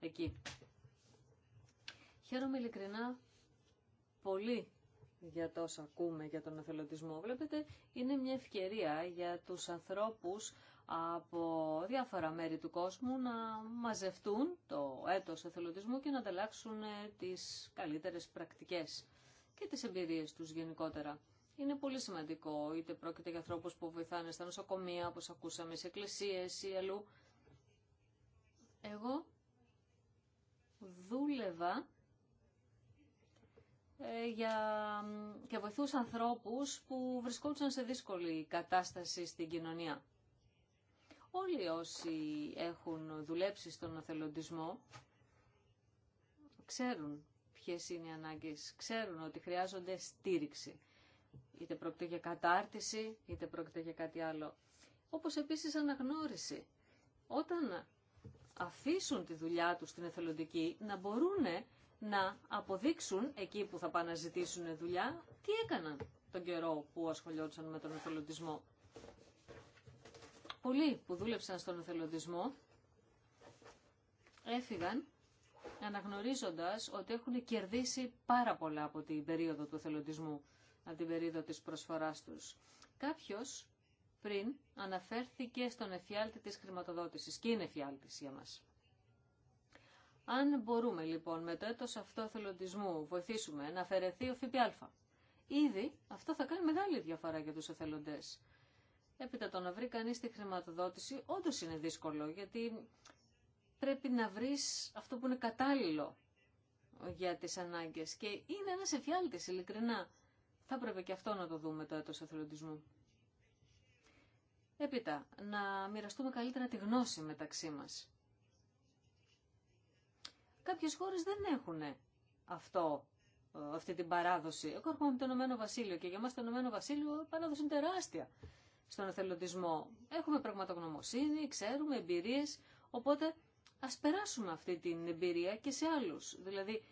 [SPEAKER 3] εκεί. Χαίρομαι ειλικρινά πολύ για το όσα ακούμε για τον εθελοντισμό. Βλέπετε, είναι μια ευκαιρία για τους ανθρώπους από διάφορα μέρη του κόσμου να μαζευτούν το έτος εθελοντισμού και να ανταλλάξουν τις καλύτερες πρακτικές και τις εμπειρίες τους γενικότερα είναι πολύ σημαντικό, είτε πρόκειται για ανθρώπους που βοηθάνε στα νοσοκομεία, όπω ακούσαμε σε εκκλησίες ή αλλού. Εγώ δούλευα ε, για... και βοηθούσα ανθρώπους που βρισκόντουσαν σε δύσκολη κατάσταση στην κοινωνία. Όλοι όσοι έχουν δουλέψει στον αθελοντισμό ξέρουν ποιες είναι οι ανάγκες, ξέρουν ότι χρειάζονται στήριξη είτε πρόκειται για κατάρτιση, είτε πρόκειται για κάτι άλλο. Όπως επίσης αναγνώριση. Όταν αφήσουν τη δουλειά τους στην εθελοντική, να μπορούν να αποδείξουν εκεί που θα πάνε να ζητήσουν δουλειά, τι έκαναν τον καιρό που ασχολιόντουσαν με τον εθελοντισμό. Πολλοί που δούλεψαν στον εθελοντισμό έφυγαν αναγνωρίζοντας ότι έχουν κερδίσει πάρα πολλά από την περίοδο του εθελοντισμού από την περίοδο της προσφοράς τους. Κάποιος πριν αναφέρθηκε στον εφιάλτη της χρηματοδότησης και είναι εφιάλτης για μας. Αν μπορούμε λοιπόν με το έτος αυτό βοηθήσουμε να αφαιρεθεί ο ΦΠΑ, ήδη αυτό θα κάνει μεγάλη διαφορά για τους εθελοντές. Έπειτα το να βρει κανείς τη χρηματοδότηση όντω είναι δύσκολο γιατί πρέπει να βρεις αυτό που είναι κατάλληλο για τις ανάγκες και είναι ένας εφιάλτης ειλικρινά. Θα έπρεπε και αυτό να το δούμε το έτος εθελοντισμού. Έπειτα, να μοιραστούμε καλύτερα τη γνώση μεταξύ μας. Κάποιες χώρες δεν έχουν αυτό, ε, αυτή την παράδοση. Εγώ έρχομαι από το Ηνωμένο Βασίλειο και για μας το Ηνωμένο Βασίλειο η παράδοση είναι τεράστια στον εθελοντισμό. Έχουμε πραγματογνωμοσύνη, ξέρουμε εμπειρίες, οπότε ας περάσουμε αυτή την εμπειρία και σε άλλους. Δηλαδή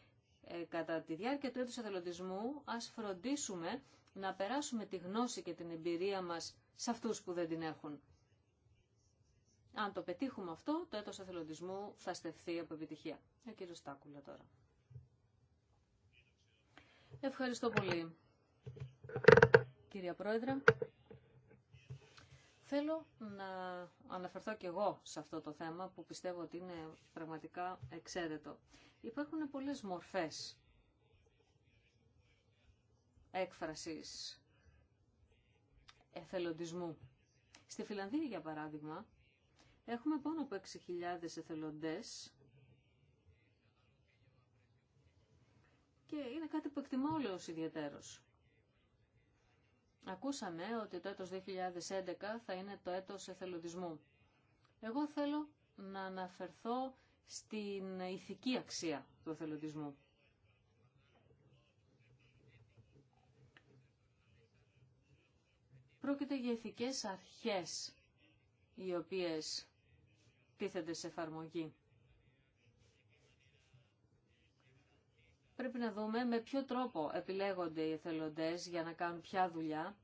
[SPEAKER 3] ε, κατά τη διάρκεια του έτους εθελοντισμού ας φροντίσουμε να περάσουμε τη γνώση και την εμπειρία μας σε αυτούς που δεν την έχουν. Αν το πετύχουμε αυτό, το έτος εθελοντισμού θα στεφθεί από επιτυχία. Ο τώρα. Ευχαριστώ πολύ, κυρία Πρόεδρε. Θέλω να αναφερθώ και εγώ σε αυτό το θέμα που πιστεύω ότι είναι πραγματικά εξαίρετο. Υπάρχουν πολλές μορφές έκφρασης εθελοντισμού. Στη Φιλανδία, για παράδειγμα, έχουμε πάνω από 6.000 εθελοντές και είναι κάτι που εκτιμά όλος ιδιαίτερος. Ακούσαμε ότι το έτος 2011 θα είναι το έτος εθελοντισμού. Εγώ θέλω να αναφερθώ στην ηθική αξία του εθελοντισμού. Πρόκειται για ηθικές αρχές οι οποίες τίθενται σε εφαρμογή. πρέπει να δούμε με ποιο τρόπο επιλέγονται οι εθελοντές για να κάνουν ποια δουλειά,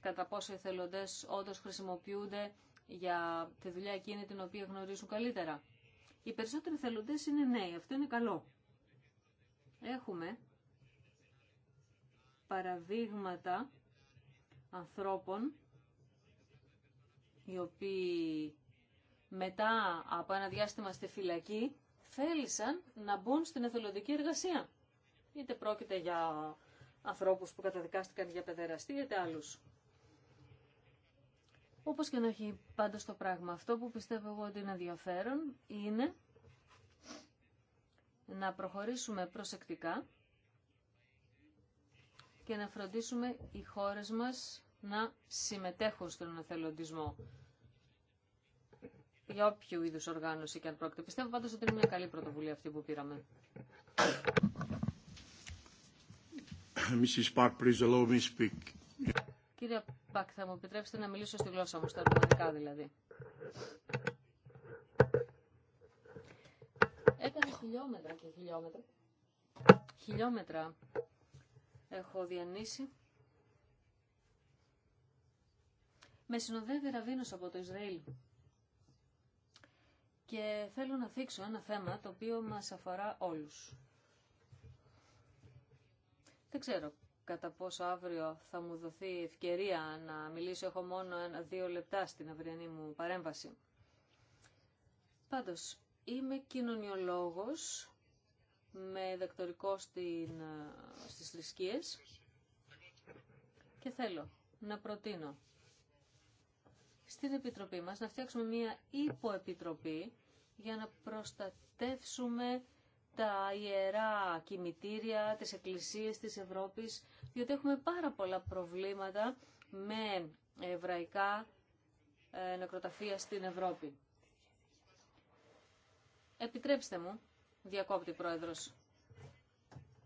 [SPEAKER 3] κατά πόσο οι εθελοντές όντως χρησιμοποιούνται για τη δουλειά εκείνη την οποία γνωρίζουν καλύτερα. Οι περισσότεροι εθελοντές είναι νέοι, αυτό είναι καλό. Έχουμε παραδείγματα ανθρώπων οι οποίοι μετά από ένα διάστημα στη φυλακή θέλησαν να μπουν στην εθελοντική εργασία. Είτε πρόκειται για ανθρώπους που καταδικάστηκαν για παιδεραστή, είτε άλλους. Όπως και να έχει πάντα το πράγμα, αυτό που πιστεύω εγώ ότι είναι ενδιαφέρον είναι να προχωρήσουμε προσεκτικά και να φροντίσουμε οι χώρες μας να συμμετέχουν στον εθελοντισμό για όποιου είδου οργάνωση και αν πρόκειται. Πιστεύω πάντως ότι είναι μια καλή πρωτοβουλία αυτή που πήραμε. Κύριε Πακ, θα μου επιτρέψετε να μιλήσω στη γλώσσα μου, στα ρωματικά δηλαδή. Έκανε χιλιόμετρα και χιλιόμετρα. Χιλιόμετρα έχω διανύσει. Με συνοδεύει ραβίνος από το Ισραήλ και θέλω να θίξω ένα θέμα το οποίο μας αφορά όλους. Δεν ξέρω κατά πόσο αύριο θα μου δοθεί ευκαιρία να μιλήσω. Έχω μόνο ένα-δύο λεπτά στην αυριανή μου παρέμβαση. Πάντως, είμαι κοινωνιολόγος με δεκτορικό στην, ε, στις θρησκείες και θέλω να προτείνω στην Επιτροπή μας να φτιάξουμε μία υποεπιτροπή για να προστατεύσουμε τα ιερά κημητήρια, τις εκκλησίες της Ευρώπης, διότι έχουμε πάρα πολλά προβλήματα με εβραϊκά ε, νεκροταφεία στην Ευρώπη. Επιτρέψτε μου, διακόπτη πρόεδρος.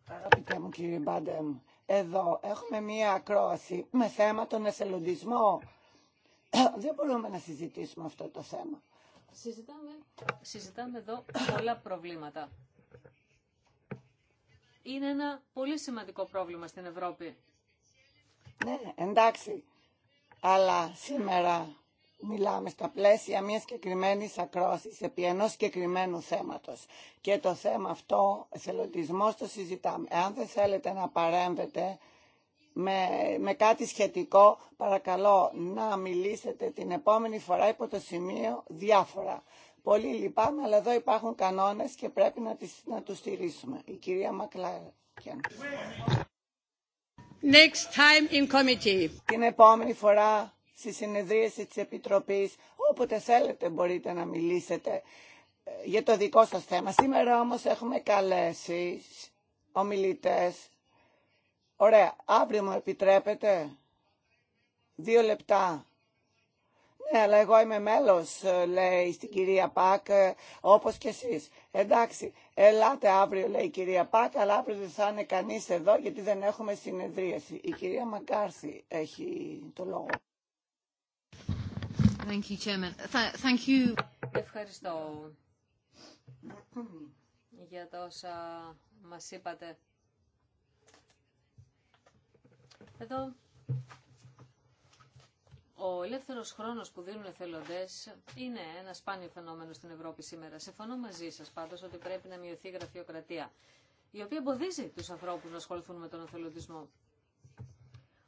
[SPEAKER 1] Αγαπητέ μου κύριε Μπάντεμ, εδώ έχουμε μία ακρόαση με θέμα τον εθελοντισμό δεν μπορούμε να συζητήσουμε αυτό το θέμα. Συζητάμε,
[SPEAKER 3] συζητάμε εδώ πολλά προβλήματα. Είναι ένα πολύ σημαντικό πρόβλημα στην Ευρώπη.
[SPEAKER 1] Ναι, εντάξει. Αλλά σήμερα μιλάμε στα πλαίσια μιας συγκεκριμένη ακρόση επί ενό συγκεκριμένου θέματος. Και το θέμα αυτό, εθελοντισμός, το συζητάμε. Εάν δεν θέλετε να παρέμβετε με, με κάτι σχετικό, παρακαλώ να μιλήσετε την επόμενη φορά υπό το σημείο διάφορα. Πολύ λυπάμαι, αλλά εδώ υπάρχουν κανόνες και πρέπει να, τις, να τους στηρίσουμε. Η κυρία Μακλά. Next time in committee. Την επόμενη φορά στη συνεδρίαση της Επιτροπής, όποτε θέλετε μπορείτε να μιλήσετε ε, για το δικό σας θέμα. Σήμερα όμως έχουμε καλέσει ομιλητές Ωραία, αύριο μου επιτρέπετε. Δύο λεπτά. Ναι, αλλά εγώ είμαι μέλος, ε, λέει στην κυρία Πακ, ε, όπως και εσείς. Εντάξει, ελάτε αύριο, λέει η κυρία Πακ, αλλά αύριο δεν θα είναι κανείς εδώ, γιατί δεν έχουμε συνεδρίαση. Η κυρία Μακάρθη έχει το λόγο.
[SPEAKER 3] Ευχαριστώ για τόσα όσα μας είπατε. Εδώ ο ελεύθερος χρόνος που δίνουν εθελοντέ είναι ένα σπάνιο φαινόμενο στην Ευρώπη σήμερα. Συμφωνώ μαζί σας πάντως ότι πρέπει να μειωθεί η γραφειοκρατία, η οποία εμποδίζει τους ανθρώπους να ασχοληθούν με τον εθελοντισμό.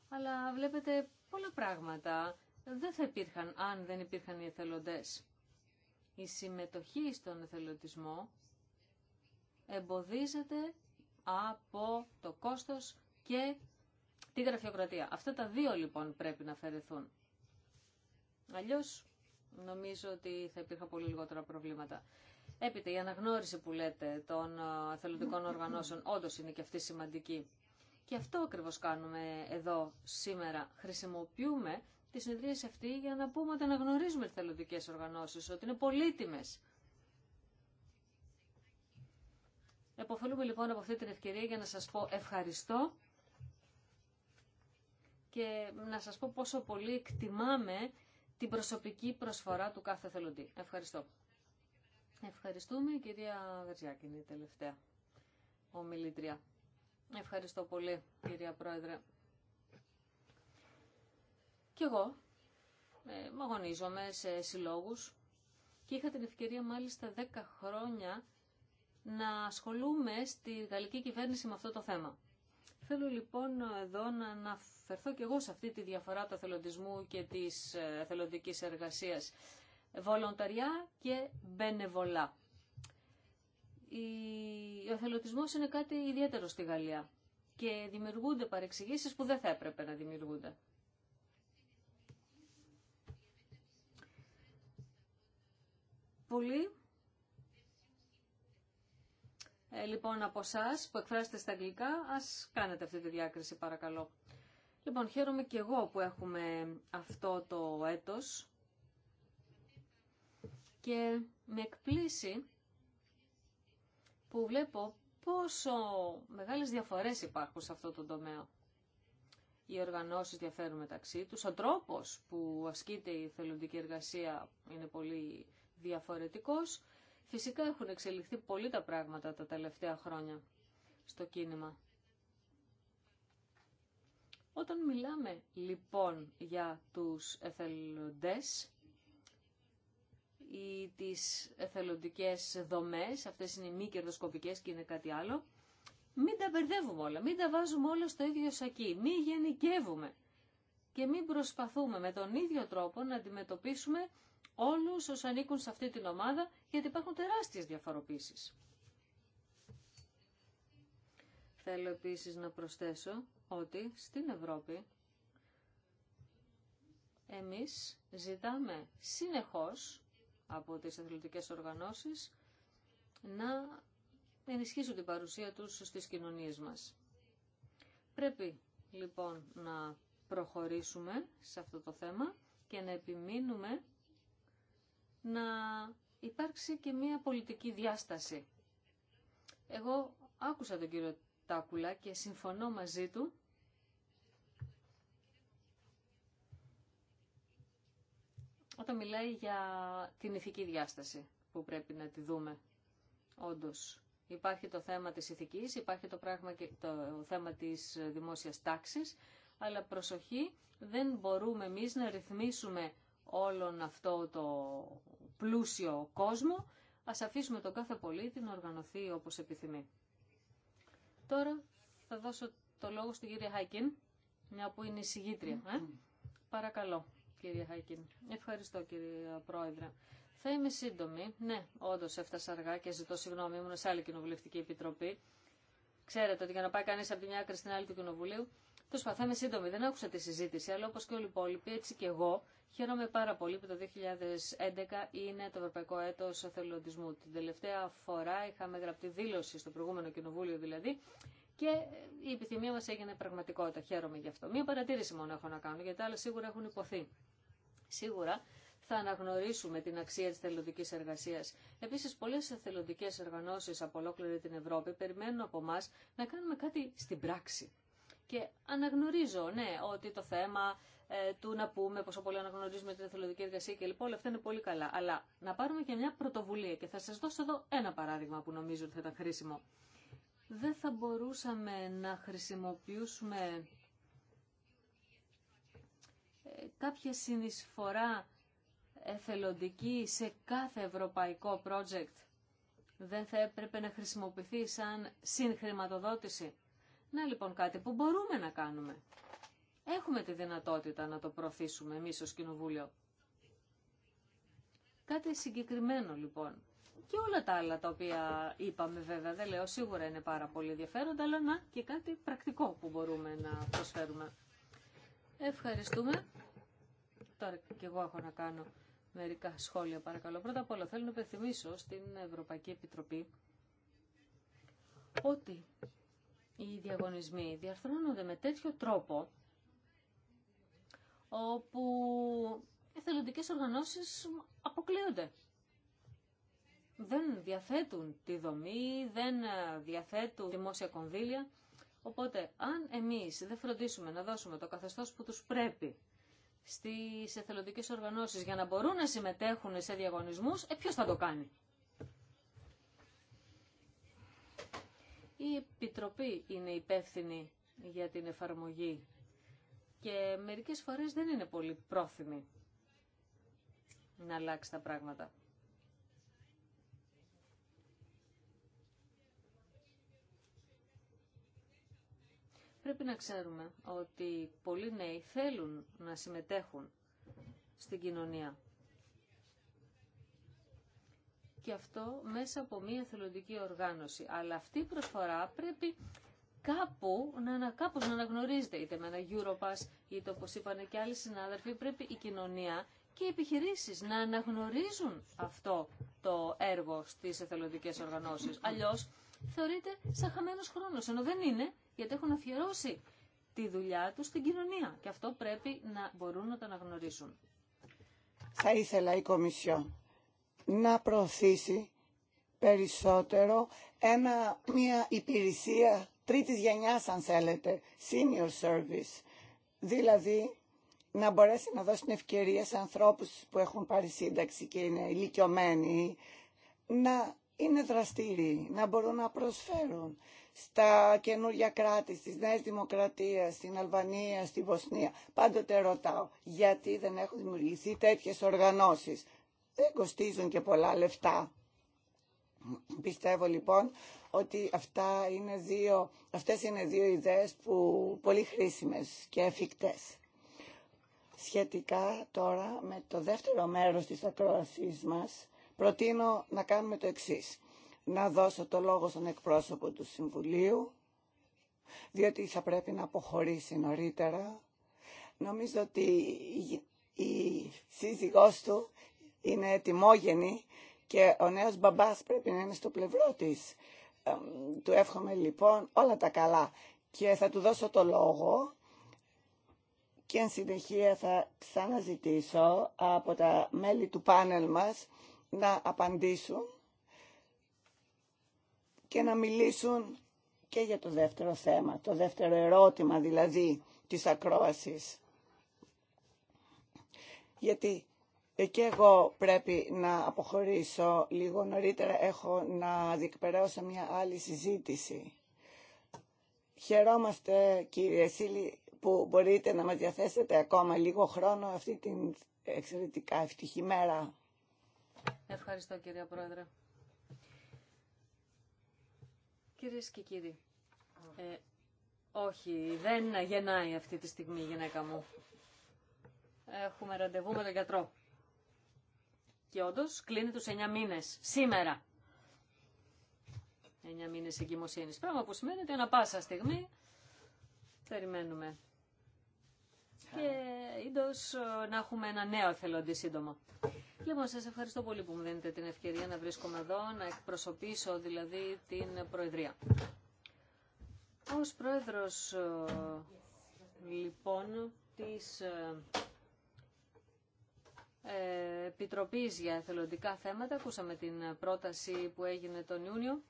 [SPEAKER 3] Αλλά βλέπετε πολλά πράγματα δεν θα υπήρχαν αν δεν υπήρχαν οι εθελοντές. Η συμμετοχή στον εθελοντισμό εμποδίζεται από το κόστος και τη γραφειοκρατία. Αυτά τα δύο λοιπόν πρέπει να αφαιρεθούν. Αλλιώ, νομίζω ότι θα υπήρχαν πολύ λιγότερα προβλήματα. Έπειτα η αναγνώριση που λέτε των ε, εθελοντικών οργανώσεων όντω είναι και αυτή σημαντική. Και αυτό ακριβώ κάνουμε εδώ σήμερα. Χρησιμοποιούμε τη συνεδρίαση αυτή για να πούμε ότι αναγνωρίζουμε εθελοντικέ οργανώσει, ότι είναι πολύτιμε. Εποφελούμε λοιπόν από αυτή την ευκαιρία για να σας πω ευχαριστώ και να σας πω πόσο πολύ εκτιμάμε την προσωπική προσφορά του κάθε θελοντή. Ευχαριστώ. Ευχαριστούμε κυρία Βερζιάκη, είναι η τελευταία ομιλήτρια. Ευχαριστώ πολύ κυρία Πρόεδρε. Κι εγώ ε, αγωνίζομαι σε συλλόγους και είχα την ευκαιρία μάλιστα 10 χρόνια να ασχολούμαι στη γαλλική κυβέρνηση με αυτό το θέμα. Θέλω λοιπόν εδώ να αναφερθώ και εγώ σε αυτή τη διαφορά του εθελοντισμού και της ε, εθελοντικής εργασίας. Βολονταριά και μπενεβολά. Ο εθελοντισμός είναι κάτι ιδιαίτερο στη Γαλλία και δημιουργούνται παρεξηγήσεις που δεν θα έπρεπε να δημιουργούνται. Πολύ. Ε, λοιπόν από εσά που εκφράσετε στα αγγλικά, α κάνετε αυτή τη διάκριση παρακαλώ. Λοιπόν, χαίρομαι και εγώ που έχουμε αυτό το έτος και με εκπλήσει που βλέπω πόσο μεγάλες διαφορές υπάρχουν σε αυτό το τομέα. Οι οργανώσεις διαφέρουν μεταξύ τους, ο τρόπος που ασκείται η θελοντική εργασία είναι πολύ διαφορετικός Φυσικά έχουν εξελιχθεί πολύ τα πράγματα τα τελευταία χρόνια στο κίνημα. Όταν μιλάμε λοιπόν για τους εθελοντές ή τις εθελοντικές δομές, αυτές είναι οι μη κερδοσκοπικές και είναι κάτι άλλο, μην τα μπερδεύουμε όλα, μην τα βάζουμε όλα στο ίδιο σακί, μην γενικεύουμε και μην προσπαθούμε με τον ίδιο τρόπο να αντιμετωπίσουμε όλους όσους ανήκουν σε αυτή την ομάδα, γιατί υπάρχουν τεράστιες διαφοροποίησεις. Θέλω επίσης να προσθέσω ότι στην Ευρώπη εμείς ζητάμε συνεχώς από τις αθλητικές οργανώσεις να ενισχύσουν την παρουσία τους στις κοινωνίες μας. Πρέπει λοιπόν να προχωρήσουμε σε αυτό το θέμα και να επιμείνουμε να υπάρξει και μία πολιτική διάσταση. Εγώ άκουσα τον κύριο Τάκουλα και συμφωνώ μαζί του όταν μιλάει για την ηθική διάσταση που πρέπει να τη δούμε. Όντως, υπάρχει το θέμα της ηθικής, υπάρχει το, πράγμα και το θέμα της δημόσιας τάξης, αλλά προσοχή, δεν μπορούμε εμείς να ρυθμίσουμε όλον αυτό το πλούσιο κόσμο, ας αφήσουμε τον κάθε πολίτη να οργανωθεί όπως επιθυμεί. Τώρα θα δώσω το λόγο στην κυρία Χάικιν, μια που είναι η συγγήτρια. Ε. Παρακαλώ, κυρία Χάικιν. Ευχαριστώ, κυρία Πρόεδρε. Θα είμαι σύντομη. Ναι, όντω έφτασα αργά και ζητώ συγγνώμη, ήμουν σε άλλη κοινοβουλευτική επιτροπή. Ξέρετε ότι για να πάει κανεί από τη μια άκρη στην άλλη του κοινοβουλίου, το σπαθάμε σύντομη. Δεν άκουσα τη συζήτηση, αλλά όπω και όλοι οι υπόλοιποι, έτσι και εγώ Χαίρομαι πάρα πολύ που το 2011 είναι το Ευρωπαϊκό Έτος Αθελοντισμού. Την τελευταία φορά είχαμε γραπτή δήλωση στο προηγούμενο κοινοβούλιο δηλαδή και η επιθυμία μας έγινε πραγματικότητα. Χαίρομαι γι' αυτό. Μία παρατήρηση μόνο έχω να κάνω γιατί άλλα σίγουρα έχουν υποθεί. Σίγουρα θα αναγνωρίσουμε την αξία της θελοντικής εργασίας. Επίσης, πολλές θελοντικές οργανώσεις από ολόκληρη την Ευρώπη περιμένουν από εμά να κάνουμε κάτι στην πράξη. Και αναγνωρίζω, ναι, ότι το θέμα ε, του να πούμε πόσο πολύ αναγνωρίζουμε την εθελοντική εργασία και λοιπόν όλα αυτά είναι πολύ καλά. Αλλά να πάρουμε και μια πρωτοβουλία και θα σα δώσω εδώ ένα παράδειγμα που νομίζω ότι θα ήταν χρήσιμο. Δεν θα μπορούσαμε να χρησιμοποιήσουμε ε, κάποια συνεισφορά εθελοντική σε κάθε ευρωπαϊκό project. Δεν θα έπρεπε να χρησιμοποιηθεί σαν συγχρηματοδότηση. Να λοιπόν κάτι που μπορούμε να κάνουμε. Έχουμε τη δυνατότητα να το προωθήσουμε εμείς ως Κοινοβούλιο. Κάτι συγκεκριμένο λοιπόν. Και όλα τα άλλα τα οποία είπαμε βέβαια, δεν λέω σίγουρα είναι πάρα πολύ ενδιαφέροντα, αλλά να και κάτι πρακτικό που μπορούμε να προσφέρουμε. Ευχαριστούμε. Τώρα και εγώ έχω να κάνω μερικά σχόλια παρακαλώ. Πρώτα απ' όλα θέλω να υπενθυμίσω στην Ευρωπαϊκή Επιτροπή ότι οι διαγωνισμοί διαρθρώνονται με τέτοιο τρόπο όπου εθελοντικές οργανώσεις αποκλείονται. Δεν διαθέτουν τη δομή, δεν διαθέτουν δημόσια κονδύλια. Οπότε, αν εμείς δεν φροντίσουμε να δώσουμε το καθεστώς που τους πρέπει στις εθελοντικές οργανώσεις για να μπορούν να συμμετέχουν σε διαγωνισμούς, ε, ποιος θα το κάνει. Η Επιτροπή είναι υπεύθυνη για την εφαρμογή και μερικές φορές δεν είναι πολύ πρόθυμη να αλλάξει τα πράγματα. Πρέπει να ξέρουμε ότι πολλοί νέοι θέλουν να συμμετέχουν στην κοινωνία. Και αυτό μέσα από μια θελοντική οργάνωση. Αλλά αυτή η προσφορά πρέπει κάπου να, κάπως να αναγνωρίζεται είτε με ένα Europass είτε όπως είπαν και άλλοι συνάδελφοι πρέπει η κοινωνία και οι επιχειρήσεις να αναγνωρίζουν αυτό το έργο στις εθελοντικές οργανώσεις. Αλλιώς θεωρείται σαν χαμένος χρόνος, ενώ δεν είναι, γιατί έχουν αφιερώσει τη δουλειά τους στην κοινωνία και αυτό πρέπει να μπορούν να το αναγνωρίσουν.
[SPEAKER 1] Θα ήθελα η Κομισιό να προωθήσει περισσότερο μια υπηρεσία τρίτης γενιάς αν θέλετε, senior service. Δηλαδή να μπορέσει να δώσει την ευκαιρία σε ανθρώπους που έχουν πάρει σύνταξη και είναι ηλικιωμένοι να είναι δραστήριοι, να μπορούν να προσφέρουν στα καινούργια κράτη, στις νέες δημοκρατίες, στην Αλβανία, στη Βοσνία. Πάντοτε ρωτάω, γιατί δεν έχουν δημιουργηθεί τέτοιες οργανώσεις. Δεν κοστίζουν και πολλά λεφτά. Πιστεύω λοιπόν ότι αυτά είναι δύο, αυτές είναι δύο ιδέες που πολύ χρήσιμες και εφικτές. Σχετικά τώρα με το δεύτερο μέρος της ακρόασής μας, προτείνω να κάνουμε το εξής. Να δώσω το λόγο στον εκπρόσωπο του Συμβουλίου, διότι θα πρέπει να αποχωρήσει νωρίτερα. Νομίζω ότι η σύζυγός του είναι ετοιμόγενη και ο νέος μπαμπάς πρέπει να είναι στο πλευρό της. Του εύχομαι λοιπόν όλα τα καλά και θα του δώσω το λόγο και εν συνεχεία θα ξαναζητήσω από τα μέλη του πάνελ μας να απαντήσουν και να μιλήσουν και για το δεύτερο θέμα, το δεύτερο ερώτημα δηλαδή της ακρόασης. Γιατί και εγώ πρέπει να αποχωρήσω λίγο νωρίτερα. Έχω να σε μια άλλη συζήτηση. Χαιρόμαστε κύριε Σίλη που μπορείτε να μας διαθέσετε ακόμα λίγο χρόνο αυτή την εξαιρετικά ευτυχή μέρα.
[SPEAKER 3] Ευχαριστώ κύριε Πρόεδρε. Κυρίες και κύριοι, ε, όχι, δεν γεννάει αυτή τη στιγμή η γυναίκα μου. Έχουμε ραντεβού με τον γιατρό. Και όντω κλείνει τους 9 μήνες. Σήμερα. 9 μήνες εγκυμοσύνης. Πράγμα που σημαίνει ότι ανά πάσα στιγμή περιμένουμε. Και ίντω ε, να έχουμε ένα νέο εθελοντή σύντομα. Λοιπόν, σα ευχαριστώ πολύ που μου δίνετε την ευκαιρία να βρίσκομαι εδώ, να εκπροσωπήσω δηλαδή την Προεδρία. Ως Πρόεδρος, ε, λοιπόν, της ε, ε, Επιτροπής για Εθελοντικά Θέματα. Ακούσαμε την πρόταση που έγινε τον Ιούνιο.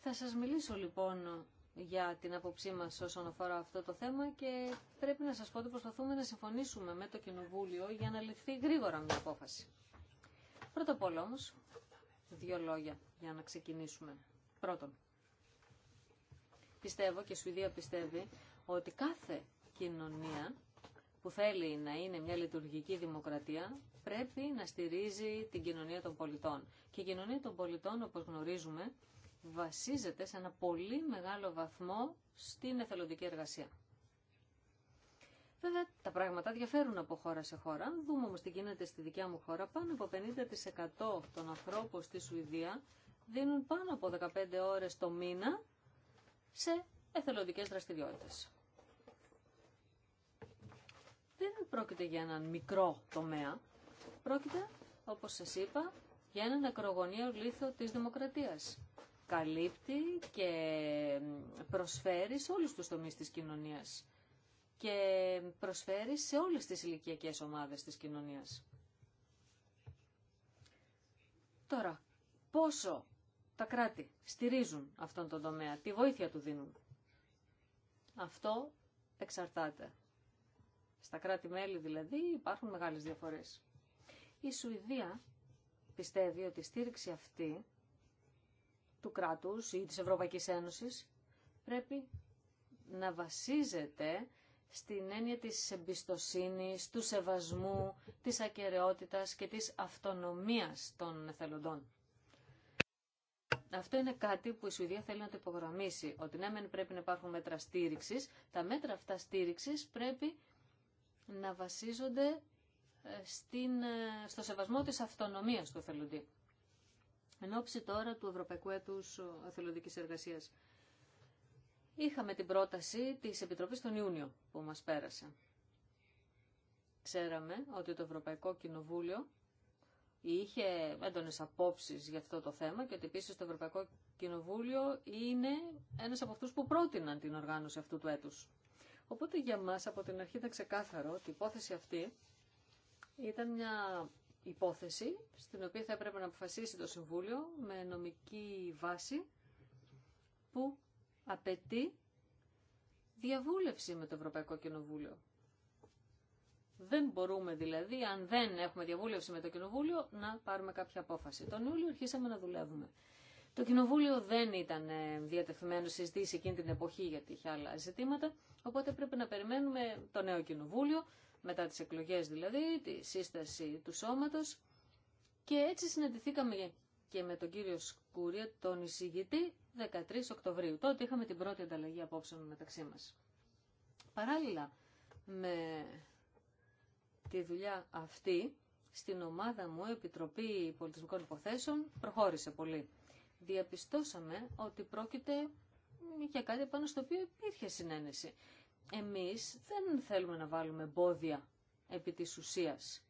[SPEAKER 3] Θα σας μιλήσω λοιπόν για την άποψή μας όσον αφορά αυτό το θέμα και πρέπει να σας πω ότι προσπαθούμε να συμφωνήσουμε με το Κοινοβούλιο για να ληφθεί γρήγορα μια απόφαση. Πρώτα απ' όλα όμως, δύο λόγια για να ξεκινήσουμε. Πρώτον, πιστεύω και η Σουηδία πιστεύει ότι κάθε κοινωνία που θέλει να είναι μια λειτουργική δημοκρατία πρέπει να στηρίζει την κοινωνία των πολιτών. Και η κοινωνία των πολιτών, όπως γνωρίζουμε, βασίζεται σε ένα πολύ μεγάλο βαθμό στην εθελοντική εργασία. Βέβαια, τα πράγματα διαφέρουν από χώρα σε χώρα. δούμε όμως τι γίνεται στη δικιά μου χώρα, πάνω από 50% των ανθρώπων στη Σουηδία δίνουν πάνω από 15 ώρες το μήνα σε εθελοντικές δραστηριότητες. Δεν πρόκειται για έναν μικρό τομέα. Πρόκειται, όπως σας είπα, για έναν ακρογωνίο λίθο της δημοκρατίας. Καλύπτει και προσφέρει σε όλους τους τομείς της κοινωνίας και προσφέρει σε όλες τις ηλικιακέ ομάδες της κοινωνίας. Τώρα, πόσο τα κράτη στηρίζουν αυτόν τον τομέα, τι βοήθεια του δίνουν. Αυτό εξαρτάται. Στα κράτη-μέλη δηλαδή υπάρχουν μεγάλες διαφορές. Η Σουηδία πιστεύει ότι η στήριξη αυτή του κράτους ή της Ευρωπαϊκής Ένωσης πρέπει να βασίζεται στην έννοια της εμπιστοσύνης, του σεβασμού, της ακαιρεότητας και της αυτονομίας των εθελοντών. Αυτό είναι κάτι που η Σουηδία θέλει να το υπογραμμίσει, ότι ναι πρέπει να υπάρχουν μέτρα στήριξης, τα μέτρα αυτά στήριξης πρέπει να βασίζονται στην, ε, στο σεβασμό της αυτονομίας του εθελοντή. Εν όψη τώρα του Ευρωπαϊκού Έτους Εθελοντικής Εργασίας. Είχαμε την πρόταση της Επιτροπής τον Ιούνιο που μας πέρασε. Ξέραμε ότι το Ευρωπαϊκό Κοινοβούλιο είχε έντονες απόψεις για αυτό το θέμα και ότι επίση το Ευρωπαϊκό Κοινοβούλιο είναι ένας από αυτούς που πρότειναν την οργάνωση αυτού του έτους. Οπότε για μας από την αρχή ήταν ξεκάθαρο ότι η υπόθεση αυτή ήταν μια υπόθεση στην οποία θα έπρεπε να αποφασίσει το Συμβούλιο με νομική βάση που απαιτεί διαβούλευση με το Ευρωπαϊκό Κοινοβούλιο. Δεν μπορούμε δηλαδή, αν δεν έχουμε διαβούλευση με το Κοινοβούλιο, να πάρουμε κάποια απόφαση. Τον Ιούλιο αρχίσαμε να δουλεύουμε. Το Κοινοβούλιο δεν ήταν ε, διατεθειμένο συζητήσει εκείνη την εποχή γιατί είχε άλλα ζητήματα, οπότε πρέπει να περιμένουμε το νέο Κοινοβούλιο μετά τις εκλογές δηλαδή, τη σύσταση του σώματος και έτσι συναντηθήκαμε και με τον κύριο Σκούρια, τον εισηγητή, 13 Οκτωβρίου. Τότε είχαμε την πρώτη ανταλλαγή απόψεων μεταξύ μας. Παράλληλα με τη δουλειά αυτή, στην ομάδα μου, Επιτροπή Πολιτισμικών Υποθέσεων προχώρησε πολύ. Διαπιστώσαμε ότι πρόκειται για κάτι πάνω στο οποίο υπήρχε συνένεση. Εμείς δεν θέλουμε να βάλουμε εμπόδια επί της ουσίας.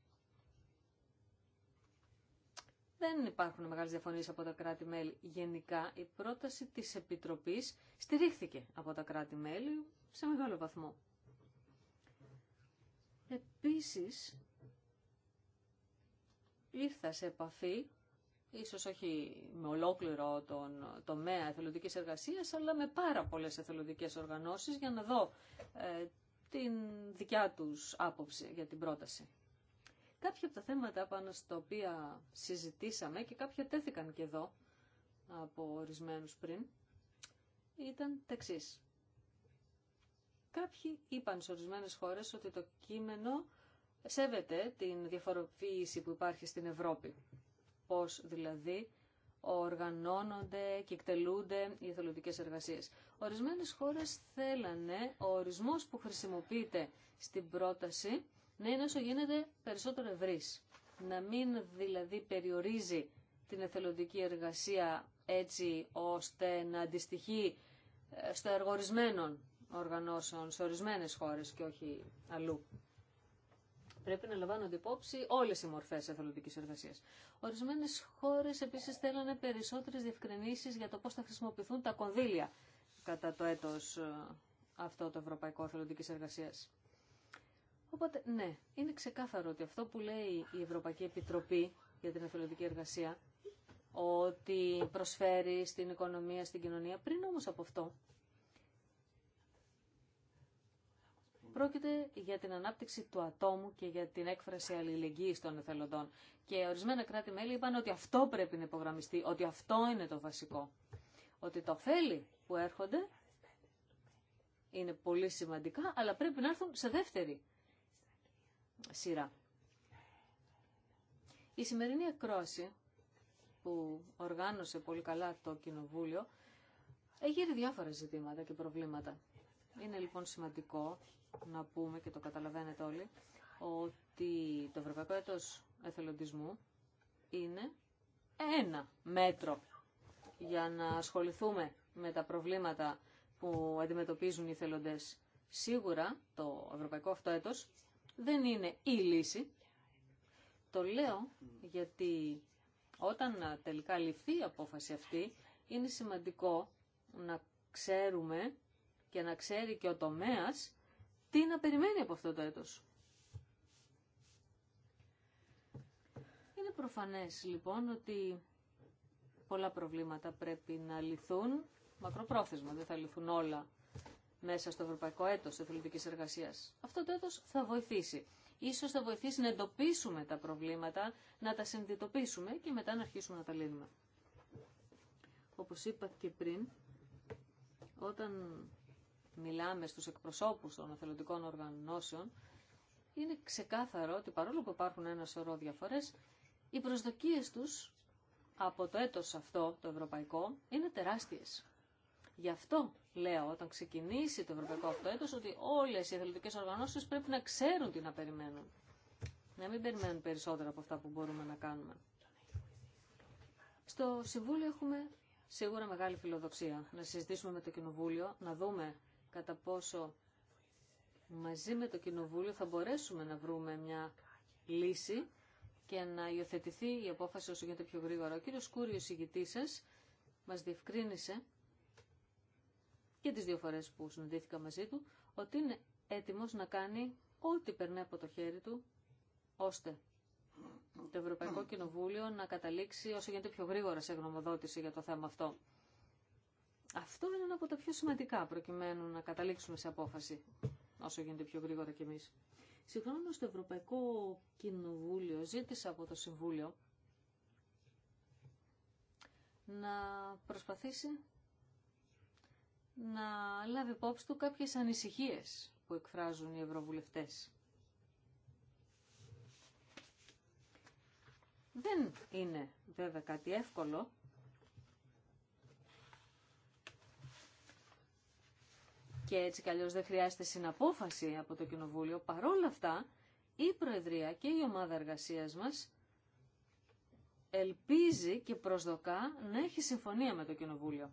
[SPEAKER 3] Δεν υπάρχουν μεγάλες διαφωνίες από τα κράτη-μέλη. Γενικά η πρόταση της Επιτροπής στηρίχθηκε από τα κράτη-μέλη σε μεγάλο βαθμό. Επίσης, ήρθα σε επαφή ίσως όχι με ολόκληρο τον τομέα εθελοντικής εργασίας, αλλά με πάρα πολλές εθελοντικές οργανώσεις για να δω ε, την δικιά τους άποψη για την πρόταση. Κάποια από τα θέματα πάνω στα οποία συζητήσαμε και κάποια τέθηκαν και εδώ από ορισμένους πριν, ήταν τα εξή. Κάποιοι είπαν σε ορισμένες χώρες ότι το κείμενο σέβεται την διαφοροποίηση που υπάρχει στην Ευρώπη πώς δηλαδή οργανώνονται και εκτελούνται οι εθελοντικές εργασίες. Ορισμένες χώρες θέλανε ο ορισμός που χρησιμοποιείται στην πρόταση να είναι όσο γίνεται περισσότερο ευρύς. Να μην δηλαδή περιορίζει την εθελοντική εργασία έτσι ώστε να αντιστοιχεί ε, στο εργορισμένων οργανώσεων σε ορισμένες χώρες και όχι αλλού. Πρέπει να λαμβάνονται υπόψη όλες οι μορφές εθελοντικής εργασία. Ορισμένες χώρες επίση θέλανε περισσότερες διευκρινήσει για το πώς θα χρησιμοποιηθούν τα κονδύλια κατά το έτος ε, αυτό το Ευρωπαϊκό εθελοντική εργασία. Οπότε, ναι, είναι ξεκάθαρο ότι αυτό που λέει η Ευρωπαϊκή Επιτροπή για την εθελοντική εργασία, ότι προσφέρει στην οικονομία, στην κοινωνία, πριν όμως από αυτό, Πρόκειται για την ανάπτυξη του ατόμου και για την έκφραση αλληλεγγύης των εθελοντών. Και ορισμένα κράτη-μέλη είπαν ότι αυτό πρέπει να υπογραμμιστεί, ότι αυτό είναι το βασικό. Ότι τα ωφέλη που έρχονται είναι πολύ σημαντικά, αλλά πρέπει να έρθουν σε δεύτερη σειρά. Η σημερινή ακρόαση που οργάνωσε πολύ καλά το Κοινοβούλιο, έχει διάφορα ζητήματα και προβλήματα. Είναι λοιπόν σημαντικό να πούμε και το καταλαβαίνετε όλοι ότι το Ευρωπαϊκό Έτος Εθελοντισμού είναι ένα μέτρο για να ασχοληθούμε με τα προβλήματα που αντιμετωπίζουν οι θελοντές. Σίγουρα το ευρωπαϊκό αυτό έτος δεν είναι η λύση. Το λέω γιατί όταν τελικά ληφθεί η απόφαση αυτή είναι σημαντικό να ξέρουμε και να ξέρει και ο τομέας τι να περιμένει από αυτό το έτος. Είναι προφανές λοιπόν ότι πολλά προβλήματα πρέπει να λυθούν μακροπρόθεσμα, δεν θα λυθούν όλα μέσα στο ευρωπαϊκό έτος εθελοντικής εργασίας. Αυτό το έτος θα βοηθήσει. Ίσως θα βοηθήσει να εντοπίσουμε τα προβλήματα, να τα συνειδητοποιήσουμε και μετά να αρχίσουμε να τα λύνουμε. Όπως είπα και πριν, όταν μιλάμε στους εκπροσώπους των εθελοντικών οργανώσεων, είναι ξεκάθαρο ότι παρόλο που υπάρχουν ένα σωρό διαφορές, οι προσδοκίες τους από το έτος αυτό, το ευρωπαϊκό, είναι τεράστιες. Γι' αυτό λέω όταν ξεκινήσει το ευρωπαϊκό αυτό έτος ότι όλες οι εθελοντικές οργανώσεις πρέπει να ξέρουν τι να περιμένουν. Να μην περιμένουν περισσότερα από αυτά που μπορούμε να κάνουμε. Στο Συμβούλιο έχουμε σίγουρα μεγάλη φιλοδοξία να συζητήσουμε με το Κοινοβούλιο, να δούμε κατά πόσο μαζί με το Κοινοβούλιο θα μπορέσουμε να βρούμε μια λύση και να υιοθετηθεί η απόφαση όσο γίνεται πιο γρήγορα. Ο κύριος Κούριο, ηγητής σας, μας διευκρίνησε και τις δύο φορές που συναντήθηκα μαζί του, ότι είναι έτοιμος να κάνει ό,τι περνάει από το χέρι του, ώστε το Ευρωπαϊκό Κοινοβούλιο να καταλήξει όσο γίνεται πιο γρήγορα σε γνωμοδότηση για το θέμα αυτό. Αυτό είναι ένα από τα πιο σημαντικά προκειμένου να καταλήξουμε σε απόφαση όσο γίνεται πιο γρήγορα κι εμείς. Συγχρόνως το Ευρωπαϊκό Κοινοβούλιο ζήτησε από το Συμβούλιο να προσπαθήσει να λάβει υπόψη του κάποιες ανησυχίες που εκφράζουν οι ευρωβουλευτές. Δεν είναι βέβαια κάτι εύκολο και έτσι καλώ δεν χρειάζεται συναπόφαση από το Κοινοβούλιο. Παρόλα αυτά, η Προεδρία και η ομάδα εργασίας μας ελπίζει και προσδοκά να έχει συμφωνία με το Κοινοβούλιο.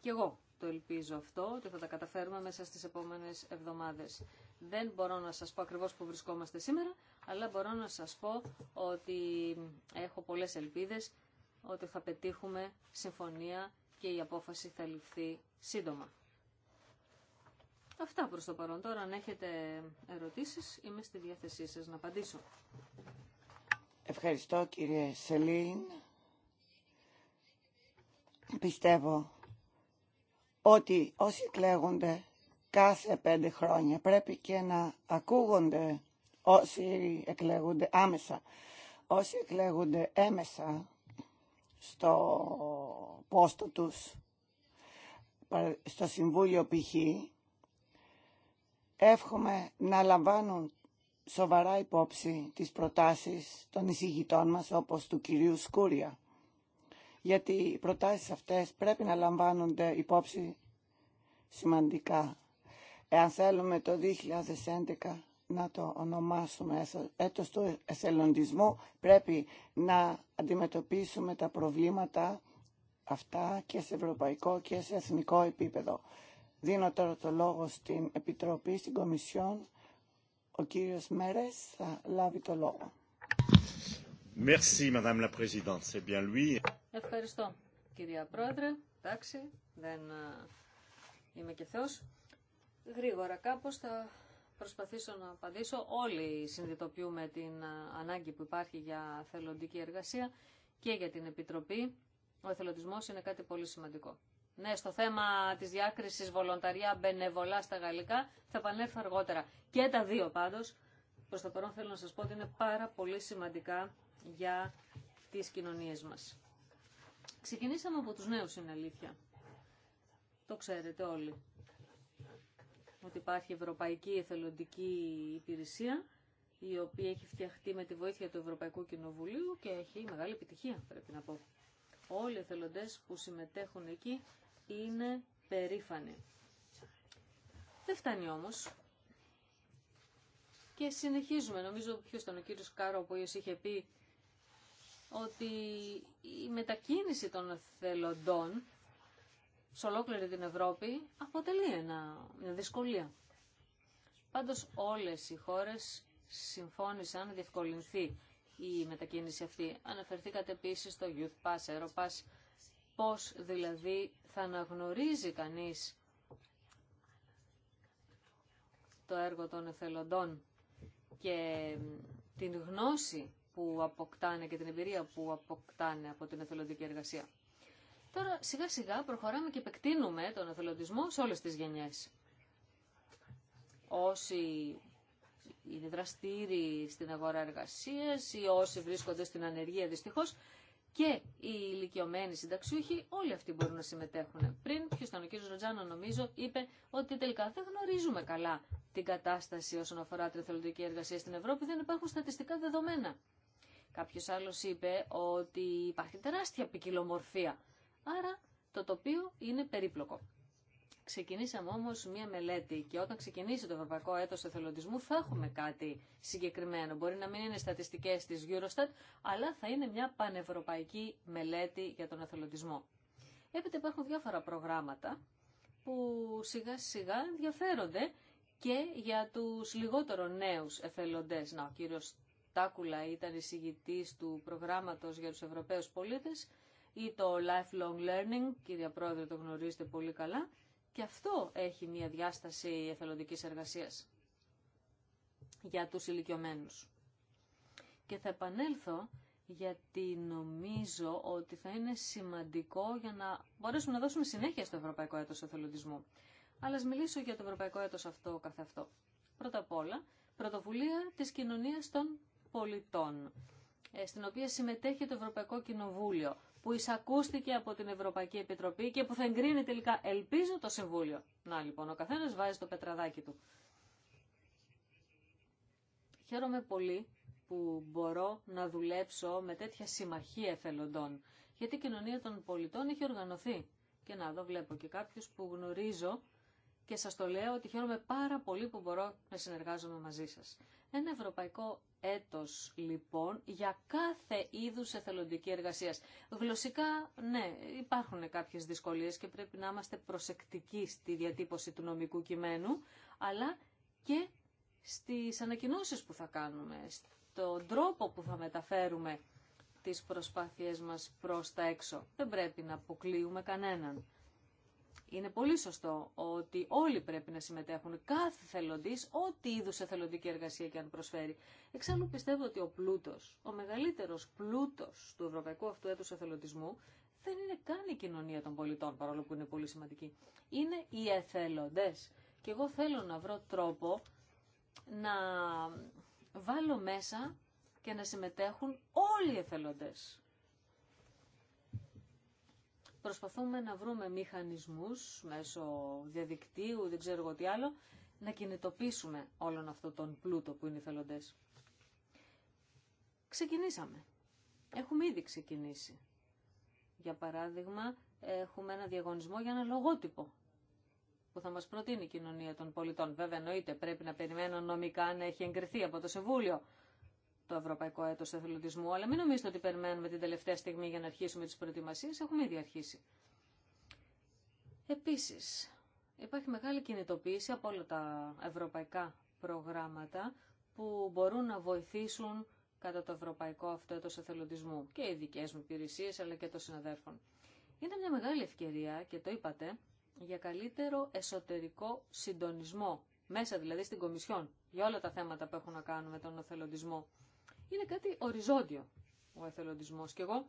[SPEAKER 3] Κι εγώ το ελπίζω αυτό, ότι θα τα καταφέρουμε μέσα στις επόμενες εβδομάδες. Δεν μπορώ να σας πω ακριβώς που βρισκόμαστε σήμερα, αλλά μπορώ να σας πω ότι έχω πολλές ελπίδες ότι θα πετύχουμε συμφωνία και η απόφαση θα ληφθεί σύντομα. Αυτά προς το παρόν. Τώρα αν έχετε ερωτήσεις είμαι στη διάθεσή σας να απαντήσω.
[SPEAKER 1] Ευχαριστώ κύριε Σελήν. Πιστεύω ότι όσοι εκλέγονται κάθε πέντε χρόνια πρέπει και να ακούγονται όσοι εκλέγονται άμεσα. Όσοι εκλέγονται έμεσα στο πόστο τους, στο Συμβούλιο π.χ. Εύχομαι να λαμβάνουν σοβαρά υπόψη τις προτάσεις των εισηγητών μας όπως του κυρίου Σκούρια. Γιατί οι προτάσεις αυτές πρέπει να λαμβάνονται υπόψη σημαντικά. Εάν θέλουμε το 2011 να το ονομάσουμε έτος του εθελοντισμού, πρέπει να αντιμετωπίσουμε τα προβλήματα αυτά και σε ευρωπαϊκό και σε εθνικό επίπεδο. Δίνω τώρα το λόγο στην Επιτροπή, στην Κομισιόν. Ο κύριος Μέρες θα λάβει το λόγο.
[SPEAKER 3] Ευχαριστώ, κυρία Πρόεδρε. Εντάξει, δεν είμαι και Θεός. Γρήγορα κάπως θα προσπαθήσω να απαντήσω. Όλοι συνειδητοποιούμε την ανάγκη που υπάρχει για θελοντική εργασία και για την Επιτροπή. Ο εθελοντισμός είναι κάτι πολύ σημαντικό. Ναι, στο θέμα τη διάκριση βολονταριά μπενεβολά στα γαλλικά θα επανέλθω αργότερα. Και τα δύο πάντω. Προ το παρόν θέλω να σα πω ότι είναι πάρα πολύ σημαντικά για τι κοινωνίε μα. Ξεκινήσαμε από του νέου, είναι αλήθεια. Το ξέρετε όλοι. Ότι υπάρχει Ευρωπαϊκή Εθελοντική Υπηρεσία η οποία έχει φτιαχτεί με τη βοήθεια του Ευρωπαϊκού Κοινοβουλίου και έχει μεγάλη επιτυχία, πρέπει να πω. Όλοι οι εθελοντές που συμμετέχουν εκεί είναι περήφανη. Δεν φτάνει όμως. Και συνεχίζουμε. Νομίζω ποιο ήταν ο κύριος Κάρο που είχε πει ότι η μετακίνηση των θελοντών σε ολόκληρη την Ευρώπη αποτελεί ένα, μια δυσκολία. Πάντως όλες οι χώρες συμφώνησαν να διευκολυνθεί η μετακίνηση αυτή. Αναφερθήκατε επίσης στο Youth Pass, Aeropass Πώς δηλαδή θα αναγνωρίζει κανείς το έργο των εθελοντών και την γνώση που αποκτάνε και την εμπειρία που αποκτάνε από την εθελοντική εργασία. Τώρα σιγά σιγά προχωράμε και επεκτείνουμε τον εθελοντισμό σε όλες τις γενιές. Όσοι είναι δραστήριοι στην αγορά εργασίας ή όσοι βρίσκονται στην ανεργία δυστυχώς και οι ηλικιωμένοι συνταξιούχοι, όλοι αυτοί μπορούν να συμμετέχουν. Πριν, ποιο ήταν ο κ. Ροτζάνο, νομίζω, είπε ότι τελικά δεν γνωρίζουμε καλά την κατάσταση όσον αφορά την εθελοντική εργασία στην Ευρώπη, δεν υπάρχουν στατιστικά δεδομένα. Κάποιο άλλο είπε ότι υπάρχει τεράστια ποικιλομορφία. Άρα το τοπίο είναι περίπλοκο. Ξεκινήσαμε όμω μία μελέτη και όταν ξεκινήσει το Ευρωπαϊκό Έτο Εθελοντισμού θα έχουμε κάτι συγκεκριμένο. Μπορεί να μην είναι στατιστικέ τη Eurostat, αλλά θα είναι μια πανευρωπαϊκή μελέτη για τον εθελοντισμό. Έπειτα υπάρχουν διάφορα προγράμματα που σιγά σιγά ενδιαφέρονται και για του λιγότερο νέου εθελοντέ. Να, ο κύριο Τάκουλα ήταν εισηγητή του προγράμματο για του Ευρωπαίου πολίτε ή το Lifelong Learning, κυρία Πρόεδρε το γνωρίζετε πολύ καλά, και αυτό έχει μια διάσταση εθελοντικής εργασίας για τους ηλικιωμένους. Και θα επανέλθω γιατί νομίζω ότι θα είναι σημαντικό για να μπορέσουμε να δώσουμε συνέχεια στο Ευρωπαϊκό Έτος Εθελοντισμού. Αλλά ας μιλήσω για το Ευρωπαϊκό Έτος αυτό καθ' αυτό. Πρώτα απ' όλα, πρωτοβουλία της κοινωνίας των πολιτών, ε, στην οποία συμμετέχει το Ευρωπαϊκό Κοινοβούλιο που εισακούστηκε από την Ευρωπαϊκή Επιτροπή και που θα εγκρίνει τελικά, ελπίζω, το Συμβούλιο. Να λοιπόν, ο καθένα βάζει το πετραδάκι του. Χαίρομαι πολύ που μπορώ να δουλέψω με τέτοια συμμαχία εθελοντών, γιατί η κοινωνία των πολιτών έχει οργανωθεί. Και να εδώ βλέπω και κάποιους που γνωρίζω και σας το λέω ότι χαίρομαι πάρα πολύ που μπορώ να συνεργάζομαι μαζί σας. Ένα ευρωπαϊκό έτος λοιπόν για κάθε είδους εθελοντική εργασία. Γλωσσικά, ναι, υπάρχουν κάποιες δυσκολίες και πρέπει να είμαστε προσεκτικοί στη διατύπωση του νομικού κειμένου, αλλά και στις ανακοινώσεις που θα κάνουμε, στον τρόπο που θα μεταφέρουμε τις προσπάθειές μας προς τα έξω. Δεν πρέπει να αποκλείουμε κανέναν. Είναι πολύ σωστό ότι όλοι πρέπει να συμμετέχουν, κάθε θελοντής, ό,τι είδους εθελοντική εργασία και αν προσφέρει. Εξάλλου πιστεύω ότι ο πλούτος, ο μεγαλύτερος πλούτος του ευρωπαϊκού αυτού έτου εθελοντισμού, δεν είναι καν η κοινωνία των πολιτών, παρόλο που είναι πολύ σημαντική. Είναι οι εθελοντέ. Και εγώ θέλω να βρω τρόπο να βάλω μέσα και να συμμετέχουν όλοι οι εθελοντές προσπαθούμε να βρούμε μηχανισμούς μέσω διαδικτύου, δεν ξέρω εγώ τι άλλο, να κινητοποιήσουμε όλον αυτό τον πλούτο που είναι οι θελοντές. Ξεκινήσαμε. Έχουμε ήδη ξεκινήσει. Για παράδειγμα, έχουμε ένα διαγωνισμό για ένα λογότυπο που θα μας προτείνει η κοινωνία των πολιτών. Βέβαια, εννοείται, πρέπει να περιμένω νομικά να έχει εγκριθεί από το Συμβούλιο το Ευρωπαϊκό έτο Εθελοντισμού, αλλά μην νομίζετε ότι περιμένουμε την τελευταία στιγμή για να αρχίσουμε τι προετοιμασίε. έχουμε ήδη αρχίσει. Επίσης, υπάρχει μεγάλη κινητοποίηση από όλα τα ευρωπαϊκά προγράμματα που μπορούν να βοηθήσουν κατά το ευρωπαϊκό αυτό έτος εθελοντισμού και οι δικέ μου υπηρεσίες αλλά και των συναδέλφων. Είναι μια μεγάλη ευκαιρία και το είπατε για καλύτερο εσωτερικό συντονισμό μέσα δηλαδή στην Κομισιόν για όλα τα θέματα που έχουν να κάνουν με τον εθελοντισμό. Είναι κάτι οριζόντιο ο εθελοντισμός και εγώ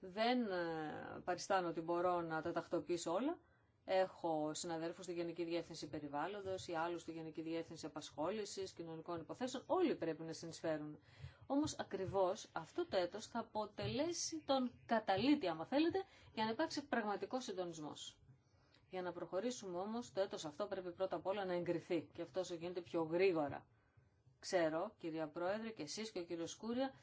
[SPEAKER 3] δεν ε, παριστάνω ότι μπορώ να τα τακτοποιήσω όλα. Έχω συναδέλφους στη Γενική Διεύθυνση Περιβάλλοντος ή άλλους στη Γενική Διεύθυνση Απασχόλησης, Κοινωνικών Υποθέσεων. Όλοι πρέπει να συνεισφέρουν. Όμως ακριβώς αυτό το έτος θα αποτελέσει τον καταλήτη, άμα θέλετε, για να υπάρξει πραγματικό συντονισμός. Για να προχωρήσουμε όμως, το έτος αυτό πρέπει πρώτα απ' όλα να εγκριθεί και αυτό γίνεται πιο γρήγορα ξέρω, κυρία Πρόεδρε, και εσείς και ο κύριος Κούρια,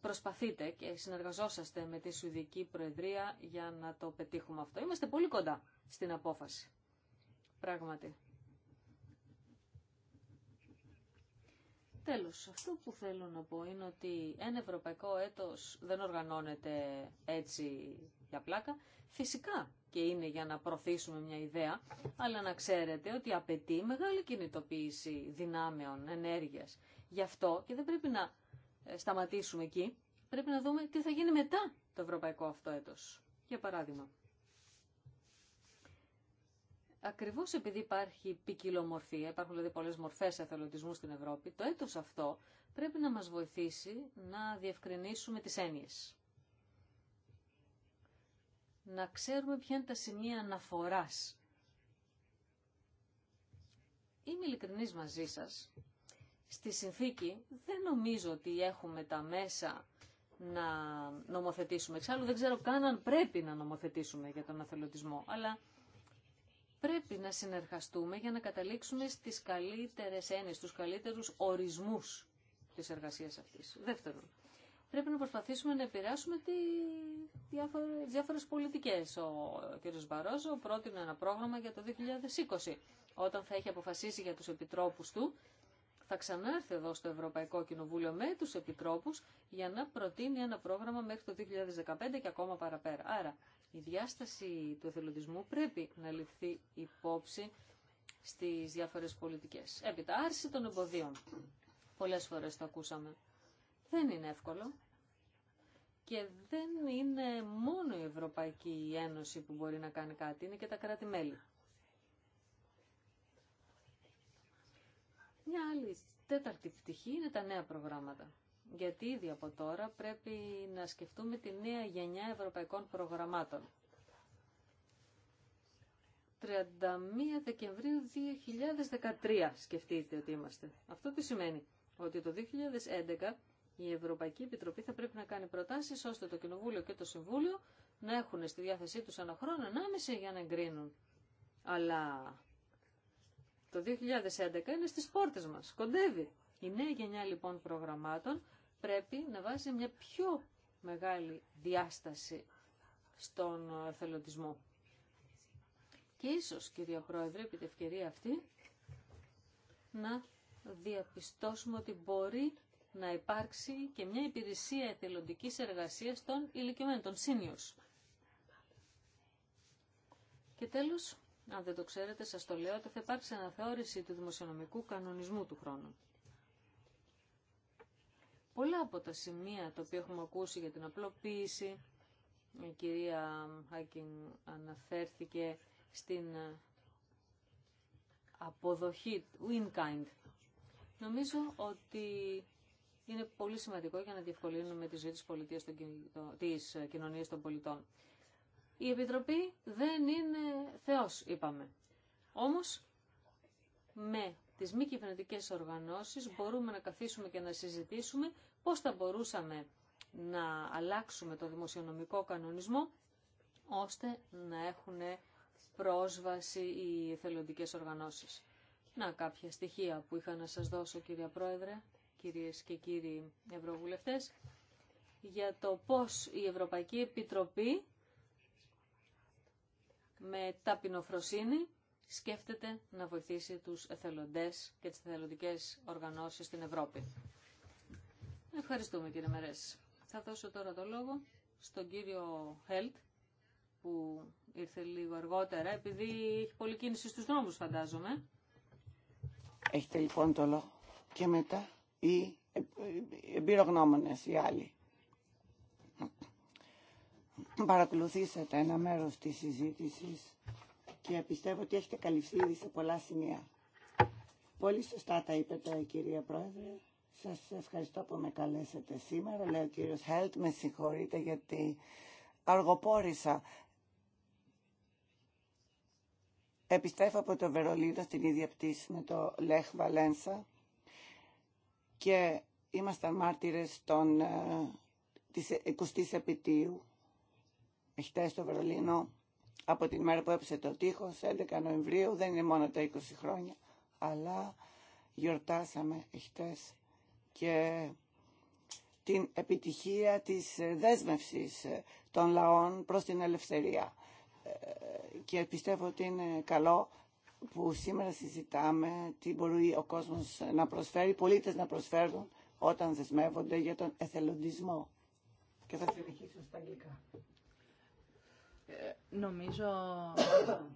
[SPEAKER 3] προσπαθείτε και συνεργαζόσαστε με τη Σουηδική Προεδρία για να το πετύχουμε αυτό. Είμαστε πολύ κοντά στην απόφαση. Πράγματι. Τέλος, αυτό που θέλω να πω είναι ότι ένα ευρωπαϊκό έτος δεν οργανώνεται έτσι για πλάκα. Φυσικά και είναι για να προωθήσουμε μια ιδέα, αλλά να ξέρετε ότι απαιτεί μεγάλη κινητοποίηση δυνάμεων, ενέργειας. Γι' αυτό και δεν πρέπει να ε, σταματήσουμε εκεί, πρέπει να δούμε τι θα γίνει μετά το ευρωπαϊκό αυτό έτος. Για παράδειγμα, ακριβώς επειδή υπάρχει ποικιλομορφία, υπάρχουν δηλαδή πολλές μορφές εθελοντισμού στην Ευρώπη, το έτος αυτό πρέπει να μας βοηθήσει να διευκρινίσουμε τις έννοιες να ξέρουμε ποια είναι τα σημεία αναφοράς. Είμαι ειλικρινής μαζί σας. Στη συνθήκη δεν νομίζω ότι έχουμε τα μέσα να νομοθετήσουμε. Εξάλλου δεν ξέρω καν αν πρέπει να νομοθετήσουμε για τον αθελοντισμό, αλλά πρέπει να συνεργαστούμε για να καταλήξουμε στις καλύτερες έννοιες, στους καλύτερους ορισμούς της εργασίας αυτής. Δεύτερον, πρέπει να προσπαθήσουμε να επηρεάσουμε τη διάφορες, πολιτικές. Ο κ. Μπαρόζο πρότεινε ένα πρόγραμμα για το 2020. Όταν θα έχει αποφασίσει για τους επιτρόπους του, θα ξανάρθει εδώ στο Ευρωπαϊκό Κοινοβούλιο με τους επιτρόπους για να προτείνει ένα πρόγραμμα μέχρι το 2015 και ακόμα παραπέρα. Άρα η διάσταση του εθελοντισμού πρέπει να ληφθεί υπόψη στις διάφορες πολιτικές. Έπειτα, άρση των εμποδίων. Πολλές φορές το ακούσαμε. Δεν είναι εύκολο. Και δεν είναι μόνο η Ευρωπαϊκή Ένωση που μπορεί να κάνει κάτι, είναι και τα κράτη-μέλη. Μια άλλη τέταρτη πτυχή είναι τα νέα προγράμματα. Γιατί ήδη από τώρα πρέπει να σκεφτούμε τη νέα γενιά ευρωπαϊκών προγραμμάτων. 31 Δεκεμβρίου 2013 σκεφτείτε ότι είμαστε. Αυτό τι σημαίνει ότι το 2011 η Ευρωπαϊκή Επιτροπή θα πρέπει να κάνει προτάσεις ώστε το Κοινοβούλιο και το Συμβούλιο να έχουν στη διάθεσή τους ένα χρόνο ανάμεση για να εγκρίνουν. Αλλά το 2011 είναι στις πόρτε μας, κοντεύει. Η νέα γενιά λοιπόν προγραμμάτων πρέπει να βάζει μια πιο μεγάλη διάσταση στον εθελοντισμό. Και ίσως, κυρία Πρόεδρε, επί την ευκαιρία αυτή, να διαπιστώσουμε ότι μπορεί να υπάρξει και μια υπηρεσία εθελοντικής εργασίας των ηλικιωμένων, των seniors. Και τέλος, αν δεν το ξέρετε, σας το λέω, ότι θα υπάρξει αναθεώρηση του δημοσιονομικού κανονισμού του χρόνου. Πολλά από τα σημεία τα οποία έχουμε ακούσει για την απλοποίηση, η κυρία Χάκιν αναφέρθηκε στην αποδοχή in kind. Νομίζω ότι είναι πολύ σημαντικό για να διευκολύνουμε τη ζωή της, πολιτείας, της κοινωνίας των πολιτών. Η Επιτροπή δεν είναι Θεός, είπαμε. Όμως, με τις μη κυβερνητικέ οργανώσεις μπορούμε να καθίσουμε και να συζητήσουμε πώς θα μπορούσαμε να αλλάξουμε το δημοσιονομικό κανονισμό ώστε να έχουν πρόσβαση οι θελοντικές οργανώσεις. Να κάποια στοιχεία που είχα να σας δώσω κυρία Πρόεδρε κυρίες και κύριοι ευρωβουλευτές, για το πώς η Ευρωπαϊκή Επιτροπή με ταπεινοφροσύνη σκέφτεται να βοηθήσει τους εθελοντές και τις εθελοντικές οργανώσεις στην Ευρώπη. Ευχαριστούμε κύριε Μερές. Θα δώσω τώρα το λόγο στον κύριο Χέλτ που ήρθε λίγο αργότερα επειδή έχει πολλή κίνηση στους δρόμους φαντάζομαι.
[SPEAKER 1] Έχετε λοιπόν το λόγο και μετά οι εμπειρογνώμονες οι άλλοι. Παρακολουθήσατε ένα μέρος της συζήτησης και πιστεύω ότι έχετε καλυφθεί ήδη σε πολλά σημεία. Πολύ σωστά τα είπετε κυρία Πρόεδρε. Σας ευχαριστώ που με καλέσατε σήμερα. Λέω ο κύριος Χέλτ, με συγχωρείτε γιατί αργοπόρησα. Επιστρέφω από το Βερολίνο στην ίδια πτήση με το Λέχ Βαλένσα και ήμασταν μάρτυρες των, ε, της 20ης επιτίου εχθές στο Βερολίνο από την μέρα που έπεσε το τείχος 11 Νοεμβρίου δεν είναι μόνο τα 20 χρόνια αλλά γιορτάσαμε χτες και την επιτυχία της δέσμευσης των λαών προς την ελευθερία ε, και πιστεύω ότι είναι καλό που σήμερα συζητάμε, τι μπορεί ο κόσμος να προσφέρει, οι πολίτες να προσφέρουν όταν δεσμεύονται για τον εθελοντισμό. Και θα συνεχίσω στα αγγλικά.
[SPEAKER 2] Ε, νομίζω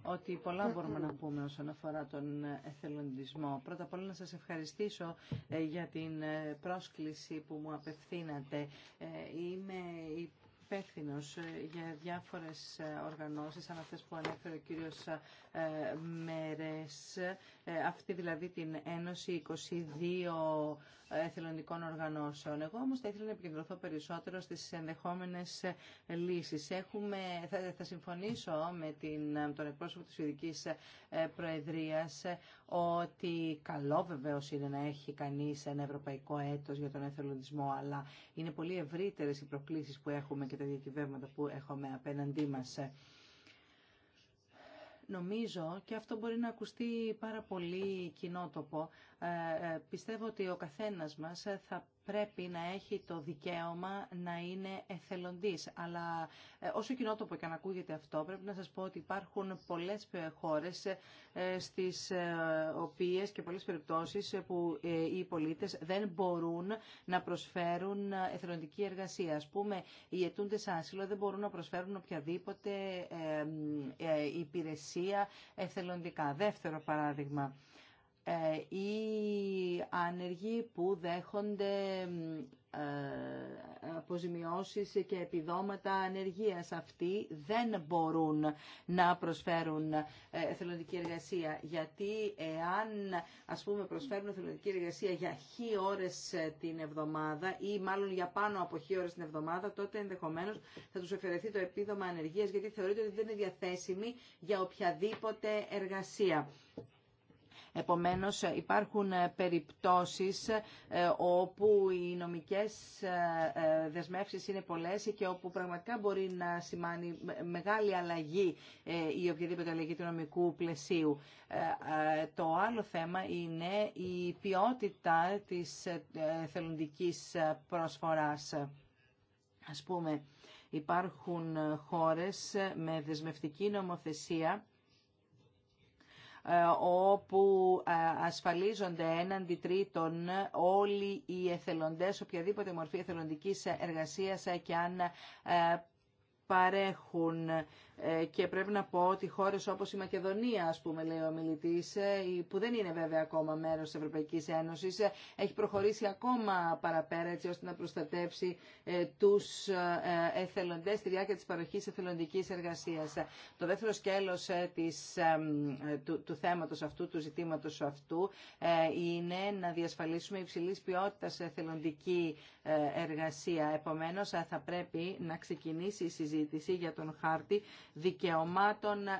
[SPEAKER 2] ότι πολλά μπορούμε να πούμε όσον αφορά τον εθελοντισμό. Πρώτα απ' όλα να σας ευχαριστήσω ε, για την ε, πρόσκληση που μου απευθύνατε. Είμαι υπεύθυνο ε, για διάφορε οργανώσει, σαν αυτέ που ανέφερε ο κύριο ε, Μέρε. Ε, αυτή δηλαδή την Ένωση 22 εθελοντικών οργανώσεων. Εγώ όμως θα ήθελα να επικεντρωθώ περισσότερο στις ενδεχόμενες λύσεις. Έχουμε, θα, συμφωνήσω με την, τον εκπρόσωπο της Ειδικής ε, Προεδρίας ε, ότι καλό βεβαίω είναι να έχει κανείς ένα ευρωπαϊκό έτος για τον εθελοντισμό, αλλά είναι πολύ ευρύτερε οι προκλήσεις που έχουμε και τα διακυβεύματα που έχουμε απέναντί μας. Νομίζω, και αυτό μπορεί να ακουστεί πάρα πολύ κοινότοπο, ε, ε, πιστεύω ότι ο καθένας μας θα πρέπει να έχει το δικαίωμα να είναι εθελοντής. Αλλά ε, όσο κοινότοπο και αν ακούγεται αυτό, πρέπει να σας πω ότι υπάρχουν πολλές χώρες στις οποίες και πολλές περιπτώσεις που οι πολίτες δεν μπορούν να προσφέρουν εθελοντική εργασία. Ας πούμε, οι αιτούντες άσυλο δεν μπορούν να προσφέρουν οποιαδήποτε υπηρεσία εθελοντικά. Δεύτερο παράδειγμα. Ε, οι άνεργοι που δέχονται ε, αποζημιώσεις και επιδόματα ανεργίας. Αυτοί δεν μπορούν να προσφέρουν ε, εθελοντική εργασία, γιατί εάν ας πούμε προσφέρουν εθελοντική εργασία για χι ώρες την εβδομάδα ή μάλλον για πάνω από χι ώρες την εβδομάδα, τότε ενδεχομένως θα τους αφαιρεθεί το επίδομα ανεργίας, γιατί θεωρείται ότι δεν είναι διαθέσιμη για οποιαδήποτε εργασία. Επομένως υπάρχουν περιπτώσεις ε, όπου οι νομικές ε, ε, δεσμεύσεις είναι πολλές και όπου πραγματικά μπορεί να σημάνει μεγάλη αλλαγή ή οποιαδήποτε αλλαγή του νομικού πλαισίου. Το άλλο θέμα είναι η ποιότητα της θελοντικής προσφοράς. Ας πούμε, υπάρχουν χώρες με δεσμευτική νομοθεσία ε, όπου ε, ασφαλίζονται έναντι τρίτων όλοι οι εθελοντές, οποιαδήποτε μορφή εθελοντικής εργασίας ε, και αν παρέχουν ε, και πρέπει να πω ότι χώρες όπως η Μακεδονία, ας πούμε, λέει ο μιλητής, ε, που δεν είναι βέβαια ακόμα μέρος της Ευρωπαϊκής Ένωσης, ε, έχει προχωρήσει ακόμα παραπέρα έτσι ώστε να προστατεύσει τους εθελοντές στη διάρκεια της παροχής εθελοντικής εργασίας. Το δεύτερο σκέλος της, του, του θέματος αυτού, του ζητήματος αυτού, είναι να διασφαλίσουμε υψηλής ποιότητας εθελοντική εργασία. Επομένως, θα πρέπει να ξεκινήσει η συζήτηση για τον χάρτη δικαιωμάτων ε,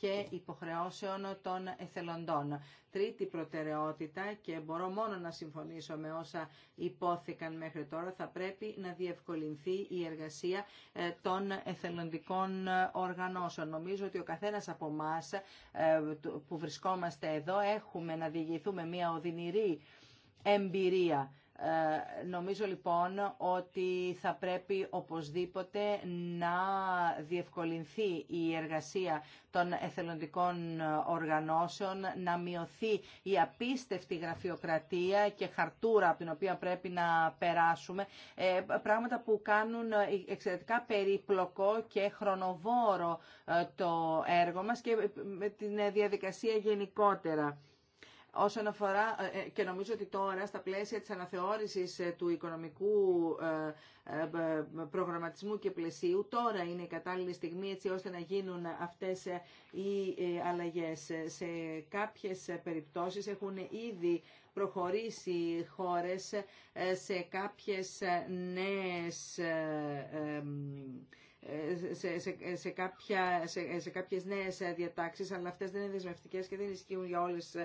[SPEAKER 2] και υποχρεώσεων των εθελοντών. Τρίτη προτεραιότητα και μπορώ μόνο να συμφωνήσω με όσα υπόθηκαν μέχρι τώρα, θα πρέπει να διευκολυνθεί η εργασία ε, των εθελοντικών οργανώσεων. Νομίζω ότι ο καθένας από εμά που βρισκόμαστε εδώ έχουμε να διηγηθούμε μια οδυνηρή εμπειρία ε, νομίζω λοιπόν ότι θα πρέπει οπωσδήποτε να διευκολυνθεί η εργασία των εθελοντικών οργανώσεων, να μειωθεί η απίστευτη γραφειοκρατία και χαρτούρα από την οποία πρέπει να περάσουμε, ε, πράγματα που κάνουν εξαιρετικά περίπλοκο και χρονοβόρο ε, το έργο μας και με την διαδικασία γενικότερα όσον αφορά, ε, ε, και νομίζω ότι τώρα στα πλαίσια της αναθεώρησης ε, του οικονομικού προγραμματισμού και πλαισίου, τώρα είναι η κατάλληλη στιγμή έτσι ώστε να γίνουν αυτές οι αλλαγές. Σε κάποιες περιπτώσεις έχουν ήδη προχωρήσει χώρες σε κάποιες νέες σε, σε, σε, κάποια, σε, σε κάποιες νέες διατάξεις, αλλά αυτές δεν είναι δεσμευτικές και δεν ισχύουν για όλες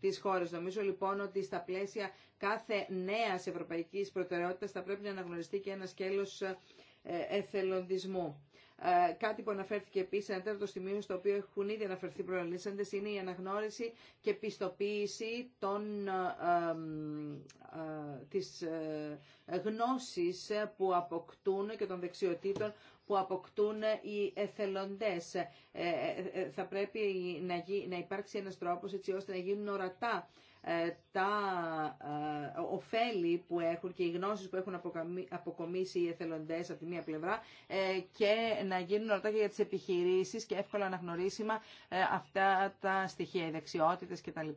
[SPEAKER 2] τις χώρες. Νομίζω λοιπόν ότι στα πλαίσια κάθε νέας ευρωπαϊκής προτεραιότητας θα πρέπει να αναγνωριστεί και ένα σκέλος ε, εθελοντισμού. Ε, κάτι που αναφέρθηκε επίσης, ένα τέταρτο σημείο στο οποίο έχουν ήδη αναφερθεί προαλήσαντε, είναι η αναγνώριση και πιστοποίηση των, ε, ε, της γνώσης που αποκτούν και των δεξιοτήτων που αποκτούν οι εθελοντές. θα πρέπει να, να υπάρξει ένας τρόπος έτσι ώστε να γίνουν ορατά ε, τα ε, ωφέλη που έχουν και οι γνώσεις που έχουν αποκομίσει οι εθελοντές από τη μία πλευρά ε, και να γίνουν ορτά για τις επιχειρήσεις και εύκολα αναγνωρίσιμα αυτά τα στοιχεία, οι δεξιότητες κτλ.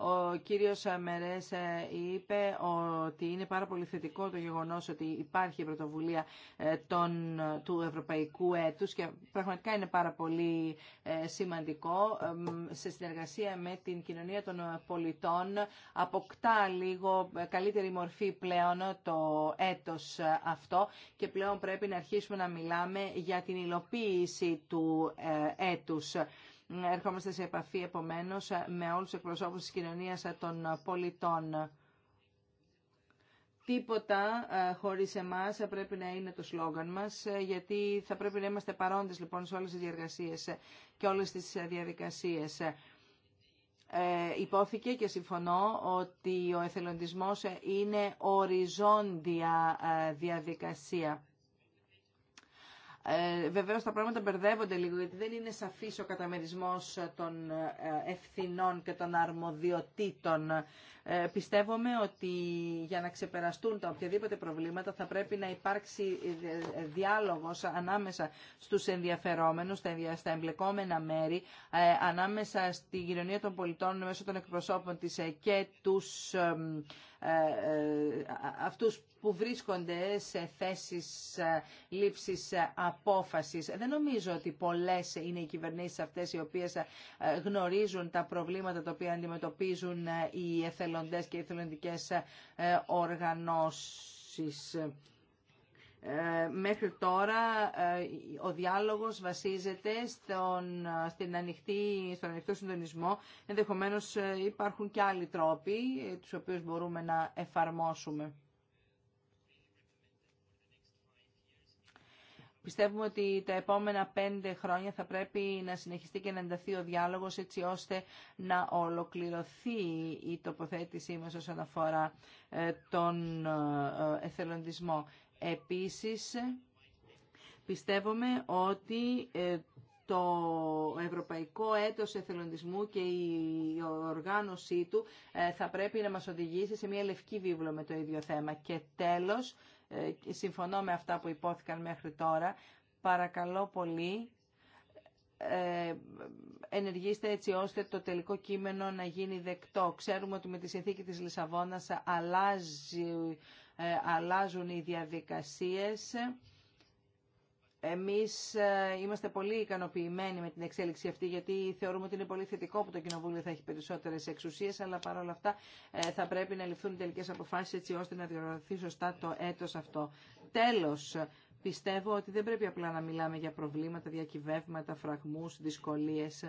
[SPEAKER 2] Ο κύριος Μερές ε, είπε ότι είναι πάρα πολύ θετικό το γεγονός ότι υπάρχει η πρωτοβουλία ε, των, του Ευρωπαϊκού Έτους και πραγματικά είναι πάρα πολύ ε, σημαντικό. Σε συνεργασία με την κοινωνία των πολιτών αποκτά λίγο καλύτερη μορφή πλέον το έτος αυτό και πλέον πρέπει να αρχίσουμε να μιλάμε για την υλοποίηση του έτους. Ερχόμαστε σε επαφή επομένως με όλους τους εκπροσώπους της κοινωνίας των πολιτών. Τίποτα ε, χωρίς εμάς πρέπει να είναι το σλόγγαν μας, ε, γιατί θα πρέπει να είμαστε παρόντες λοιπόν σε όλες τις διαργασίες ε, και όλες τις διαδικασίες. Ε, υπόθηκε και συμφωνώ ότι ο εθελοντισμός είναι οριζόντια διαδικασία. Ε, βεβαίως τα πράγματα μπερδεύονται λίγο γιατί δεν είναι σαφής ο καταμερισμός των ε, ευθυνών και των αρμοδιοτήτων. Ε, πιστεύουμε ότι για να ξεπεραστούν τα οποιαδήποτε προβλήματα θα πρέπει να υπάρξει ε, ε, διάλογος ανάμεσα στους ενδιαφερόμενους, στα εμπλεκόμενα μέρη, ανάμεσα στη κοινωνία των πολιτών μέσω των εκπροσώπων της και τους ε, ε, αυτούς που βρίσκονται σε θέσεις ε, λήψης απόφασης. Δεν νομίζω ότι πολλές είναι οι κυβερνήσεις αυτές οι οποίες γνωρίζουν τα προβλήματα τα οποία αντιμετωπίζουν οι εθελοντές και οι εθελοντικές οργανώσεις. Ε, μέχρι τώρα ε, ο διάλογος βασίζεται στον, στην ανοιχτή, στον ανοιχτό συντονισμό. Ενδεχομένως ε, υπάρχουν και άλλοι τρόποι, τους οποίους μπορούμε να εφαρμόσουμε. Πιστεύουμε ότι τα επόμενα πέντε χρόνια θα πρέπει να συνεχιστεί και να ενταθεί ο διάλογος έτσι ώστε να ολοκληρωθεί η τοποθέτησή μας όσον αφορά τον εθελοντισμό. Επίσης, πιστεύουμε ότι ε, το Ευρωπαϊκό Έτος Εθελοντισμού και η οργάνωσή του ε, θα πρέπει να μας οδηγήσει σε μια λευκή βίβλο με το ίδιο θέμα. Και τέλος, ε, συμφωνώ με αυτά που υπόθηκαν μέχρι τώρα, παρακαλώ πολύ ενεργήστε έτσι ώστε το τελικό κείμενο να γίνει δεκτό. Ξέρουμε ότι με τη συνθήκη της Λισαβόνας αλλάζει ε, αλλάζουν οι διαδικασίες. Εμείς ε, είμαστε πολύ ικανοποιημένοι με την εξέλιξη αυτή γιατί θεωρούμε ότι είναι πολύ θετικό που το Κοινοβούλιο θα έχει περισσότερες εξουσίες αλλά παρόλα αυτά ε, θα πρέπει να ληφθούν τελικές αποφάσεις έτσι ώστε να διοργανωθεί σωστά το έτος αυτό. Τέλος, πιστεύω ότι δεν πρέπει απλά να μιλάμε για προβλήματα, διακυβεύματα, φραγμούς, δυσκολίες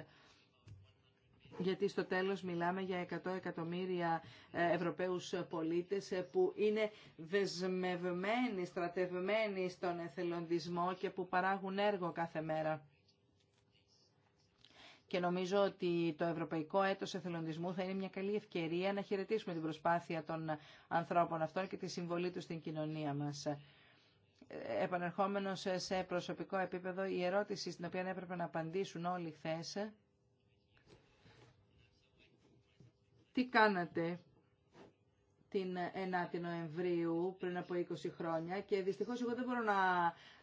[SPEAKER 2] γιατί στο τέλος μιλάμε για 100 εκατομμύρια ε, Ευρωπαίους πολίτες ε, που είναι δεσμευμένοι, στρατευμένοι στον εθελοντισμό και που παράγουν έργο κάθε μέρα. Και νομίζω ότι το Ευρωπαϊκό Έτος Εθελοντισμού θα είναι μια καλή ευκαιρία να χαιρετήσουμε την προσπάθεια των ανθρώπων αυτών και τη συμβολή τους στην κοινωνία μας επανερχόμενος σε προσωπικό επίπεδο, η ερώτηση στην οποία έπρεπε να απαντήσουν όλοι χθε Τι κάνατε την 9η Νοεμβρίου πριν από 20 χρόνια και δυστυχώς εγώ δεν μπορώ να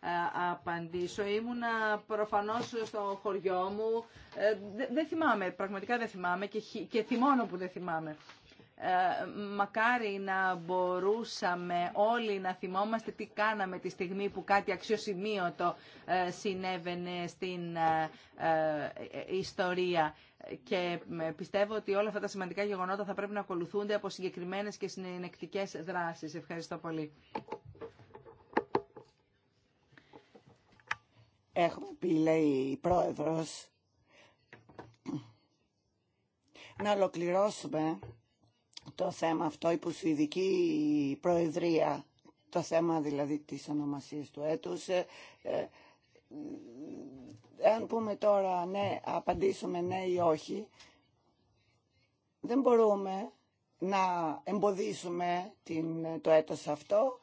[SPEAKER 2] ε, απαντήσω. Ήμουνα προφανώς στο χωριό μου. Ε, δεν θυμάμαι, πραγματικά δεν θυμάμαι και θυμώνω που δεν θυμάμαι. Ε, μακάρι να μπορούσαμε όλοι να θυμόμαστε τι κάναμε τη στιγμή που κάτι αξιοσημείωτο ε, συνέβαινε στην ε, ιστορία. Και πιστεύω ότι όλα αυτά τα σημαντικά γεγονότα θα πρέπει να ακολουθούνται από συγκεκριμένες και συνεκτικές δράσεις.
[SPEAKER 1] Ευχαριστώ πολύ. Έχουμε πει, λέει η πρόεδρος, να ολοκληρώσουμε το θέμα αυτό η Σουηδική Προεδρία, το θέμα δηλαδή της ονομασίας του έτους. Ε, ε, αν πούμε τώρα ναι, απαντήσουμε ναι ή όχι, δεν μπορούμε να εμποδίσουμε την, το έτος αυτό.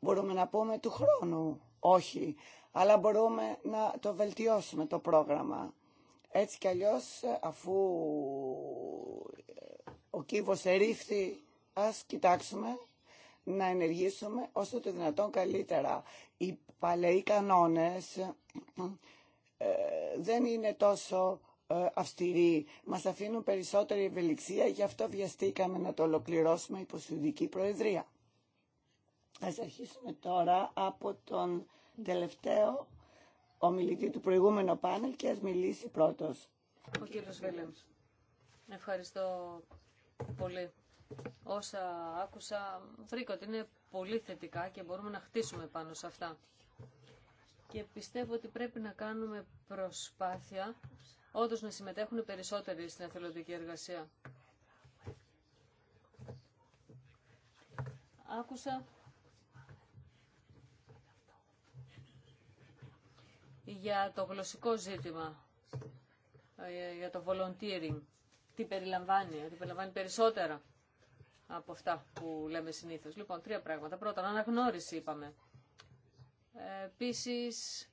[SPEAKER 1] Μπορούμε να πούμε του χρόνου όχι, αλλά μπορούμε να το βελτιώσουμε το πρόγραμμα. Έτσι κι αλλιώς αφού ο κύβος ερήφθη, ας κοιτάξουμε να ενεργήσουμε όσο το δυνατόν καλύτερα. Οι παλαιοί κανόνες ε, δεν είναι τόσο ε, αυστηροί. Μας αφήνουν περισσότερη ευελιξία, γι' αυτό βιαστήκαμε να το ολοκληρώσουμε υπό Σουηδική Προεδρία. Ας αρχίσουμε τώρα από τον τελευταίο ομιλητή του προηγούμενου πάνελ και ας μιλήσει πρώτος.
[SPEAKER 3] Ο κύριος Βελέμς. Ευχαριστώ πολύ. Όσα άκουσα βρήκα ότι είναι πολύ θετικά και μπορούμε να χτίσουμε πάνω σε αυτά. Και πιστεύω ότι πρέπει να κάνουμε προσπάθεια όντως να συμμετέχουν περισσότεροι στην εθελοντική εργασία. Άκουσα για το γλωσσικό ζήτημα, ε, για το volunteering τι περιλαμβάνει, ότι περιλαμβάνει περισσότερα από αυτά που λέμε συνήθως. Λοιπόν, τρία πράγματα. Πρώτον, αναγνώριση είπαμε. Ε, επίσης,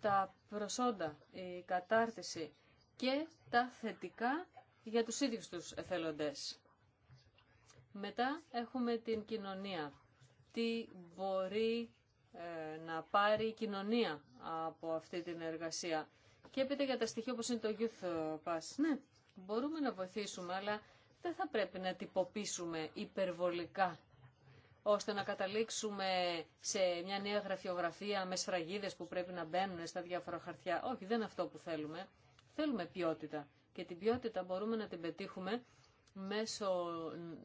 [SPEAKER 3] τα προσόντα, η κατάρτιση και τα θετικά για τους ίδιους τους εθελοντές. Μετά έχουμε την κοινωνία. Τι μπορεί ε, να πάρει η κοινωνία από αυτή την εργασία. Και έπειτα για τα στοιχεία όπως είναι το Youth Pass. Ναι, Μπορούμε να βοηθήσουμε, αλλά δεν θα πρέπει να τυποποιήσουμε υπερβολικά ώστε να καταλήξουμε σε μια νέα γραφειογραφία με σφραγίδες που πρέπει να μπαίνουν στα διάφορα χαρτιά. Όχι, δεν είναι αυτό που θέλουμε. Θέλουμε ποιότητα. Και την ποιότητα μπορούμε να την πετύχουμε μέσω ε,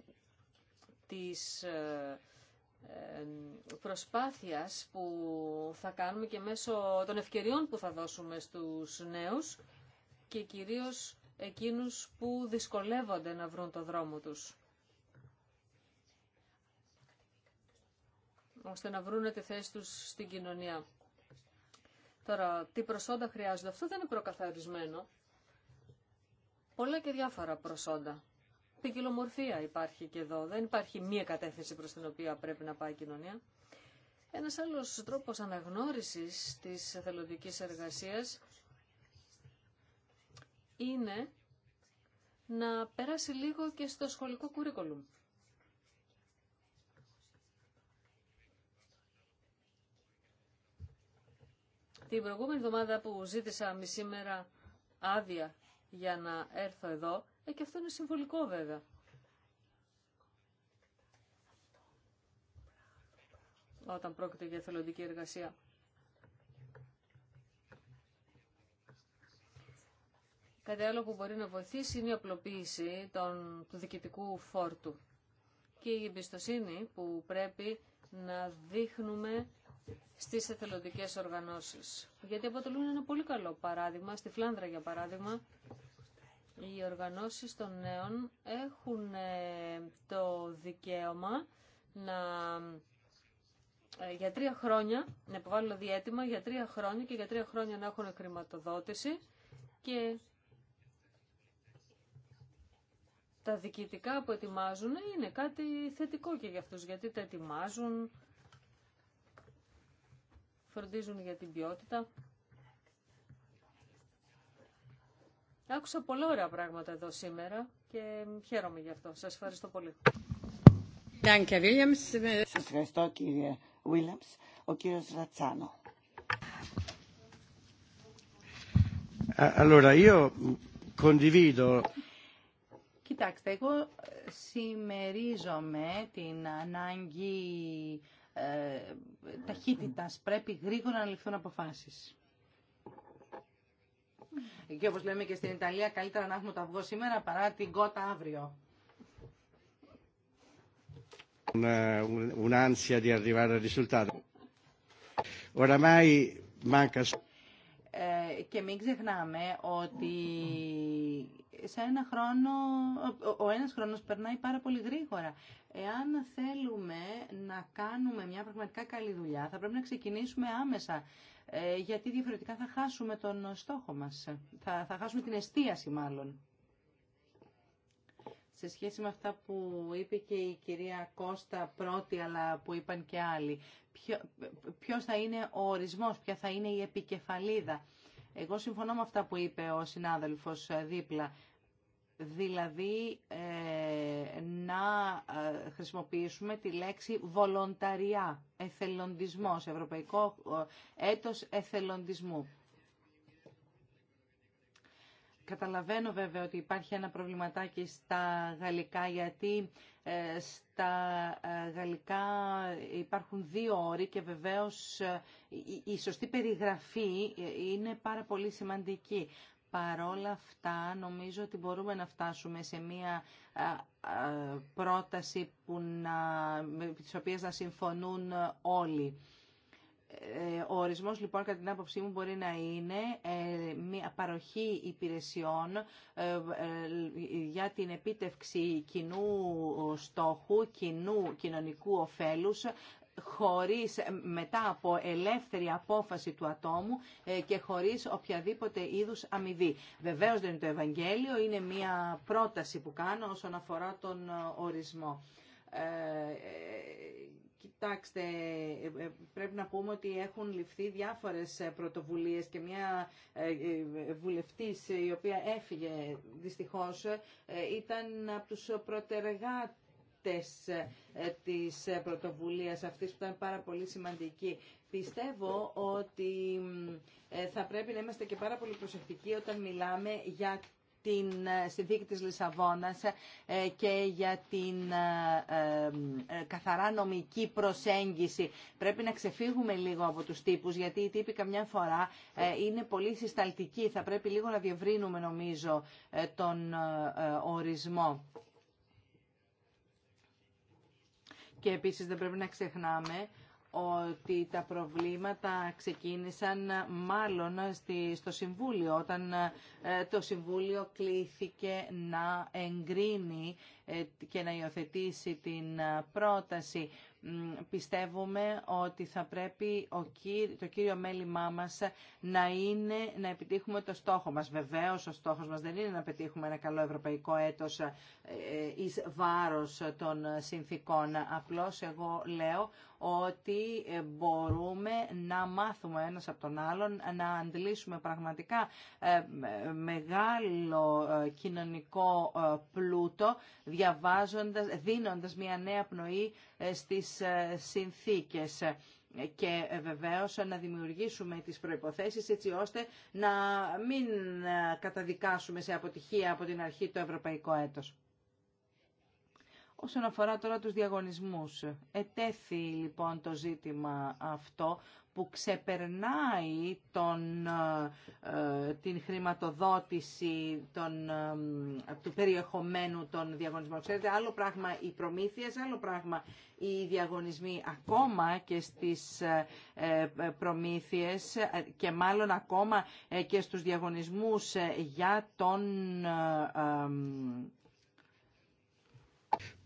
[SPEAKER 3] της ε, ε, προσπάθειας που θα κάνουμε και μέσω των ευκαιριών που θα δώσουμε στους νέους και κυρίως εκείνους που δυσκολεύονται να βρουν το δρόμο τους. ώστε να βρουν τη θέση τους στην κοινωνία. Τώρα, τι προσόντα χρειάζονται. Αυτό δεν είναι προκαθαρισμένο. Πολλά και διάφορα προσόντα. Ποικιλομορφία υπάρχει και εδώ. Δεν υπάρχει μία κατεύθυνση προς την οποία πρέπει να πάει η κοινωνία. Ένας άλλος τρόπος αναγνώρισης της εθελοντικής εργασίας είναι να περάσει λίγο και στο σχολικό κουρίκολουμ. Την προηγούμενη εβδομάδα που ζήτησα μισή μέρα άδεια για να έρθω εδώ, ε, και αυτό είναι συμβολικό βέβαια. Όταν πρόκειται για θελοντική εργασία. Κάτι άλλο που μπορεί να βοηθήσει είναι η απλοποίηση του διοικητικού φόρτου και η εμπιστοσύνη που πρέπει να δείχνουμε στις εθελοντικές οργανώσεις. Γιατί αποτελούν ένα πολύ καλό παράδειγμα. Στη Φλάνδρα, για παράδειγμα, οι οργανώσεις των νέων έχουν ε, το δικαίωμα να ε, για τρία χρόνια, να υποβάλουν διέτοιμα για τρία χρόνια και για τρία χρόνια να έχουν χρηματοδότηση και τα διοικητικά που ετοιμάζουν είναι κάτι θετικό και για αυτούς, γιατί τα ετοιμάζουν, φροντίζουν για την ποιότητα. Άκουσα πολλά ωραία πράγματα εδώ σήμερα και χαίρομαι γι' αυτό. Σας ευχαριστώ πολύ.
[SPEAKER 1] Σας ευχαριστώ κύριε Williams. Ο κύριος Ρατσάνο. Allora, io condivido
[SPEAKER 2] Κοιτάξτε, εγώ ε, συμμερίζομαι την ανάγκη ε, ταχύτητας. Πρέπει γρήγορα να ληφθούν αποφάσεις. Και όπως λέμε και στην Ιταλία, καλύτερα να έχουμε το αυγό σήμερα παρά την κότα αύριο. Ε, και μην ξεχνάμε ότι σε ένα χρόνο, ο ένας χρόνος περνάει πάρα πολύ γρήγορα. Εάν θέλουμε να κάνουμε μια πραγματικά καλή δουλειά, θα πρέπει να ξεκινήσουμε άμεσα, ε, γιατί διαφορετικά θα χάσουμε τον στόχο μας, θα, χάσουμε την εστίαση μάλλον. Σε σχέση με αυτά που είπε και η κυρία Κώστα πρώτη, αλλά που είπαν και άλλοι, ποιο, ποιος θα είναι ο ορισμός, ποια θα είναι η επικεφαλίδα. Εγώ συμφωνώ με αυτά που είπε ο συνάδελφος δίπλα δηλαδή ε, να ε, χρησιμοποιήσουμε τη λέξη βολονταριά, εθελοντισμός, ευρωπαϊκό ε, έτος εθελοντισμού. Καταλαβαίνω βέβαια ότι υπάρχει ένα προβληματάκι στα γαλλικά, γιατί στα γαλλικά υπάρχουν δύο όροι και βεβαίως η, η σωστή περιγραφή είναι πάρα πολύ σημαντική παρόλα αυτά νομίζω ότι μπορούμε να φτάσουμε σε μία πρόταση που να, με τις να συμφωνούν όλοι. Ε, ο ορισμός λοιπόν κατά την άποψή μου μπορεί να είναι ε, μια παροχή υπηρεσιών ε, για την επίτευξη κοινού στόχου, κοινού κοινωνικού ωφέλους χωρίς ε, μετά από ελεύθερη απόφαση του ατόμου ε, και χωρίς οποιαδήποτε είδους αμοιβή. Βεβαίως δεν είναι το Ευαγγέλιο, είναι μια πρόταση που κάνω όσον αφορά τον ε, ορισμό. Κοιτάξτε, πρέπει να πούμε ότι έχουν ληφθεί διάφορες πρωτοβουλίες και μια βουλευτής η οποία έφυγε δυστυχώς ήταν από τους προτεργάτες Τη ε, ε, της ε, πρωτοβουλίας αυτής που ήταν πάρα πολύ σημαντική. Πιστεύω ότι θα πρέπει να είμαστε και πάρα πολύ προσεκτικοί όταν μιλάμε για την συνθήκη της Λισαβόνας και για την καθαρά νομική προσέγγιση. Πρέπει να ξεφύγουμε λίγο από τους τύπους, γιατί οι τύποι καμιά φορά είναι πολύ συσταλτικοί. Θα πρέπει λίγο να διευρύνουμε, νομίζω, τον ορισμό. Και επίσης δεν πρέπει να ξεχνάμε ότι τα προβλήματα ξεκίνησαν μάλλον στο Συμβούλιο, όταν ε, το Συμβούλιο κλήθηκε να εγκρίνει ε, και να υιοθετήσει την ε, πρόταση πιστεύουμε ότι θα πρέπει το κύριο μέλημά μας να είναι να επιτύχουμε το στόχο μας. Βεβαίως ο στόχος μας δεν είναι να πετύχουμε ένα καλό ευρωπαϊκό έτος ε, ε, εις βάρος των συνθήκων. Απλώς εγώ λέω ότι ε, μπορούμε να μάθουμε ένας από τον άλλον, να αντλήσουμε πραγματικά ε, μεγάλο ε, κοινωνικό πλούτο, διαβάζοντας, δίνοντας μια νέα πνοή στις συνθήκες και βεβαίως να δημιουργήσουμε τις προϋποθέσεις έτσι ώστε να μην καταδικάσουμε σε αποτυχία από την αρχή το ευρωπαϊκό έτος. Όσον αφορά τώρα τους διαγωνισμούς, ετέθη λοιπόν το ζήτημα αυτό που ξεπερνάει τον, ε, ε, την χρηματοδότηση των, ε, του περιεχομένου των διαγωνισμών. Ξέρετε, άλλο πράγμα οι προμήθειες, άλλο πράγμα οι διαγωνισμοί ακόμα και στις ε, προμήθειες και μάλλον ακόμα και στους διαγωνισμούς για τον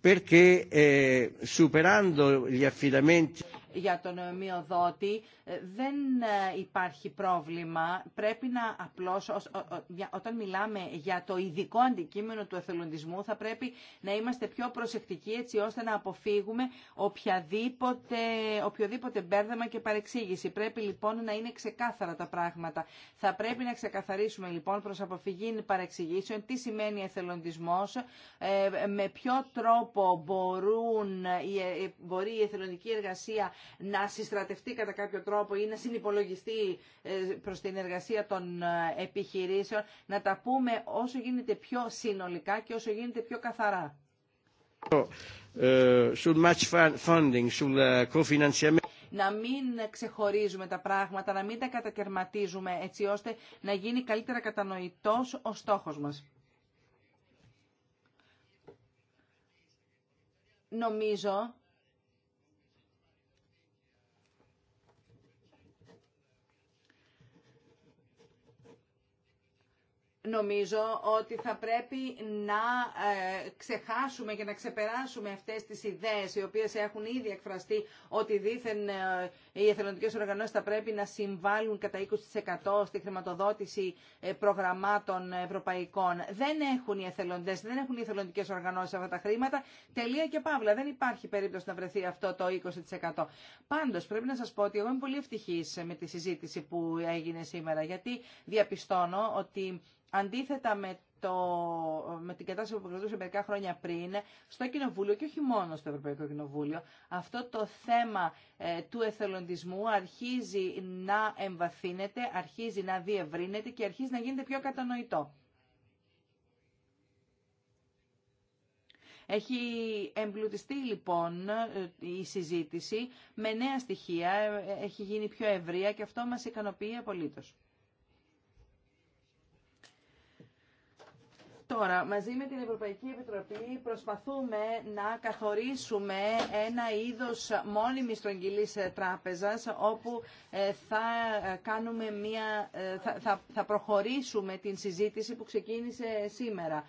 [SPEAKER 1] perché superando gli affidamenti
[SPEAKER 2] για τον ομοιοδότη, ε, δεν ε, υπάρχει πρόβλημα. Πρέπει να απλώς, όταν μιλάμε για το ειδικό αντικείμενο του εθελοντισμού, θα πρέπει να είμαστε πιο προσεκτικοί έτσι ώστε να αποφύγουμε οποιαδήποτε, οποιοδήποτε μπέρδεμα και παρεξήγηση. Πρέπει λοιπόν να είναι ξεκάθαρα τα πράγματα. Θα πρέπει να ξεκαθαρίσουμε λοιπόν προς αποφυγή παρεξηγήσεων τι σημαίνει εθελοντισμός, ε, με ποιο τρόπο μπορούν, μπορεί η εθελοντική εργασία να συστρατευτεί κατά κάποιο τρόπο ή να συνυπολογιστεί ε, προς την εργασία των ε, επιχειρήσεων, να τα πούμε όσο γίνεται πιο συνολικά και όσο γίνεται πιο καθαρά. Ε, να μην ξεχωρίζουμε τα πράγματα, να μην τα κατακαιρματίζουμε έτσι ώστε να γίνει καλύτερα κατανοητός ο στόχος μας. Νομίζω Νομίζω ότι θα πρέπει να ε, ξεχάσουμε και να ξεπεράσουμε αυτές τις ιδέες οι οποίες έχουν ήδη εκφραστεί ότι δήθεν ε, οι εθελοντικές οργανώσεις θα πρέπει να συμβάλλουν κατά 20% στη χρηματοδότηση ε, προγραμμάτων ευρωπαϊκών. Δεν έχουν οι εθελοντές, δεν έχουν οι εθελοντικές οργανώσεις αυτά τα χρήματα. Τελεία και παύλα. Δεν υπάρχει περίπτωση να βρεθεί αυτό το 20%. Πάντως πρέπει να σας πω ότι εγώ είμαι πολύ ευτυχής με τη συζήτηση που έγινε σήμερα γιατί διαπιστώνω ότι Αντίθετα με, το, με την κατάσταση που προκρατούσε μερικά χρόνια πριν, στο Κοινοβούλιο και όχι μόνο στο Ευρωπαϊκό Κοινοβούλιο, αυτό το θέμα ε, του εθελοντισμού αρχίζει να εμβαθύνεται, αρχίζει να διευρύνεται και αρχίζει να γίνεται πιο κατανοητό. Έχει εμπλουτιστεί λοιπόν ε, η συζήτηση με νέα στοιχεία, ε, έχει γίνει πιο ευρεία και αυτό μας ικανοποιεί απολύτως. Τώρα, μαζί με την Ευρωπαϊκή Επιτροπή προσπαθούμε να καθορίσουμε ένα είδος μόνιμης στρογγυλής ε, τράπεζας όπου ε, θα, ε, κάνουμε μια, θα, θα προχωρήσουμε την συζήτηση που ξεκίνησε σήμερα.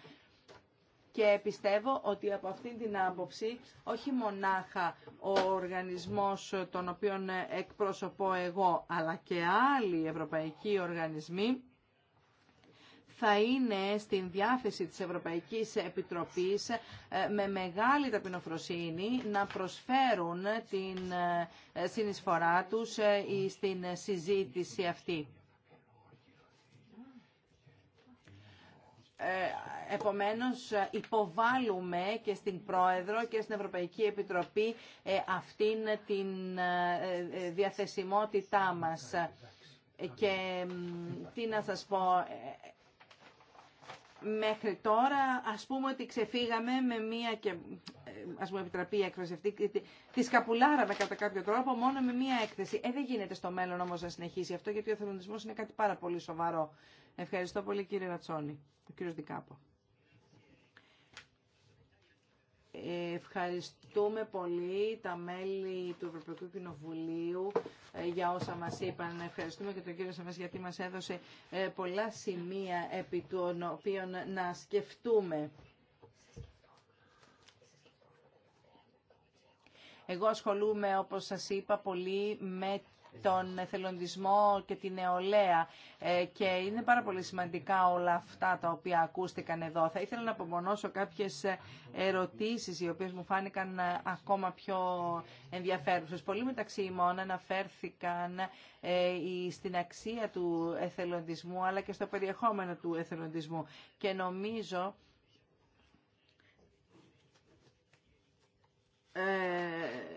[SPEAKER 2] Και πιστεύω ότι από αυτήν την άποψη όχι μονάχα ο οργανισμός τον οποίον εκπροσωπώ εγώ αλλά και άλλοι ευρωπαϊκοί οργανισμοί θα είναι στην διάθεση της Ευρωπαϊκής Επιτροπής ε, με μεγάλη ταπεινοφροσύνη να προσφέρουν την ε, συνεισφορά τους ε, στην συζήτηση αυτή. Επομένως υποβάλλουμε και στην Πρόεδρο και στην Ευρωπαϊκή Επιτροπή αυτήν την διαθεσιμότητά μας. Και τι να σας πω, Μέχρι τώρα ας πούμε ότι ξεφύγαμε με μία και ε, ας πούμε επιτραπεί η έκφραση αυτή, τη σκαπουλάραμε κατά κάποιο τρόπο μόνο με μία έκθεση. Ε, δεν γίνεται στο μέλλον όμως να συνεχίσει αυτό γιατί ο εθελοντισμός είναι κάτι πάρα πολύ σοβαρό. Ευχαριστώ πολύ κύριε Ρατσόνη, ο κύριος Δικάπο. Ευχαριστούμε πολύ τα μέλη του Ευρωπαϊκού Κοινοβουλίου ε, για όσα μας είπαν. Ευχαριστούμε και τον κύριο Σαμές γιατί μας έδωσε ε, πολλά σημεία επί των οποίων να σκεφτούμε. Εγώ ασχολούμαι, όπως σας είπα, πολύ με τον εθελοντισμό και την νεολαία ε, και είναι πάρα πολύ σημαντικά όλα αυτά τα οποία ακούστηκαν εδώ. Θα ήθελα να απομονώσω κάποιες ε, ερωτήσεις οι οποίες μου φάνηκαν ε, ακόμα πιο ενδιαφέρουσες. Πολύ μεταξύ ημών αναφέρθηκαν στην αξία του εθελοντισμού αλλά και στο περιεχόμενο του εθελοντισμού και νομίζω ε,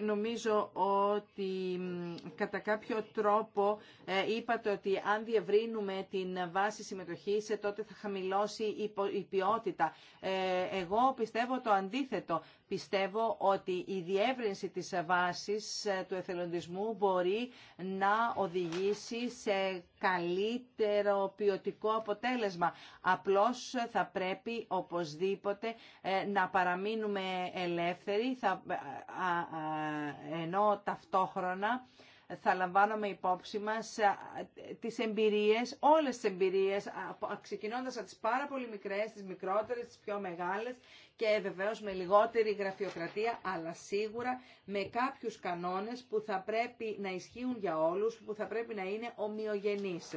[SPEAKER 2] Νομίζω ότι κατά κάποιο τρόπο ε, είπατε ότι αν διευρύνουμε την βάση συμμετοχής ε, τότε θα χαμηλώσει η ποιότητα. Ε, εγώ πιστεύω το αντίθετο. Πιστεύω ότι η διεύρυνση της βάσης του εθελοντισμού μπορεί να οδηγήσει σε καλύτερο ποιοτικό αποτέλεσμα. Απλώς θα πρέπει οπωσδήποτε ε, να παραμείνουμε ελεύθεροι, θα, ε, ενώ ταυτόχρονα θα λαμβάνουμε υπόψη μας ε, τις εμπειρίες, όλες τις εμπειρίες, ξεκινώντας από τις πάρα πολύ μικρές, τις μικρότερες, τις πιο μεγάλες και βεβαίως με λιγότερη γραφειοκρατία, αλλά σίγουρα με κάποιους κανόνες που θα πρέπει να ισχύουν για όλους, που θα πρέπει να είναι ομοιογενείς.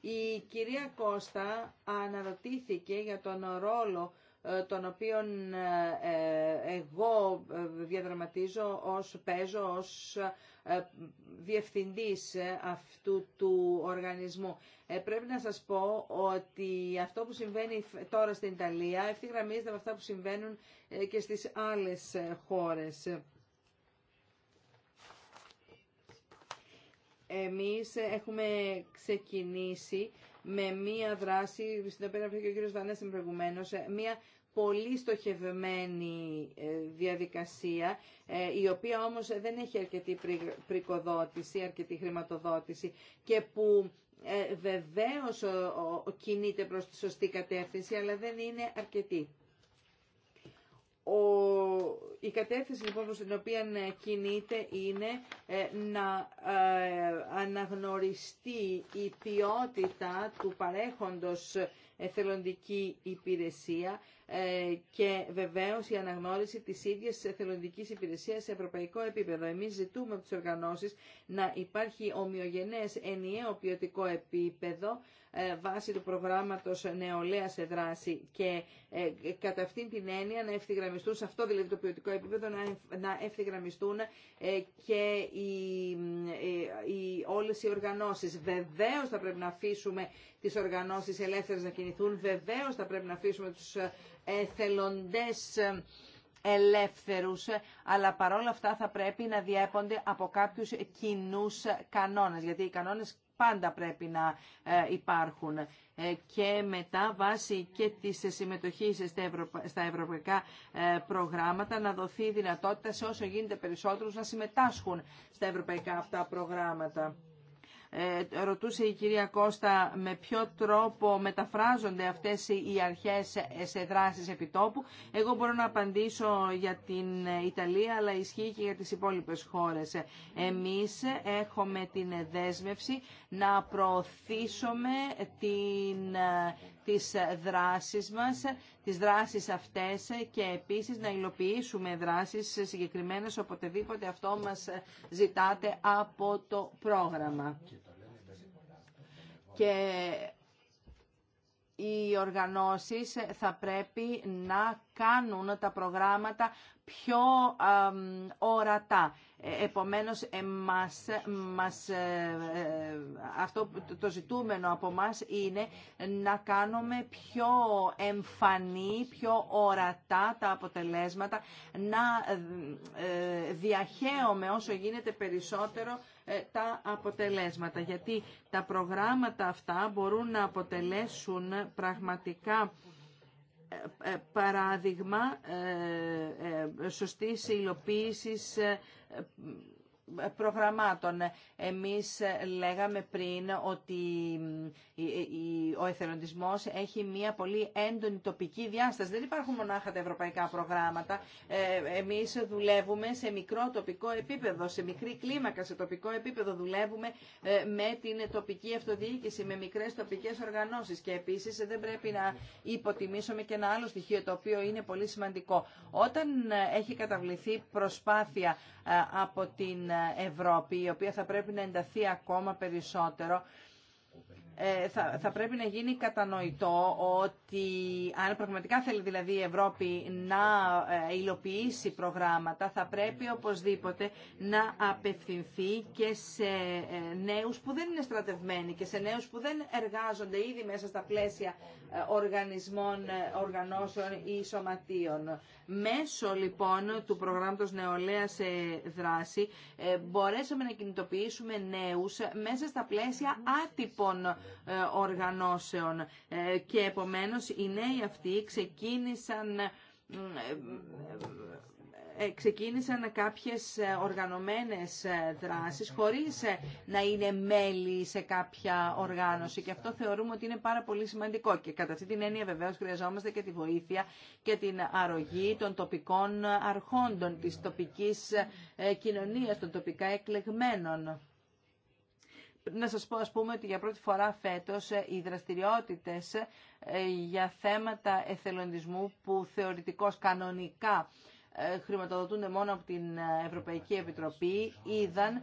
[SPEAKER 2] Η κυρία Κώστα αναρωτήθηκε για τον ρόλο ε, τον οποίον ε, ε, εγώ διαδραματίζω ως παίζω, ως διευθυντής αυτού του οργανισμού. Πρέπει να σας πω ότι αυτό που συμβαίνει τώρα στην Ιταλία ευθυγραμμίζεται με αυτά που συμβαίνουν και στις άλλες χώρες. Εμείς έχουμε ξεκινήσει με μία δράση, στην οποία και ο κύριος Δάνεση προηγουμένως, ε, μία πολύ στοχευμένη ε, διαδικασία, ε, η οποία όμως δεν έχει αρκετή πρικοδότηση, αρκετή χρηματοδότηση και που βεβαίως κινείται προς τη σωστή κατεύθυνση, αλλά δεν είναι αρκετή η κατεύθυνση λοιπόν προς την οποία ε, κινείται είναι ε, να ε, αναγνωριστεί η ποιότητα του παρέχοντος εθελοντική υπηρεσία και βεβαίως η αναγνώριση της ίδιας εθελοντικής υπηρεσίας σε ευρωπαϊκό επίπεδο. Εμείς ζητούμε από τις οργανώσεις να υπάρχει ομοιογενές ενιαίο ποιοτικό επίπεδο ε, βάσει του προγράμματος νεολαία σε δράση και ε, κατά αυτήν την έννοια να ευθυγραμμιστούν σε αυτό δηλαδή το ποιοτικό επίπεδο να ευθυγραμμιστούν ε, και οι, οι, όλες οι οργανώσεις. Βεβαίως θα πρέπει να αφήσουμε τις οργανώσεις ελεύθερες να κινηθούν, βεβαίως θα πρέπει να αφήσουμε τους εθελοντέ ελεύθερους, αλλά παρόλα αυτά θα πρέπει να διέπονται από κάποιους κοινούς κανόνες, γιατί οι κανόνες πάντα πρέπει να ε, υπάρχουν. Ε, και μετά βάσει και της συμμετοχής στα ευρωπαϊκά ε, προγράμματα να δοθεί δυνατότητα σε όσο γίνεται περισσότερους να συμμετάσχουν στα ευρωπαϊκά αυτά προγράμματα. Ε, ρωτούσε η κυρία Κώστα με ποιο τρόπο μεταφράζονται αυτές οι αρχές σε δράσεις επιτόπου. Εγώ μπορώ να απαντήσω για την Ιταλία, αλλά ισχύει και για τις υπόλοιπες χώρες. Εμείς έχουμε την δέσμευση να προωθήσουμε την τις δράσεις μας, τις δράσεις αυτές και επίσης να υλοποιήσουμε δράσεις συγκεκριμένες οποτεδήποτε αυτό μας ζητάτε από το πρόγραμμα. Και οι οργανώσεις θα πρέπει να κάνουν τα προγράμματα πιο ορατά. Ε, επομένως, εμάς, μας, ε, ε, αυτό το ζητούμενο από μας είναι να κάνουμε πιο εμφανή, πιο ορατά τα αποτελέσματα, να ε, διαχέουμε όσο γίνεται περισσότερο ε, τα αποτελέσματα. Γιατί τα προγράμματα αυτά μπορούν να αποτελέσουν πραγματικά ε, ε, παράδειγμα σωστής υλοποίησης προγραμμάτων. Εμείς λέγαμε πριν ότι ο εθελοντισμός έχει μια πολύ έντονη τοπική διάσταση. Δεν υπάρχουν μονάχα τα ευρωπαϊκά προγράμματα. Ε, εμείς δουλεύουμε σε μικρό τοπικό επίπεδο, σε μικρή κλίμακα, σε τοπικό επίπεδο. Δουλεύουμε ε, με την τοπική αυτοδιοίκηση, με μικρές τοπικές οργανώσεις. Και επίσης δεν πρέπει να υποτιμήσουμε και ένα άλλο στοιχείο το οποίο είναι πολύ σημαντικό. Όταν ε, έχει καταβληθεί προσπάθεια από την Ευρώπη, η οποία θα πρέπει να ενταθεί ακόμα περισσότερο. Ε, θα, θα πρέπει να γίνει κατανοητό ότι αν πραγματικά θέλει δηλαδή η Ευρώπη να ε, υλοποιήσει προγράμματα θα πρέπει οπωσδήποτε να απευθυνθεί και σε ε, νέους που δεν είναι στρατευμένοι και σε νέους που δεν εργάζονται ήδη μέσα στα πλαίσια οργανισμών, οργανώσεων ή σωματείων. Μέσω λοιπόν του προγράμματος νεολαία σε δράση ε, μπορέσαμε να κινητοποιήσουμε νέους μέσα στα πλαίσια άτυπων ε, οργανώσεων ε, και επομένως οι νέοι αυτοί ξεκίνησαν ε, ξεκίνησαν κάποιες ε, οργανωμένες ε, δράσεις χωρίς να είναι μέλη σε κάποια οργάνωση και αυτό θεωρούμε ότι είναι πάρα πολύ σημαντικό και κατά αυτή την έννοια βεβαίως χρειαζόμαστε και τη βοήθεια και την αρρωγή των τοπικών αρχόντων της τοπικής κοινωνίας, των τοπικά εκλεγμένων. Να σας πω ας πούμε ότι για πρώτη φορά φέτος οι δραστηριότητες για θέματα εθελοντισμού που θεωρητικώς κανονικά ε, χρηματοδοτούνται μόνο από την Ευρωπαϊκή Επιτροπή, είδαν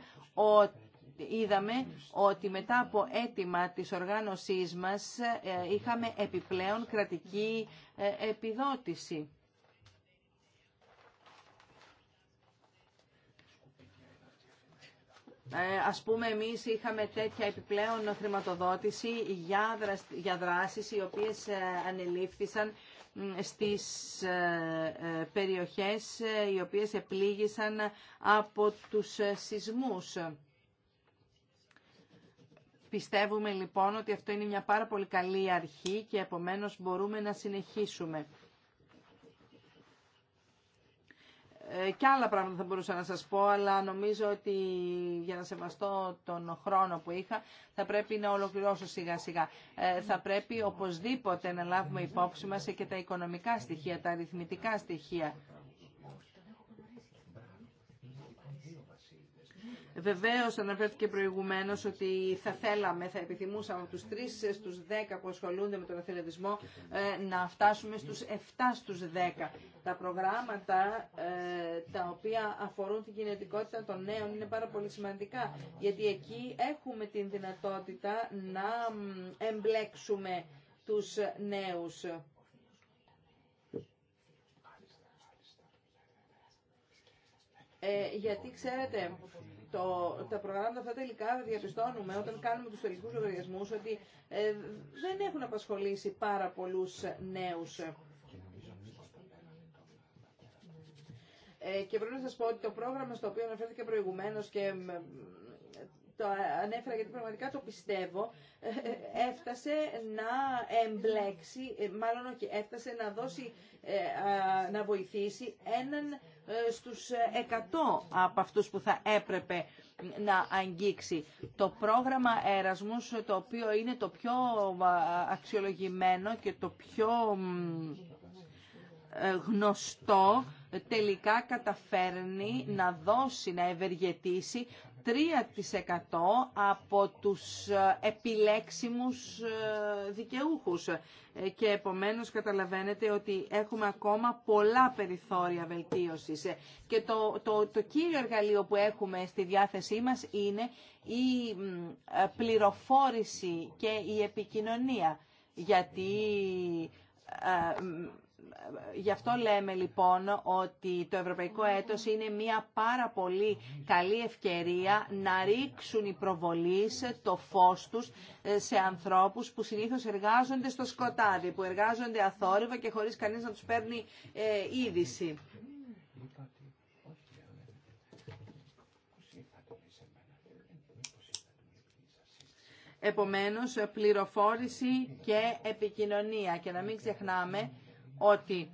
[SPEAKER 2] Είδαμε ότι μετά από αίτημα της οργάνωσής μας ε, είχαμε επιπλέον κρατική ε, επιδότηση. Ας πούμε, εμείς είχαμε τέτοια επιπλέον χρηματοδότηση για δράσεις οι οποίες ανελήφθησαν στις ε, ε, περιοχές ε, οι οποίες επλήγησαν από τους σεισμούς. Πιστεύουμε λοιπόν ότι αυτό είναι μια πάρα πολύ καλή αρχή και επομένως μπορούμε να συνεχίσουμε. Ε, και άλλα πράγματα θα μπορούσα να σας πω, αλλά νομίζω ότι για να σεβαστώ τον χρόνο που είχα, θα πρέπει να ολοκληρώσω σιγά σιγά. Ε, θα πρέπει οπωσδήποτε να λάβουμε υπόψη μας και τα οικονομικά στοιχεία, τα αριθμητικά στοιχεία. Βεβαίω αναφέρθηκε προηγουμένως ότι θα θέλαμε, θα επιθυμούσαμε από τους 3 στου δέκα που ασχολούνται με τον αθλητισμό ε, να φτάσουμε στους 7 στους 10. Τα προγράμματα ε, τα οποία αφορούν την κινητικότητα των νέων είναι πάρα πολύ σημαντικά γιατί εκεί έχουμε την δυνατότητα να εμπλέξουμε τους νέους.
[SPEAKER 4] Ε, γιατί ξέρετε, το,
[SPEAKER 2] τα προγράμματα αυτά τελικά διαπιστώνουμε όταν κάνουμε τους τελικούς λογαριασμούς ότι ε, δεν έχουν απασχολήσει πάρα πολλούς νέους. Ε, και πρέπει να σας πω ότι το πρόγραμμα στο οποίο αναφέρθηκε προηγουμένως και το ανέφερα γιατί πραγματικά το πιστεύω, ε, ε, έφτασε να εμπλέξει, ε, μάλλον όχι, έφτασε να δώσει, να βοηθήσει έναν στους 100 από αυτούς που θα έπρεπε να αγγίξει. Το πρόγραμμα Έρασμους, το οποίο είναι το πιο αξιολογημένο και το πιο γνωστό τελικά καταφέρνει να δώσει, να ευεργετήσει 3% από τους ε, επιλέξιμους ε, δικαιούχους. Ε, και επομένως καταλαβαίνετε ότι έχουμε ακόμα πολλά περιθώρια βελτίωσης. Και το, το, το κύριο εργαλείο που έχουμε στη διάθεσή μας είναι η πληροφόρηση και η επικοινωνία. Γιατί Γι' αυτό λέμε λοιπόν ότι το Ευρωπαϊκό Έτος είναι μια πάρα πολύ καλή ευκαιρία να ρίξουν οι προβολείς το φως τους ε, σε ανθρώπους που συνήθως εργάζονται στο σκοτάδι, που εργάζονται αθόρυβα και χωρίς κανείς να τους παίρνει ε, είδηση. Επομένως, πληροφόρηση και επικοινωνία. Και να μην ξεχνάμε ότι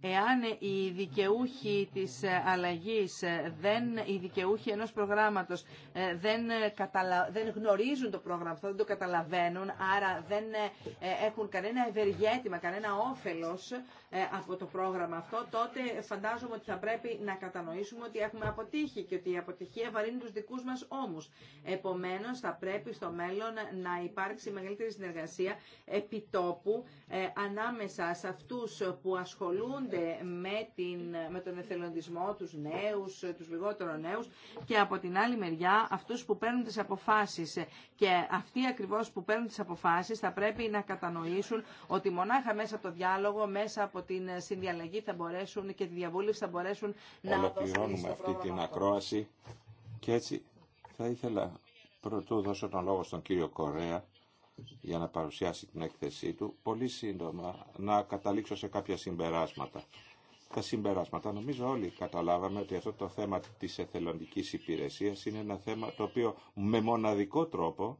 [SPEAKER 2] εάν οι δικαιούχοι της ε, αλλαγής, ε, δεν, οι δικαιούχοι ενός προγράμματος ε, δεν, καταλα... δεν γνωρίζουν το πρόγραμμα αυτό, δεν το καταλαβαίνουν, άρα δεν έχουν κανένα ευεργέτημα, κανένα όφελος, ε, από το πρόγραμμα αυτό, τότε φαντάζομαι ότι θα πρέπει να κατανοήσουμε ότι έχουμε αποτύχει και ότι η αποτυχία βαρύνει τους δικούς μας ώμους. Επομένως, θα πρέπει στο μέλλον να υπάρξει μεγαλύτερη συνεργασία επιτόπου ε, ανάμεσα σε αυτούς που ασχολούνται με, την, με τον εθελοντισμό, τους νέους, τους λιγότερο νέους και από την άλλη μεριά αυτούς που παίρνουν τις αποφάσεις. Και αυτοί ακριβώς που παίρνουν τις αποφάσεις θα πρέπει να κατανοήσουν ότι μονάχα μέσα από το διάλογο, μέσα από την συνδιαλλαγή θα μπορέσουν και τη διαβούλευση θα μπορέσουν
[SPEAKER 4] να Ολοκληρώνουμε αυτή την ακρόαση και έτσι θα ήθελα πρωτού δώσω τον λόγο στον κύριο Κορέα για να παρουσιάσει την έκθεσή του, πολύ σύντομα να καταλήξω σε κάποια συμπεράσματα. Τα συμπεράσματα νομίζω όλοι καταλάβαμε ότι αυτό το θέμα της εθελοντικής υπηρεσίας είναι ένα θέμα το οποίο με μοναδικό τρόπο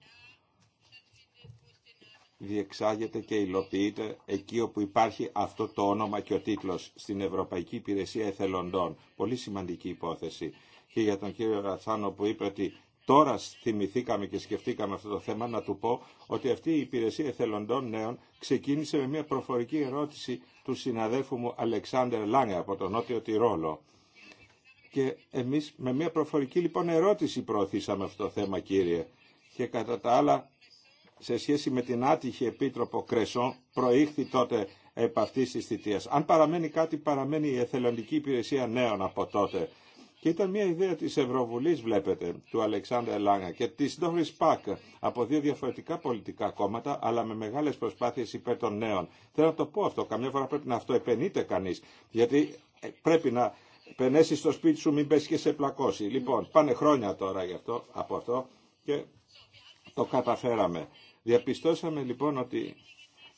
[SPEAKER 4] διεξάγεται και υλοποιείται εκεί όπου υπάρχει αυτό το όνομα και ο τίτλος στην Ευρωπαϊκή Υπηρεσία Εθελοντών. Πολύ σημαντική υπόθεση. Και για τον κύριο Ρατσάνο που είπε ότι τώρα θυμηθήκαμε και σκεφτήκαμε αυτό το θέμα να του πω ότι αυτή η υπηρεσία εθελοντών νέων ξεκίνησε με μια προφορική ερώτηση του συναδέλφου μου Αλεξάνδερ Λάνε από τον Νότιο Τυρόλο. Και εμείς με μια προφορική λοιπόν ερώτηση προωθήσαμε αυτό το θέμα κύριε. Και κατά τα άλλα σε σχέση με την άτυχη επίτροπο Κρεσόν προήχθη τότε επ' αυτής της θητείας. Αν παραμένει κάτι, παραμένει η εθελοντική υπηρεσία νέων από τότε. Και ήταν μια ιδέα της Ευρωβουλής, βλέπετε, του Αλεξάνδρου Ελάγα και της Ντόχρης Πακ από δύο διαφορετικά πολιτικά κόμματα, αλλά με μεγάλες προσπάθειες υπέρ των νέων. Θέλω να το πω αυτό, καμιά φορά πρέπει να αυτό επενείται κανείς, γιατί ε, πρέπει να πενέσει στο σπίτι σου, μην πέσει και σε πλακώσει. Λοιπόν, πάνε χρόνια τώρα γι αυτό, από αυτό και το καταφέραμε. Διαπιστώσαμε λοιπόν ότι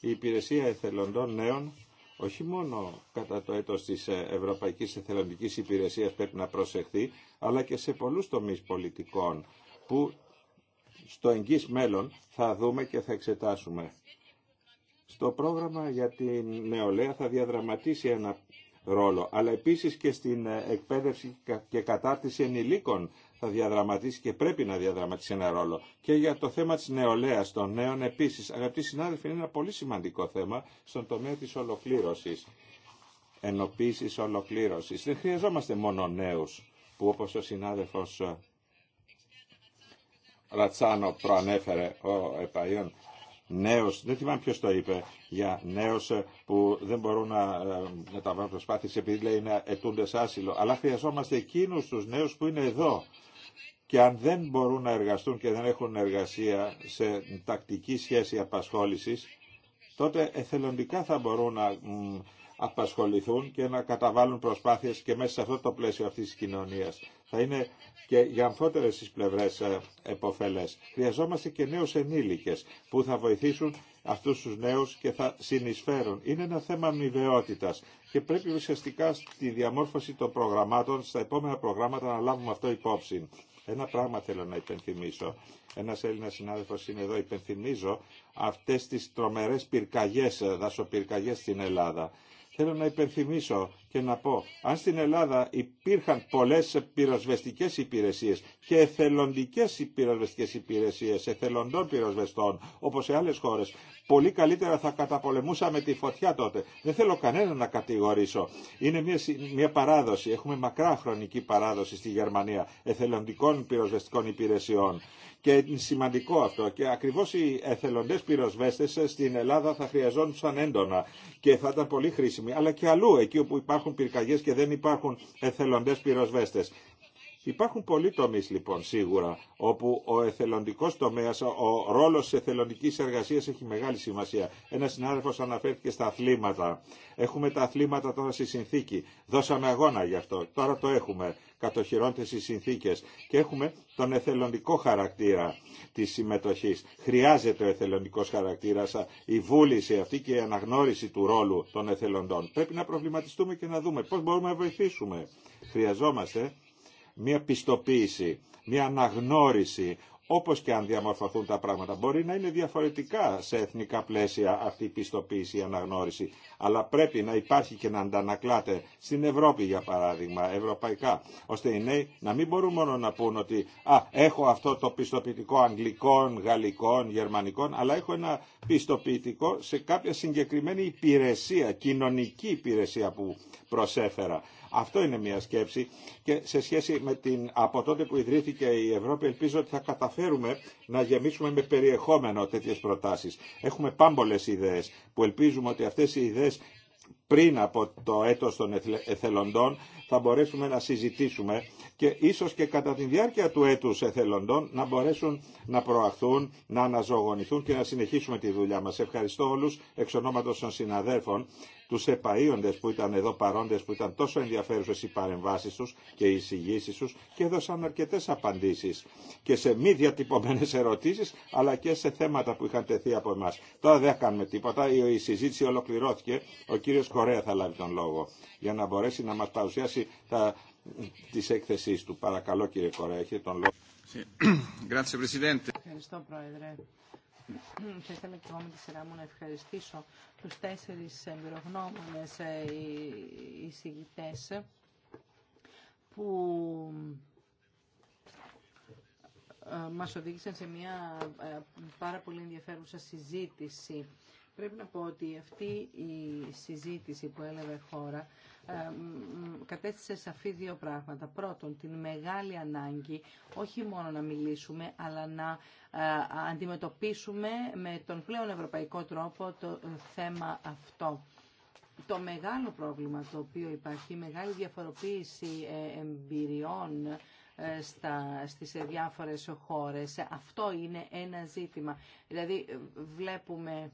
[SPEAKER 4] η υπηρεσία εθελοντών νέων όχι μόνο κατά το έτος της ε, Ευρωπαϊκής Εθελοντικής Υπηρεσίας πρέπει να προσεχθεί, αλλά και σε πολλούς τομείς πολιτικών που στο εγγύς μέλλον θα δούμε και θα εξετάσουμε. Στο πρόγραμμα για την νεολαία θα διαδραματίσει ένα ρόλο, αλλά επίσης και στην ε, εκπαίδευση και κατάρτιση ενηλίκων θα διαδραματίσει και πρέπει να διαδραματίσει ένα ρόλο. Και για το θέμα της νεολαία των νέων επίσης, αγαπητοί συνάδελφοι, είναι ένα πολύ σημαντικό θέμα στον τομέα της ολοκλήρωσης, ενοποίησης ολοκλήρωσης. Δεν χρειαζόμαστε μόνο νέους που όπως ο συνάδελφος ε, Ρατσάνο προανέφερε ο Επαϊόν, νέο δεν θυμάμαι ποιο το είπε, για νέους ε, που δεν μπορούν να μεταβάλουν προσπάθειες επειδή λέει να ετούνται σε άσυλο, αλλά χρειαζόμαστε εκείνους τους νέους που είναι εδώ, και αν δεν μπορούν να εργαστούν και δεν έχουν εργασία σε τακτική σχέση απασχόλησης, τότε εθελοντικά θα μπορούν να απασχοληθούν και να καταβάλουν προσπάθειες και μέσα σε αυτό το πλαίσιο αυτής της κοινωνίας. Θα είναι και για αμφότερες τις πλευρές ε, εποφελές. Χρειαζόμαστε και νέους ενήλικες που θα βοηθήσουν αυτούς τους νέους και θα συνεισφέρουν. Είναι ένα θέμα αμοιβαιότητας και πρέπει ουσιαστικά στη διαμόρφωση των προγραμμάτων, στα επόμενα προγράμματα να λάβουμε αυτό υπόψη. Ένα πράγμα θέλω να υπενθυμίσω. Ένας Έλληνας συνάδελφος είναι εδώ. Υπενθυμίζω αυτές τις τρομερές πυρκαγιές, δασοπυρκαγιές στην Ελλάδα. Θέλω να υπενθυμίσω και να πω, αν στην Ελλάδα υπήρχαν πολλές πυροσβεστικές υπηρεσίες και εθελοντικές πυροσβεστικές υπηρεσίες, εθελοντών πυροσβεστών, όπως σε άλλες χώρες, πολύ καλύτερα θα καταπολεμούσαμε τη φωτιά τότε. Δεν θέλω κανένα να κατηγορήσω. Είναι μια, μια παράδοση, έχουμε μακρά χρονική παράδοση στη Γερμανία εθελοντικών πυροσβεστικών υπηρεσιών. Και είναι σημαντικό αυτό. Και ακριβώ οι εθελοντές πυροσβέστες στην Ελλάδα θα χρειαζόντουσαν έντονα και θα ήταν πολύ χρήσιμοι. Αλλά και αλλού, εκεί όπου υπάρχουν πυρκαγιές και δεν υπάρχουν εθελοντές πυροσβέστες. Υπάρχουν πολλοί τομεί λοιπόν σίγουρα όπου ο εθελοντικό τομέα, ο ρόλο τη εθελοντική εργασία έχει μεγάλη σημασία. Ένα συνάδελφο αναφέρθηκε στα αθλήματα. Έχουμε τα αθλήματα τώρα στη συνθήκη. Δώσαμε αγώνα γι' αυτό. Τώρα το έχουμε. Κατοχυρώνται στι συνθήκε. Και έχουμε τον εθελοντικό χαρακτήρα τη συμμετοχή. Χρειάζεται ο εθελοντικό χαρακτήρα, η βούληση αυτή και η αναγνώριση του ρόλου των εθελοντών. Πρέπει να προβληματιστούμε και να δούμε πώ μπορούμε να βοηθήσουμε. Χρειαζόμαστε μια πιστοποίηση, μια αναγνώριση όπως και αν διαμορφωθούν τα πράγματα. Μπορεί να είναι διαφορετικά σε εθνικά πλαίσια αυτή η πιστοποίηση, η αναγνώριση, αλλά πρέπει να υπάρχει και να αντανακλάται στην Ευρώπη, για παράδειγμα, ευρωπαϊκά, ώστε οι νέοι να μην μπορούν μόνο να πούν ότι «Α, έχω αυτό το πιστοποιητικό αγγλικών, γαλλικών, γερμανικών, αλλά έχω ένα πιστοποιητικό σε κάποια συγκεκριμένη υπηρεσία, κοινωνική υπηρεσία που προσέφερα. Αυτό είναι μια σκέψη και σε σχέση με την από τότε που ιδρύθηκε η Ευρώπη ελπίζω ότι θα καταφέρουμε να γεμίσουμε με περιεχόμενο τέτοιες προτάσεις. Έχουμε πάμπολες ιδέες που ελπίζουμε ότι αυτές οι ιδέες πριν από το έτος των εθελοντών θα μπορέσουμε να συζητήσουμε και ίσως και κατά τη διάρκεια του έτους εθελοντών να μπορέσουν να προαχθούν, να αναζωογονηθούν και να συνεχίσουμε τη δουλειά μας. Ευχαριστώ όλους εξ ονόματος των συναδέλφων τους επαίοντε που ήταν εδώ παρόντε, που ήταν τόσο ενδιαφέρουσες οι παρεμβάσει τους και οι εισηγήσει τους και έδωσαν αρκετές απαντήσεις και σε μη διατυπωμένε ερωτήσεις αλλά και σε θέματα που είχαν τεθεί από εμάς. Τώρα δεν κάνουμε τίποτα, η συζήτηση ολοκληρώθηκε, ο κύριος Κορέα θα λάβει τον λόγο για να μπορέσει να μα παρουσιάσει τα, τη του. Παρακαλώ κύριε Κορέα, έχετε τον λόγο. Ευχαριστώ Πρόεδρε.
[SPEAKER 2] Θα ήθελα και εγώ με τη σειρά μου να ευχαριστήσω τους τέσσερις εμπειρογνώμονες ε, εισηγητές που ε, μας οδήγησαν σε μια ε, πάρα πολύ ενδιαφέρουσα συζήτηση. Πρέπει να πω ότι αυτή η συζήτηση που έλαβε χώρα ε, κατέστησε σαφή δύο πράγματα. Πρώτον, την μεγάλη ανάγκη όχι μόνο να μιλήσουμε, αλλά να ε, αντιμετωπίσουμε με τον πλέον ευρωπαϊκό τρόπο το ε, θέμα αυτό. Το μεγάλο πρόβλημα το οποίο υπάρχει, η μεγάλη διαφοροποίηση εμπειριών στα, στις διάφορες χώρες, αυτό είναι ένα ζήτημα. Δηλαδή βλέπουμε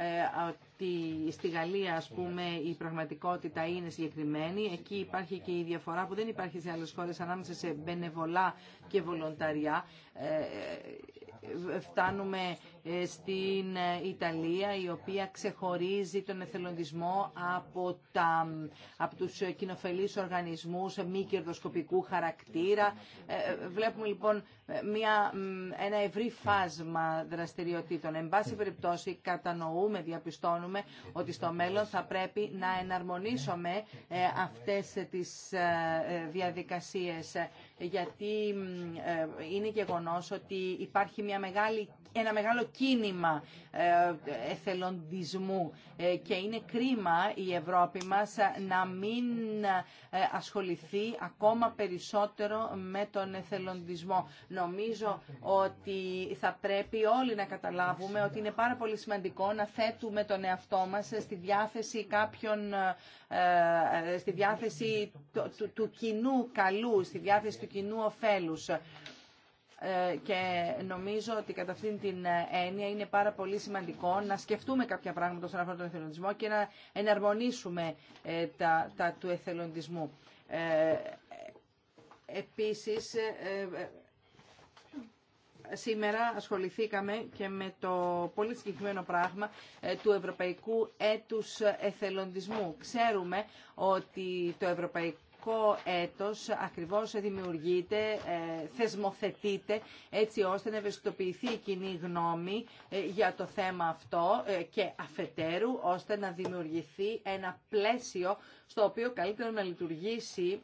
[SPEAKER 2] ε, ότι στη Γαλλία ας πούμε η πραγματικότητα είναι συγκεκριμένη. Εκεί υπάρχει και η διαφορά που δεν υπάρχει σε άλλες χώρες ανάμεσα σε μπενεβολά και βολονταριά. Ε, φτάνουμε ε, στην ε, Ιταλία η οποία ξεχωρίζει τον εθελοντισμό από, τα, από τους κοινοφελείς οργανισμούς μη κερδοσκοπικού χαρακτήρα. Ε, βλέπουμε λοιπόν μια, ένα ευρύ φάσμα δραστηριοτήτων. Εν πάση περιπτώσει κατανοούμε, διαπιστώνουμε ότι στο μέλλον θα πρέπει να εναρμονίσουμε αυτές τις διαδικασίες γιατί ε, είναι γεγονός ότι υπάρχει μια μεγάλη, ένα μεγάλο κίνημα ε, εθελοντισμού ε, και είναι κρίμα η Ευρώπη μας να μην ε, ασχοληθεί ακόμα περισσότερο με τον εθελοντισμό. Νομίζω ότι θα πρέπει όλοι να καταλάβουμε ότι είναι πάρα πολύ σημαντικό να θέτουμε τον εαυτό μας στη διάθεση κάποιων, στη διάθεση του, του, κοινού καλού, στη διάθεση του κοινού ωφέλους. Ε, και νομίζω ότι κατά αυτήν την ε, έννοια είναι πάρα πολύ σημαντικό να σκεφτούμε κάποια πράγματα όσον αφορά τον εθελοντισμό και να εναρμονίσουμε ε, τα, του εθελοντισμού. Ε, επίσης, σήμερα ασχοληθήκαμε και με το πολύ συγκεκριμένο πράγμα του Ευρωπαϊκού Έτους Εθελοντισμού. Ξέρουμε ότι το Ευρωπαϊκό ευρωπαϊκό έτος ακριβώς δημιουργείται, ε, θεσμοθετείται έτσι ώστε να ευαισθητοποιηθεί η κοινή γνώμη ε, για το θέμα αυτό ε, και αφετέρου ώστε να δημιουργηθεί ένα πλαίσιο στο οποίο καλύτερο να λειτουργήσει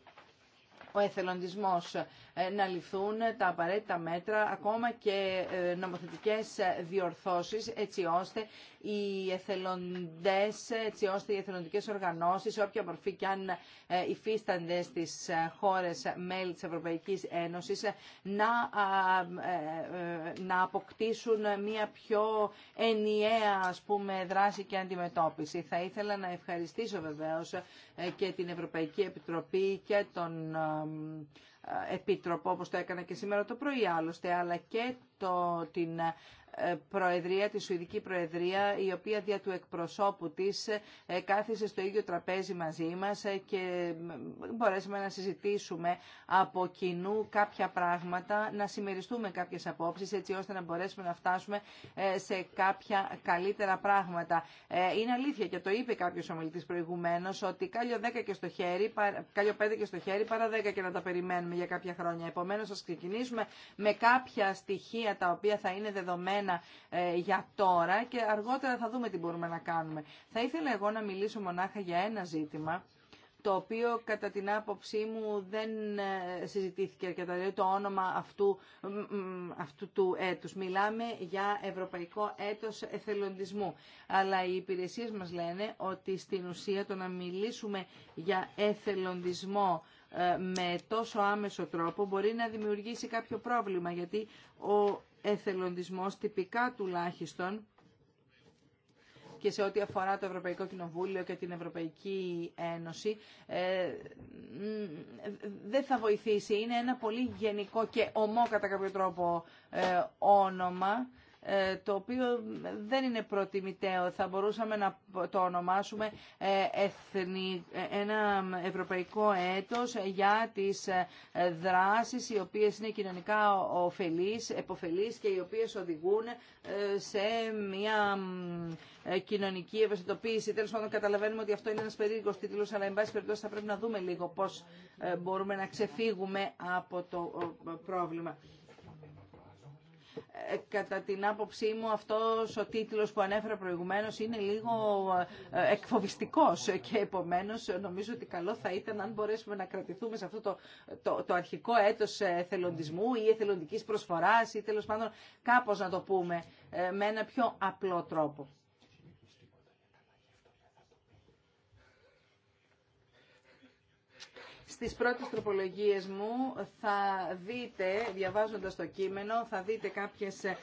[SPEAKER 2] ο εθελοντισμός ε, να ληφθούν τα απαραίτητα μέτρα, ακόμα και ε, νομοθετικές διορθώσεις, έτσι ώστε οι εθελοντές, έτσι ώστε οι εθελοντικές οργανώσεις, όποια μορφή και αν ε, υφίστανται στις χώρες μέλη της Ευρωπαϊκής Ένωσης, να, να αποκτήσουν μια πιο ενιαία ας πούμε, δράση και αντιμετώπιση. Θα ήθελα να ευχαριστήσω βεβαίως και την Ευρωπαϊκή Επιτροπή και τον Επίτροπο, όπως το έκανα και σήμερα το πρωί άλλωστε, αλλά και το, την ε, προεδρία, τη Σουηδική Προεδρία, η οποία δια του εκπροσώπου της ε, κάθισε στο ίδιο τραπέζι μαζί μας ε, και μπορέσαμε να συζητήσουμε από κοινού κάποια πράγματα, να συμμεριστούμε κάποιες απόψεις έτσι ώστε να μπορέσουμε να φτάσουμε σε κάποια καλύτερα πράγματα. Είναι αλήθεια και το είπε κάποιος ομιλητή προηγουμένως ότι κάλιο, 10 και στο χέρι, κάλιο 5 και στο χέρι παρά 10 και να τα περιμένουμε για κάποια χρόνια. Επομένως, ας ξεκινήσουμε με κάποια στοιχεία τα οποία θα είναι δεδομένα ε, για τώρα και αργότερα θα δούμε τι μπορούμε να κάνουμε. Θα ήθελα εγώ να μιλήσω μονάχα για ένα ζήτημα το οποίο κατά την άποψή μου δεν ε, συζητήθηκε αρκετά, δηλαδή το όνομα αυτού, αυτού του έτους. Μιλάμε για Ευρωπαϊκό Έτος Εθελοντισμού, αλλά οι υπηρεσίες μας λένε ότι στην ουσία το να μιλήσουμε για εθελοντισμό ε, με τόσο άμεσο τρόπο μπορεί να δημιουργήσει κάποιο πρόβλημα, γιατί ο εθελοντισμός τυπικά τουλάχιστον και σε ό,τι αφορά το Ευρωπαϊκό Κοινοβούλιο και την Ευρωπαϊκή Ένωση ε, δεν θα βοηθήσει. Είναι ένα πολύ γενικό και ομό κατά κάποιο τρόπο ε, όνομα ε, το οποίο δεν είναι προτιμητέο. Θα μπορούσαμε να το ονομάσουμε ε, εθνι... Ε, ένα ευρωπαϊκό έτος για τις δράσεις οι οποίες είναι κοινωνικά οφελείς, εποφελείς και οι οποίες οδηγούν σε μια κοινωνική ευαισθητοποίηση. Τέλος πάντων, καταλαβαίνουμε ότι αυτό είναι ένας περίεργο τίτλο, αλλά εν πάση περιπτώσει θα πρέπει να δούμε λίγο πώ μπορούμε να ξεφύγουμε από το πρόβλημα. Ε, κατά την άποψή μου αυτός ο τίτλος που ανέφερα προηγουμένως είναι λίγο ε, ε, εκφοβιστικός και επομένως νομίζω ότι καλό θα ήταν αν μπορέσουμε να κρατηθούμε σε αυτό το, το, αρχικό έτος εθελοντισμού ή εθελοντικής προσφοράς ή τέλος πάντων κάπως να το πούμε με ένα πιο απλό τρόπο. Στις πρώτες τροπολογίες μου θα δείτε, διαβάζοντας το κείμενο, θα δείτε κάποιες ε,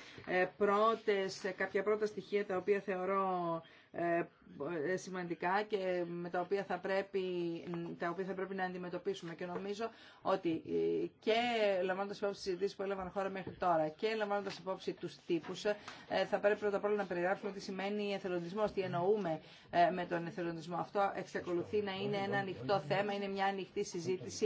[SPEAKER 2] πρώτες, κάποια πρώτα στοιχεία τα οποία θεωρώ ε, ε, σημαντικά και με τα οποία θα πρέπει, τα οποία θα πρέπει να αντιμετωπίσουμε. Και νομίζω ότι ε, και λαμβάνοντα υπόψη τι συζητήσει που έλαβαν χώρα μέχρι τώρα και λαμβάνοντα υπόψη του τύπου, ε, θα πρέπει πρώτα απ' όλα να περιγράψουμε τι σημαίνει εθελοντισμό, τι εννοούμε με τον εθελοντισμό. Αυτό εξακολουθεί να είναι ένα ανοιχτό θέμα, είναι μια ανοιχτή συζήτηση,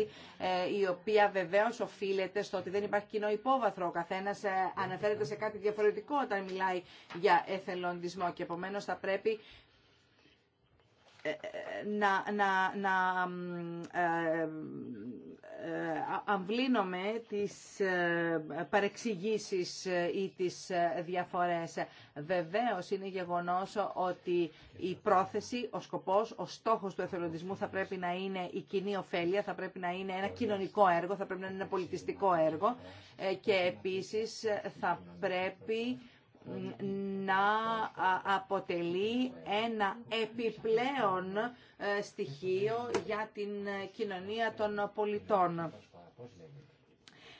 [SPEAKER 2] η οποία βεβαίω οφείλεται στο ότι δεν υπάρχει κοινό υπόβαθρο. Ο καθένα αναφέρεται σε κάτι διαφορετικό όταν μιλάει για εθελοντισμό και επομένω θα πρέπει να, να, να ε, ε αμβλύνομαι τις ε, παρεξηγήσεις ε, ή τις ε, διαφορές. Βεβαίως είναι γεγονός ότι η πρόθεση, ο σκοπός, ο στόχος του εθελοντισμού θα πρέπει να είναι η κοινή ωφέλεια, θα πρέπει να είναι ένα κοινωνικό έργο, θα πρέπει να είναι ένα πολιτιστικό έργο και επίσης θα πρέπει να αποτελεί ένα επιπλέον ε, στοιχείο για την ε, κοινωνία των πολιτών.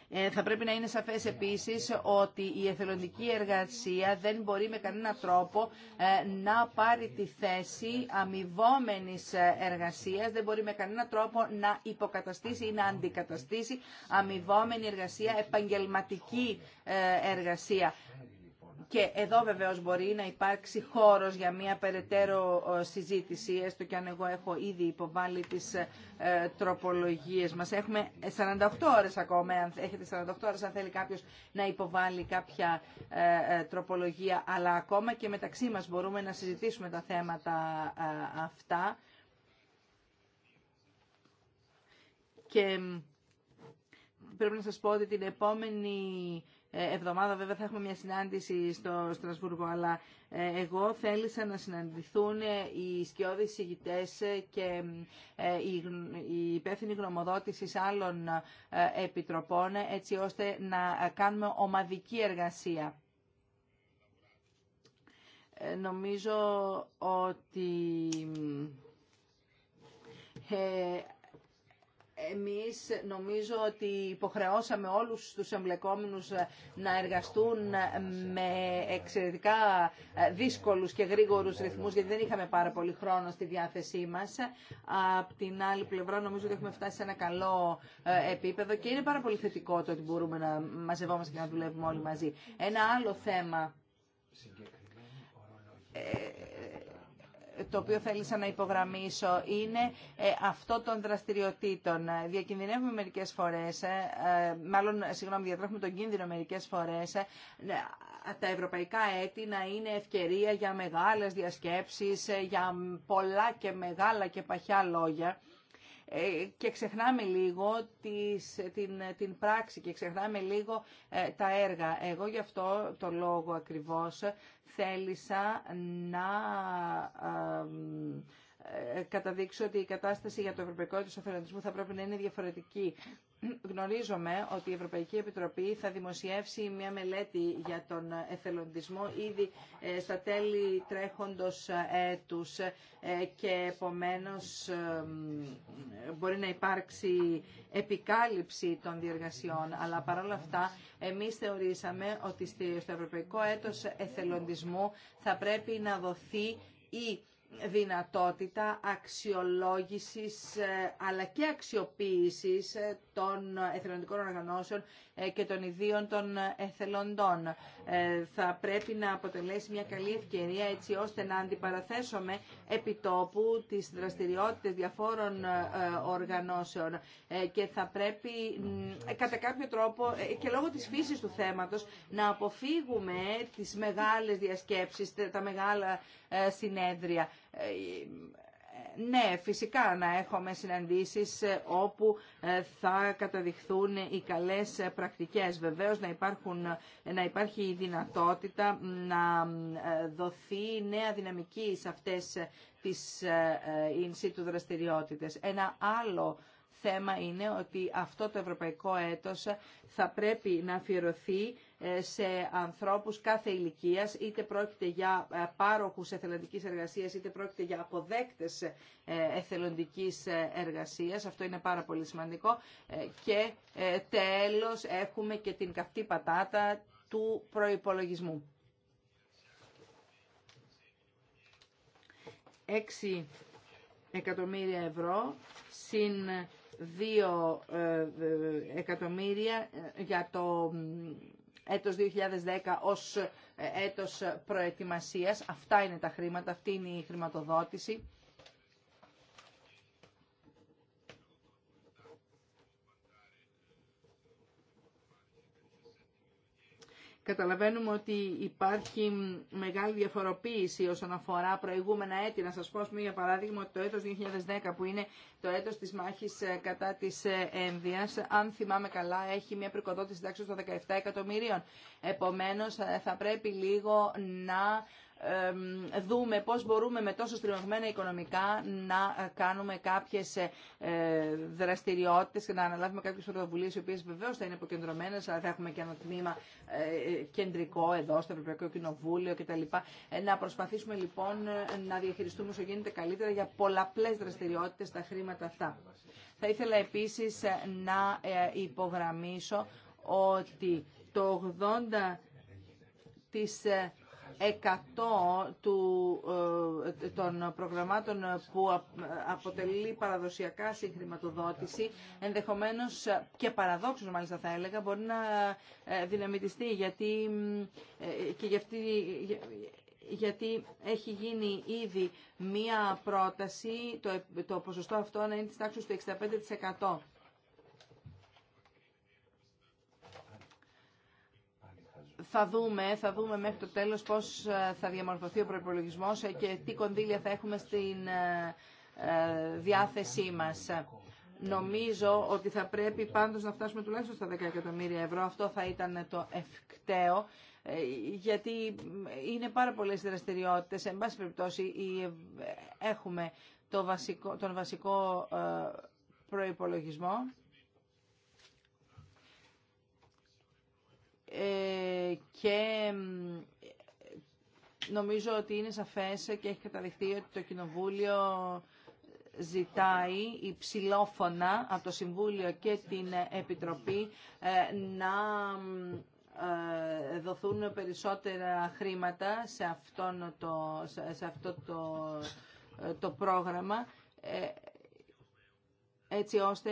[SPEAKER 2] Ε, θα πρέπει να είναι σαφές επίσης ότι η εθελοντική εργασία δεν μπορεί με κανένα τρόπο να πάρει τη θέση αμοιβόμενης εργασίας, δεν μπορεί με κανένα τρόπο να υποκαταστήσει ή να αντικαταστήσει αμοιβόμενη εργασία, επαγγελματική εργασία. Και εδώ βεβαίως μπορεί να υπάρξει χώρος για μια περαιτέρω ε, συζήτηση, έστω και αν εγώ έχω ήδη υποβάλει τις ε, τροπολογίες μας. Έχουμε 48 ώρες ακόμα, αν έχετε 48 ώρε αν θέλει κάποιο να υποβάλει κάποια ε, ε, τροπολογία, αλλά ακόμα και μεταξύ μα μπορούμε να συζητήσουμε τα θέματα αυτά. Και πρέπει να σας πω ότι την επόμενη ε, εβδομάδα βέβαια θα έχουμε μια συνάντηση στο Στρασβούργο, αλλά ε, εγώ θέλησα να συναντηθούν ε, οι σκιώδεις ηγητές και η υπεύθυνοι γνωμοδότησης άλλων επιτροπών, έτσι ώστε να κάνουμε ομαδική εργασία. Νομίζω ότι εμείς νομίζω ότι υποχρεώσαμε όλους τους εμπλεκόμενους ε, να εργαστούν ε, με εξαιρετικά ε, δύσκολους και γρήγορους ρυθμούς, γιατί δεν είχαμε πάρα πολύ χρόνο στη διάθεσή μας. Απ' την άλλη πλευρά νομίζω ότι έχουμε φτάσει σε ένα καλό επίπεδο και είναι πάρα πολύ θετικό το ότι μπορούμε να μαζευόμαστε και να δουλεύουμε όλοι μαζί. Ένα άλλο θέμα το οποίο θέλησα να υπογραμμίσω είναι ε, αυτό των δραστηριοτήτων. Διακινδυνεύουμε μερικές φορές, ε, ε, μάλλον, συγγνώμη, διατρέχουμε τον κίνδυνο μερικές φορές, τα ευρωπαϊκά έτη να είναι ευκαιρία για μεγάλες διασκέψεις, για πολλά και μεγάλα και παχιά λόγια. Ε, και ξεχνάμε λίγο τις, την, την πράξη και ξεχνάμε λίγο ε, τα έργα. Εγώ γι' αυτό το λόγο ακριβώς θέλησα να ε, ε, καταδείξω ότι η κατάσταση για το ευρωπαϊκό του εθελοντισμού θα πρέπει να είναι διαφορετική. Γνωρίζομαι ότι η Ευρωπαϊκή Επιτροπή θα δημοσιεύσει μια μελέτη για τον εθελοντισμό ήδη ε, στα τέλη τρέχοντος έτους ε, και επομένως μπορεί να υπάρξει επικάλυψη των διεργασιών. Αλλά παρόλα αυτά εμείς θεωρήσαμε ότι στο Ευρωπαϊκό Έτος Εθελοντισμού θα πρέπει να δοθεί η δυνατότητα αξιολόγησης ε, αλλά και αξιοποίησης ε, των εθελοντικών οργανώσεων ε, και των ιδίων των ε, εθελοντών. Ε, θα πρέπει να αποτελέσει μια καλή ευκαιρία έτσι ώστε να αντιπαραθέσουμε επιτόπου τις δραστηριότητες διαφόρων οργανώσεων και θα πρέπει κατά κάποιο τρόπο και λόγω της φύσης του θέματος να αποφύγουμε τις μεγάλες διασκέψεις, τα μεγάλα συνέδρια ναι, φυσικά να έχουμε συναντήσεις ε, όπου ε, θα καταδειχθούν οι καλές ε, πρακτικές. Βεβαίως να, υπάρχουν, να υπάρχει η δυνατότητα να δοθεί νέα δυναμική σε αυτές της ινσίτου του δραστηριότητες. Ένα άλλο θέμα είναι ότι αυτό το ευρωπαϊκό έτος θα πρέπει να αφιερωθεί ε, σε ανθρώπους κάθε ηλικίας, είτε πρόκειται για ε, πάροχους εθελοντικής εργασίας, είτε πρόκειται για αποδέκτες ε, εθελοντικής εργασίας. Αυτό είναι πάρα πολύ σημαντικό. Και τέλος έχουμε και την καυτή πατάτα του προϋπολογισμού. 6 εκατομμύρια ευρώ συν 2 ε, ε, εκατομμύρια ε, για το έτος 2010 ως έτος προετοιμασίας. Αυτά είναι τα χρήματα, αυτή είναι η χρηματοδότηση. Καταλαβαίνουμε ότι υπάρχει μεγάλη διαφοροποίηση όσον αφορά προηγούμενα έτη. Να σας πω, για παράδειγμα, ότι το έτος 2010, που είναι το έτος της μάχης ε, κατά της ε, Ένδειας, αν θυμάμαι καλά, έχει μια προκοδότηση τάξης των 17 εκατομμυρίων. Επομένως, ε, θα πρέπει λίγο να δούμε πώς μπορούμε με τόσο στριμωγμένα οικονομικά να ε, κάνουμε κάποιες ε, ε, δραστηριότητες και να αναλάβουμε κάποιες πρωτοβουλίες οι οποίες βεβαίως θα είναι αποκεντρωμένες αλλά θα έχουμε και ένα τμήμα κεντρικό εδώ στο Ευρωπαϊκό Κοινοβούλιο κτλ. Να προσπαθήσουμε λοιπόν να διαχειριστούμε όσο γίνεται καλύτερα για πολλαπλές δραστηριότητες τα χρήματα αυτά. Θα ήθελα επίσης να υπογραμμίσω ότι το 80% της 100 ε, των προγραμμάτων που αποτελεί παραδοσιακά συγχρηματοδότηση, ενδεχομένως και παραδόξως μάλιστα θα έλεγα, μπορεί να ε, δυναμητιστεί γιατί, ε, και για γιατί έχει γίνει ήδη μία πρόταση το, το ποσοστό αυτό να είναι της τάξης του 65%. θα δούμε, θα δούμε μέχρι το τέλος πώς ε, θα διαμορφωθεί ο προπολογισμό ε, και τι κονδύλια θα έχουμε στην ε, διάθεσή μας. Νομίζω ότι θα πρέπει πάντως να φτάσουμε τουλάχιστον στα 10 εκατομμύρια ευρώ. Αυτό θα ήταν το ευκταίο, γιατί είναι πάρα πολλές δραστηριότητες. Εν πάση περιπτώσει, έχουμε το βασικό, τον βασικό προϋπολογισμό Ε, και νομίζω ότι είναι σαφές και έχει καταδειχθεί ότι το Κοινοβούλιο ζητάει υψηλόφωνα από το Συμβούλιο και την Επιτροπή ε, να ε, δοθούν περισσότερα χρήματα σε, το, σε αυτό το, το πρόγραμμα έτσι ώστε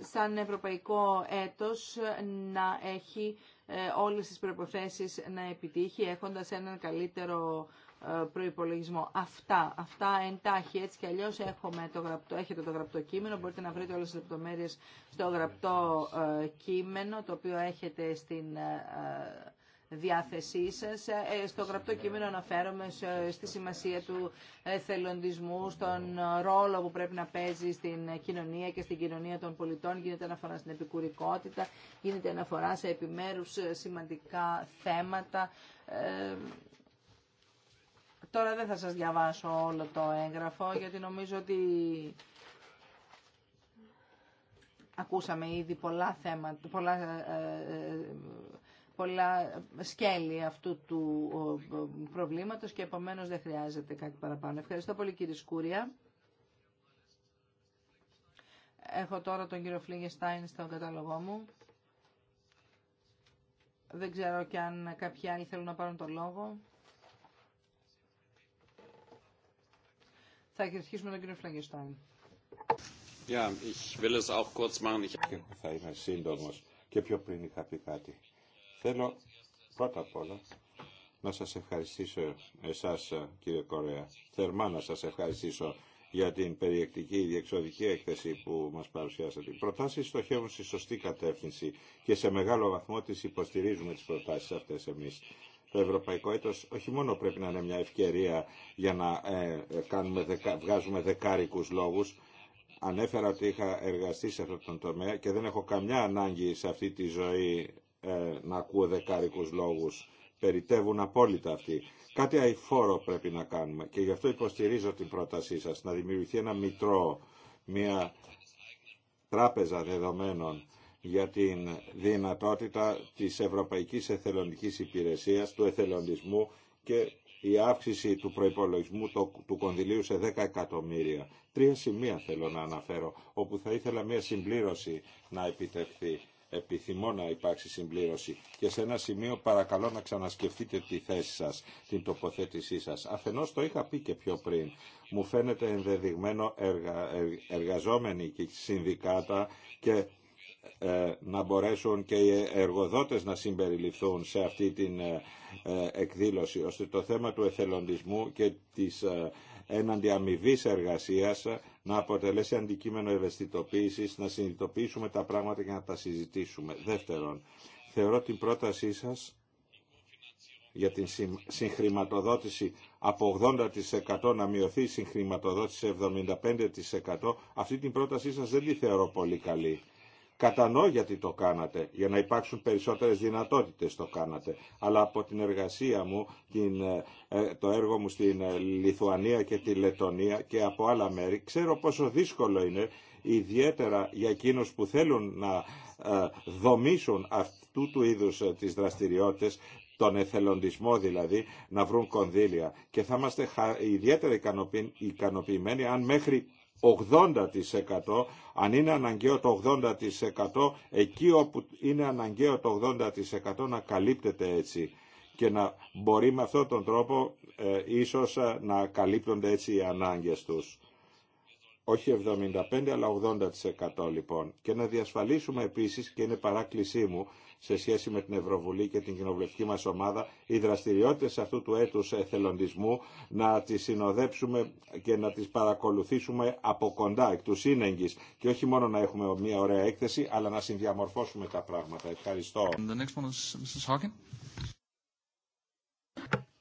[SPEAKER 2] σαν ευρωπαϊκό έτος να έχει ε, όλες τις προϋποθέσεις να επιτύχει έχοντας έναν καλύτερο ε, προϋπολογισμό. Αυτά, αυτά εντάχει έτσι κι αλλιώς έχουμε το γραπτό, έχετε το γραπτό κείμενο, μπορείτε να βρείτε όλες τις λεπτομέρειες στο γραπτό ε, κείμενο το οποίο έχετε στην διάθεσή σας. Ε, στο γραπτό κείμενο αναφέρομαι στη σημασία του εθελοντισμού, στον ρόλο που πρέπει να παίζει στην κοινωνία και στην κοινωνία των πολιτών. Γίνεται αναφορά στην επικουρικότητα, γίνεται αναφορά σε επιμέρους ε, σημαντικά θέματα. Ε, τώρα δεν θα σας διαβάσω όλο το έγγραφο, γιατί νομίζω ότι ακούσαμε ήδη πολλά θέματα, πολλά πολλά σκέλη αυτού του προβλήματος και επομένως δεν χρειάζεται κάτι παραπάνω. Ευχαριστώ πολύ κύριε Σκούρια. Έχω τώρα τον κύριο Φλίγεστάιν στον κατάλογό μου. Δεν ξέρω και αν κάποιοι άλλοι θέλουν να πάρουν το λόγο. Θα αρχίσουμε τον κύριο Φλιγεστάιν.
[SPEAKER 4] Θα είμαι σύντομο και πιο πριν είχα πει κάτι. Θέλω πρώτα απ' όλα να σας ευχαριστήσω εσάς κύριε Κορέα. Θερμά να σας ευχαριστήσω για την περιεκτική διεξοδική έκθεση που μας παρουσιάσατε. Οι προτάσεις στοχεύουν στη σωστή κατεύθυνση και σε μεγάλο βαθμό τις υποστηρίζουμε τις προτάσεις αυτές εμείς. Το Ευρωπαϊκό Έτος όχι μόνο πρέπει να είναι μια ευκαιρία για να ε, ε κάνουμε δεκα, βγάζουμε δεκάρικους λόγους, Ανέφερα ότι είχα εργαστεί σε αυτόν τον τομέα και δεν έχω καμιά ανάγκη σε αυτή τη ζωή ε, να ακούω δεκάρικους λόγους. Περιτεύουν απόλυτα αυτοί. Κάτι αηφόρο πρέπει να κάνουμε και γι' αυτό υποστηρίζω την πρότασή σας να δημιουργηθεί ένα μητρό, μια τράπεζα δεδομένων για την δυνατότητα της Ευρωπαϊκής Εθελοντικής Υπηρεσίας, του εθελοντισμού και η αύξηση του προϋπολογισμού του κονδυλίου σε 10 εκατομμύρια. Τρία σημεία θέλω να αναφέρω, όπου θα ήθελα μια συμπλήρωση να επιτευχθεί επιθυμώ να υπάρξει συμπλήρωση. Και σε ένα σημείο παρακαλώ να ξανασκεφτείτε τη θέση σας, την τοποθέτησή σας. Αφενός το είχα πει και πιο πριν. Μου φαίνεται ενδεδειγμένο εργα... εργαζόμενοι και συνδικάτα και ε, να μπορέσουν και οι εργοδότες να συμπεριληφθούν σε αυτή την ε, ε, εκδήλωση, ώστε το θέμα του εθελοντισμού και της έναντι αμοιβή εργασίας να αποτελέσει αντικείμενο ευαισθητοποίηση, να συνειδητοποιήσουμε τα πράγματα και να τα συζητήσουμε. Δεύτερον, θεωρώ την πρότασή σα για την συγχρηματοδότηση από 80% να μειωθεί η συγχρηματοδότηση σε 75%. Αυτή την πρότασή σας δεν τη θεωρώ πολύ καλή. Κατανοώ γιατί το κάνατε, για να υπάρξουν περισσότερες δυνατότητες το κάνατε. Αλλά από την εργασία μου, ε, ε, το έργο μου στην ε, Λιθουανία και τη Λετωνία και από άλλα μέρη, ξέρω πόσο δύσκολο είναι, ιδιαίτερα για εκείνους που θέλουν να δομήσουν αυτού του είδους τις δραστηριότητες, τον εθελοντισμό δηλαδή, να βρουν κονδύλια. Και θα είμαστε ιδιαίτερα ικανοποιημένοι αν μέχρι 80% αν είναι αναγκαίο το 80% εκεί όπου είναι αναγκαίο το 80% να καλύπτεται έτσι και να μπορεί με αυτόν τον τρόπο ε, ίσως ε, να καλύπτονται έτσι οι ανάγκες τους όχι 75 αλλά 80% λοιπόν. Και να διασφαλίσουμε επίσης, και είναι παράκλησή μου σε σχέση με την Ευρωβουλή και την κοινοβουλευτική μας ομάδα, οι δραστηριότητες αυτού του έτους εθελοντισμού να τις συνοδέψουμε και να τις παρακολουθήσουμε από κοντά, εκ του σύνεγγυς. Και όχι μόνο να έχουμε μια ωραία έκθεση, αλλά να συνδιαμορφώσουμε τα πράγματα. Ευχαριστώ.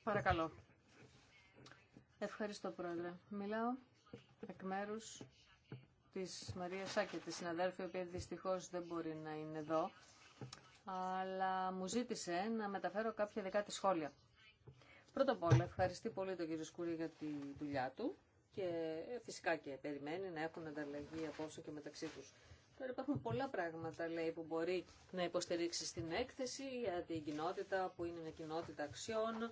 [SPEAKER 3] Παρακαλώ. Ευχαριστώ, Πρόεδρε. Μιλάω εκ μέρου της Μαρία Σάκη, τη συναδέλφη, η οποία δυστυχώς δεν μπορεί να είναι εδώ, αλλά μου ζήτησε να μεταφέρω κάποια δικά σχόλια. Πρώτα απ' όλα, ευχαριστεί πολύ τον κύριο Σκούρη για τη δουλειά του και φυσικά και περιμένει να έχουν ανταλλαγή απόψε και μεταξύ τους. Τώρα υπάρχουν πολλά πράγματα λέει, που μπορεί να υποστηρίξει στην έκθεση για την κοινότητα που είναι μια κοινότητα αξιών,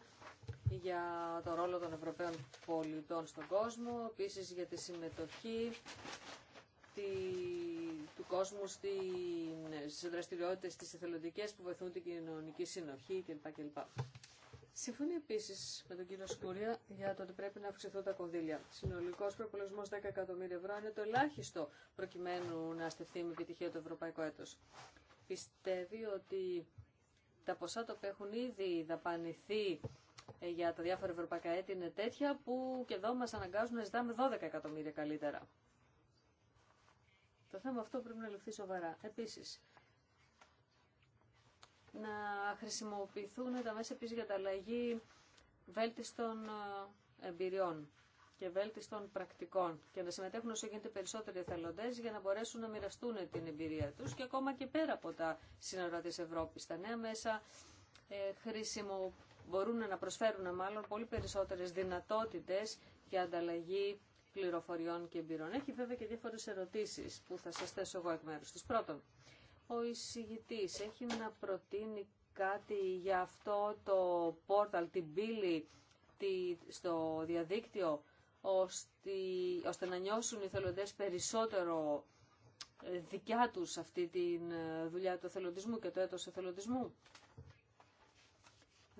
[SPEAKER 3] για το ρόλο των Ευρωπαίων πολιτών στον κόσμο, επίσης για τη συμμετοχή τη, του κόσμου στις δραστηριότητες, στις εθελοντικές που βοηθούν την κοινωνική συνοχή κλπ. Συμφωνεί επίση με τον κύριο Σκούρια για το ότι πρέπει να αυξηθούν τα κονδύλια. Συνολικό προπολογισμό 10 εκατομμύρια ευρώ είναι το ελάχιστο προκειμένου να στεφθεί με επιτυχία το ευρωπαϊκό έτο. Πιστεύει ότι τα ποσά τα οποία έχουν ήδη δαπανηθεί ε, για τα διάφορα ευρωπαϊκά έτη είναι τέτοια που και εδώ μα αναγκάζουν να ζητάμε 12 εκατομμύρια καλύτερα. Το θέμα αυτό πρέπει να ληφθεί σοβαρά. Επίση, να χρησιμοποιηθούν τα μέσα επίσης για τα αλλαγή βέλτιστων ε, εμπειριών και βέλτιστων πρακτικών και να συμμετέχουν όσο γίνεται περισσότεροι εθελοντές για να μπορέσουν να μοιραστούν την εμπειρία τους και ακόμα και πέρα από τα σύνορα τη Ευρώπη. Τα νέα μέσα ε, χρήσιμο μπορούν να προσφέρουν μάλλον πολύ περισσότερες δυνατότητε για ανταλλαγή πληροφοριών και εμπειρών. Έχει βέβαια και διάφορε ερωτήσεις που θα σας θέσω εγώ εκ μέρου τη. Πρώτον, ο εισηγητής έχει να προτείνει κάτι για αυτό το πόρταλ, την πύλη τη, στο διαδίκτυο, ώστε, να νιώσουν οι θελοντές περισσότερο ε, δικιά τους αυτή τη ε, δουλειά του θελοντισμού και το έτος θελοντισμού.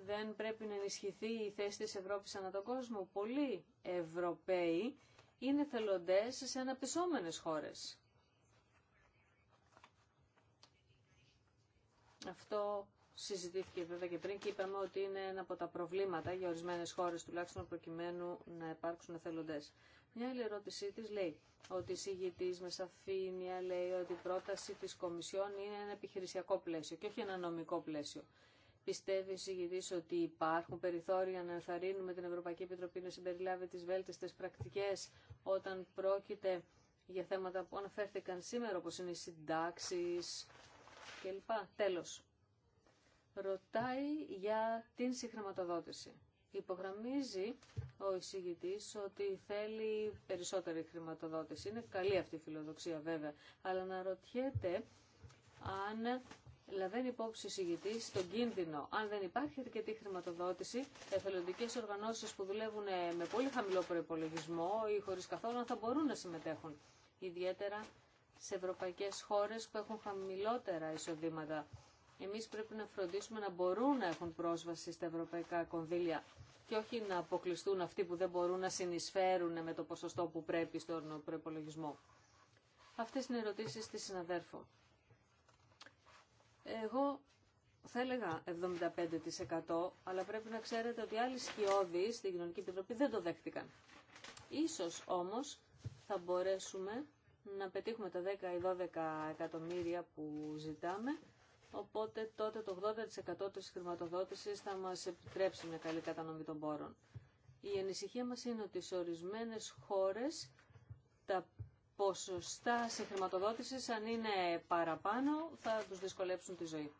[SPEAKER 3] Δεν πρέπει να ενισχυθεί η θέση της Ευρώπης ανά τον κόσμο. Πολλοί Ευρωπαίοι είναι θελοντές σε αναπτυσσόμενες χώρες. Αυτό συζητήθηκε βέβαια και πριν και είπαμε ότι είναι ένα από τα προβλήματα για ορισμένες χώρες τουλάχιστον προκειμένου να υπάρξουν εθελοντές. Μια άλλη ερώτησή της λέει ότι η συγγητής με σαφήνεια λέει ότι η πρόταση της Κομισιόν είναι ένα επιχειρησιακό πλαίσιο και όχι ένα νομικό πλαίσιο. Πιστεύει η συγγητή ότι υπάρχουν περιθώρια να ενθαρρύνουμε την Ευρωπαϊκή Επιτροπή να συμπεριλάβει τις βέλτιστες πρακτικές όταν πρόκειται για θέματα που αναφέρθηκαν σήμερα όπω είναι οι συντάξει κλπ. Τέλος. Ρωτάει για την συγχρηματοδότηση. Υπογραμμίζει ο εισηγητής ότι θέλει περισσότερη χρηματοδότηση. Είναι καλή αυτή η φιλοδοξία βέβαια, αλλά να ρωτιέται αν λαβαίνει υπόψη εισηγητή στον κίνδυνο. Αν δεν υπάρχει αρκετή χρηματοδότηση, εθελοντικέ οργανώσει που δουλεύουν με πολύ χαμηλό προπολογισμό ή χωρί καθόλου θα μπορούν να συμμετέχουν. Ιδιαίτερα σε ευρωπαϊκές χώρες που έχουν χαμηλότερα εισοδήματα. Εμείς πρέπει να φροντίσουμε να μπορούν να έχουν πρόσβαση στα ευρωπαϊκά κονδύλια και όχι να αποκλειστούν αυτοί που δεν μπορούν να συνεισφέρουν με το ποσοστό που πρέπει στον προπολογισμό. Αυτές είναι οι ερωτήσεις της συναδέρφου. Εγώ θα έλεγα 75% αλλά πρέπει να ξέρετε ότι άλλοι σκιώδεις στην Κοινωνική Επιτροπή δεν το δέχτηκαν. Ίσως όμως θα μπορέσουμε να πετύχουμε τα 10 ή 12 εκατομμύρια που ζητάμε, οπότε τότε το 80% της χρηματοδότησης θα μας επιτρέψει μια καλή κατανομή των πόρων. Η ανησυχία μας είναι ότι σε ορισμένες χώρες τα ποσοστά σε χρηματοδότηση, αν είναι παραπάνω, θα τους δυσκολέψουν τη ζωή.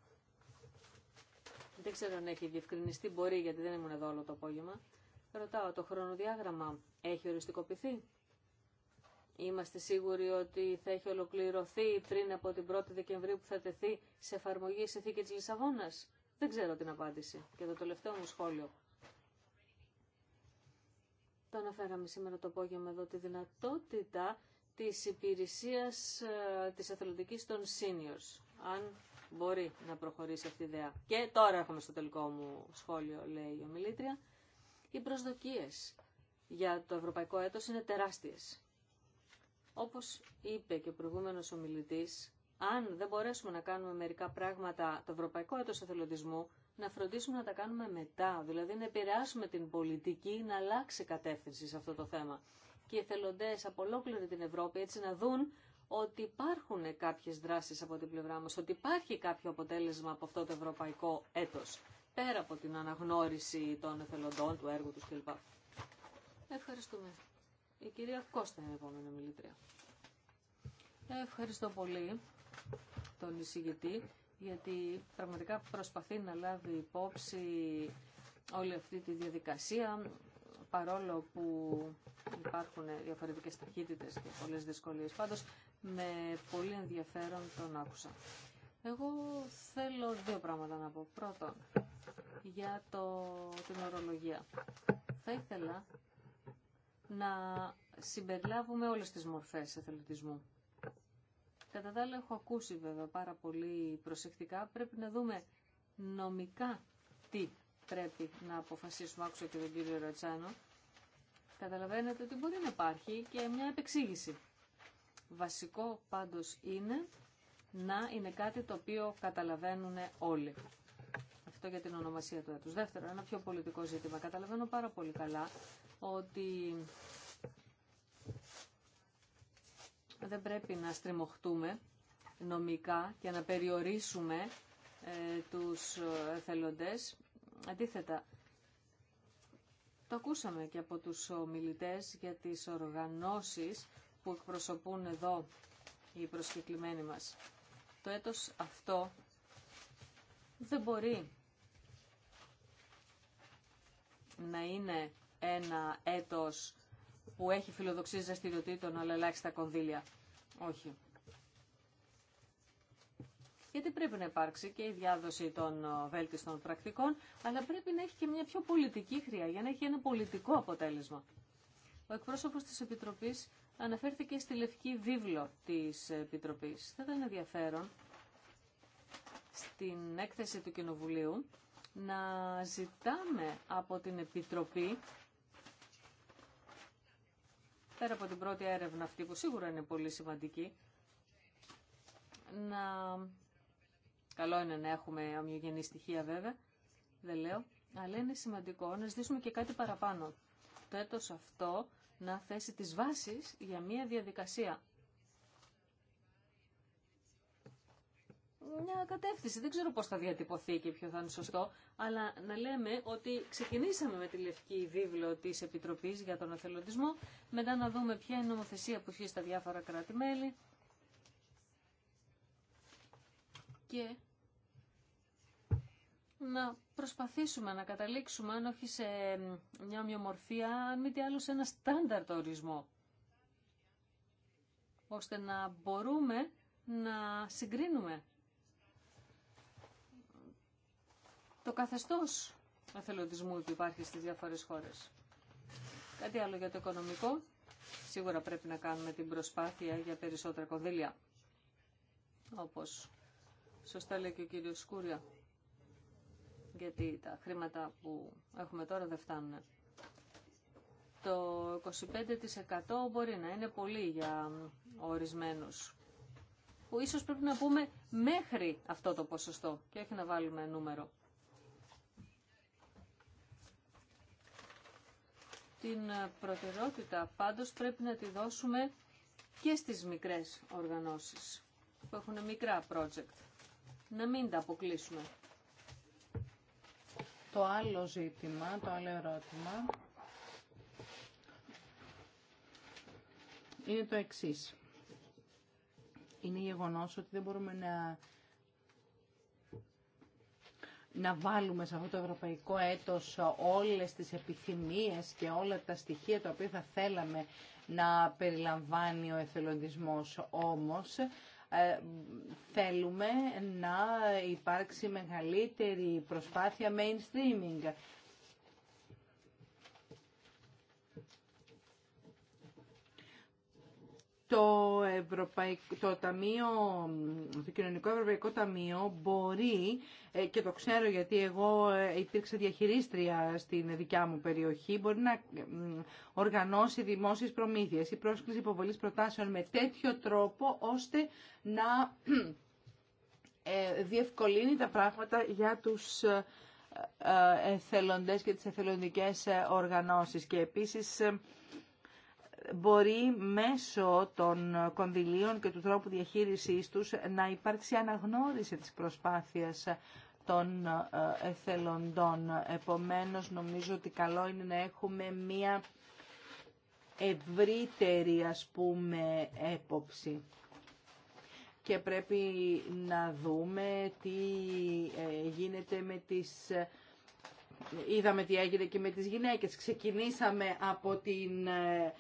[SPEAKER 3] Δεν ξέρω αν έχει διευκρινιστεί, μπορεί, γιατί δεν ήμουν εδώ όλο το απόγευμα. Ρωτάω, το χρονοδιάγραμμα έχει οριστικοποιηθεί Είμαστε σίγουροι ότι θα έχει ολοκληρωθεί πριν από την 1η Δεκεμβρίου που θα τεθεί σε εφαρμογή η συνθήκη της Λισαβόνας. Δεν ξέρω την απάντηση. Και το τελευταίο μου σχόλιο. Το αναφέραμε σήμερα το απόγευμα εδώ τη δυνατότητα της υπηρεσίας ε, της εθελοντικής των seniors. Αν μπορεί να προχωρήσει αυτή η ιδέα. Και τώρα έρχομαι στο τελικό μου σχόλιο, λέει η ομιλήτρια. Οι προσδοκίες για το ευρωπαϊκό έτος είναι τεράστιες. Όπως είπε και ο προηγούμενος ομιλητής, αν δεν μπορέσουμε να κάνουμε μερικά πράγματα το Ευρωπαϊκό Έτος Εθελοντισμού, να φροντίσουμε να τα κάνουμε μετά, δηλαδή να επηρεάσουμε την πολιτική να αλλάξει κατεύθυνση σε αυτό το θέμα. Και οι εθελοντές από ολόκληρη την Ευρώπη έτσι να δουν ότι υπάρχουν κάποιες δράσεις από την πλευρά μας, ότι υπάρχει κάποιο αποτέλεσμα από αυτό το ευρωπαϊκό έτος, πέρα από την αναγνώριση των εθελοντών, του έργου τους κλπ. Ευχαριστούμε. Η κυρία Κώστα είναι η επόμενη μιλήτρια. Ευχαριστώ πολύ τον εισηγητή γιατί πραγματικά προσπαθεί να λάβει υπόψη όλη αυτή τη διαδικασία παρόλο που υπάρχουν διαφορετικές ταχύτητες και πολλές δυσκολίες. Πάντως με πολύ ενδιαφέρον τον άκουσα. Εγώ θέλω δύο πράγματα να πω. Πρώτον, για το, την ορολογία. Θα ήθελα να συμπεριλάβουμε όλες τις μορφές εθελοντισμού. Κατά τα άλλα έχω ακούσει βέβαια πάρα πολύ προσεκτικά. Πρέπει να δούμε νομικά τι πρέπει να αποφασίσουμε. Άκουσα και τον κύριο Ρατσάνο. Καταλαβαίνετε ότι μπορεί να υπάρχει και μια επεξήγηση. Βασικό πάντως είναι να είναι κάτι το οποίο καταλαβαίνουν όλοι. Αυτό για την ονομασία του έτους. Δεύτερο, ένα πιο πολιτικό ζήτημα. Καταλαβαίνω πάρα πολύ καλά ότι δεν πρέπει να στριμωχτούμε νομικά και να περιορίσουμε ε, τους ε, εθελοντές. Αντίθετα, το ακούσαμε και από τους ομιλητές για τις οργανώσεις που εκπροσωπούν εδώ οι προσκεκλημένοι μας. Το έτος αυτό δεν μπορεί να είναι ένα έτος που έχει φιλοδοξίες δραστηριοτήτων αλλά ελάχιστα κονδύλια. Όχι. Γιατί πρέπει να υπάρξει και η διάδοση των ε, βέλτιστων πρακτικών, αλλά πρέπει να έχει και μια πιο πολιτική χρειά για να έχει ένα πολιτικό αποτέλεσμα. Ο εκπρόσωπος της Επιτροπής αναφέρθηκε στη λευκή βίβλο της Επιτροπής. Θα ήταν ενδιαφέρον στην έκθεση του Κοινοβουλίου να ζητάμε από την Επιτροπή πέρα από την πρώτη έρευνα αυτή που σίγουρα είναι πολύ σημαντική, να... Καλό είναι να έχουμε ομοιογενή στοιχεία βέβαια, δεν λέω, αλλά είναι σημαντικό να ζητήσουμε και κάτι παραπάνω. Το έτος αυτό να θέσει τις βάσεις για μια διαδικασία μια κατεύθυνση. Δεν ξέρω πώς θα διατυπωθεί και ποιο θα είναι σωστό, αλλά να λέμε ότι ξεκινήσαμε με τη λευκή βίβλο της Επιτροπής για τον Αθελοντισμό, μετά να δούμε ποια είναι η νομοθεσία που έχει στα διάφορα κράτη-μέλη και να προσπαθήσουμε να καταλήξουμε, αν όχι σε μια ομοιομορφία, αν μη τι άλλο σε ένα στάνταρτο ορισμό, ώστε να μπορούμε να συγκρίνουμε το καθεστώς εθελοντισμού που υπάρχει στις διάφορες χώρες. Κάτι άλλο για το οικονομικό. Σίγουρα πρέπει να κάνουμε την προσπάθεια για περισσότερα κονδύλια. Όπως σωστά λέει και ο κύριος Σκούρια. Γιατί τα χρήματα που έχουμε τώρα δεν φτάνουν. Το 25% μπορεί να είναι πολύ για ορισμένους. Που ίσως πρέπει να πούμε μέχρι αυτό το ποσοστό και όχι να βάλουμε νούμερο. την ε, προτεραιότητα πάντως πρέπει να τη δώσουμε και στις μικρές οργανώσεις που έχουν μικρά project. Να μην τα αποκλείσουμε.
[SPEAKER 2] Το άλλο ζήτημα, το άλλο ερώτημα είναι το εξής. Είναι γεγονός ότι δεν μπορούμε να να βάλουμε σε αυτό το ευρωπαϊκό έτος όλες τις επιθυμίες και όλα τα στοιχεία τα οποία θα θέλαμε να περιλαμβάνει ο εθελοντισμός όμως ε, θέλουμε να υπάρξει μεγαλύτερη προσπάθεια mainstreaming το, Ευρωπαϊκό, το, ταμείο, το Κοινωνικό Ευρωπαϊκό Ταμείο μπορεί, ε, και το ξέρω γιατί εγώ ε, υπήρξα διαχειρίστρια στην δικιά μου περιοχή, μπορεί να οργανώσει δημόσιες προμήθειες ή πρόσκληση υποβολής προτάσεων με τέτοιο τρόπο ώστε να ε, διευκολύνει τα πράγματα για τους εθελοντές και τις εθελοντικές οργανώσεις. Και επίσης μπορεί μέσω των κονδυλίων και του τρόπου διαχείρισής τους να υπάρξει αναγνώριση της προσπάθειας των ε, εθελοντών. Επομένως, νομίζω ότι καλό είναι να έχουμε μία ευρύτερη, ας πούμε, έποψη. Και πρέπει να δούμε τι ε, γίνεται με τις ε, είδαμε τι έγινε και με τις γυναίκες. Ξεκινήσαμε από την ε,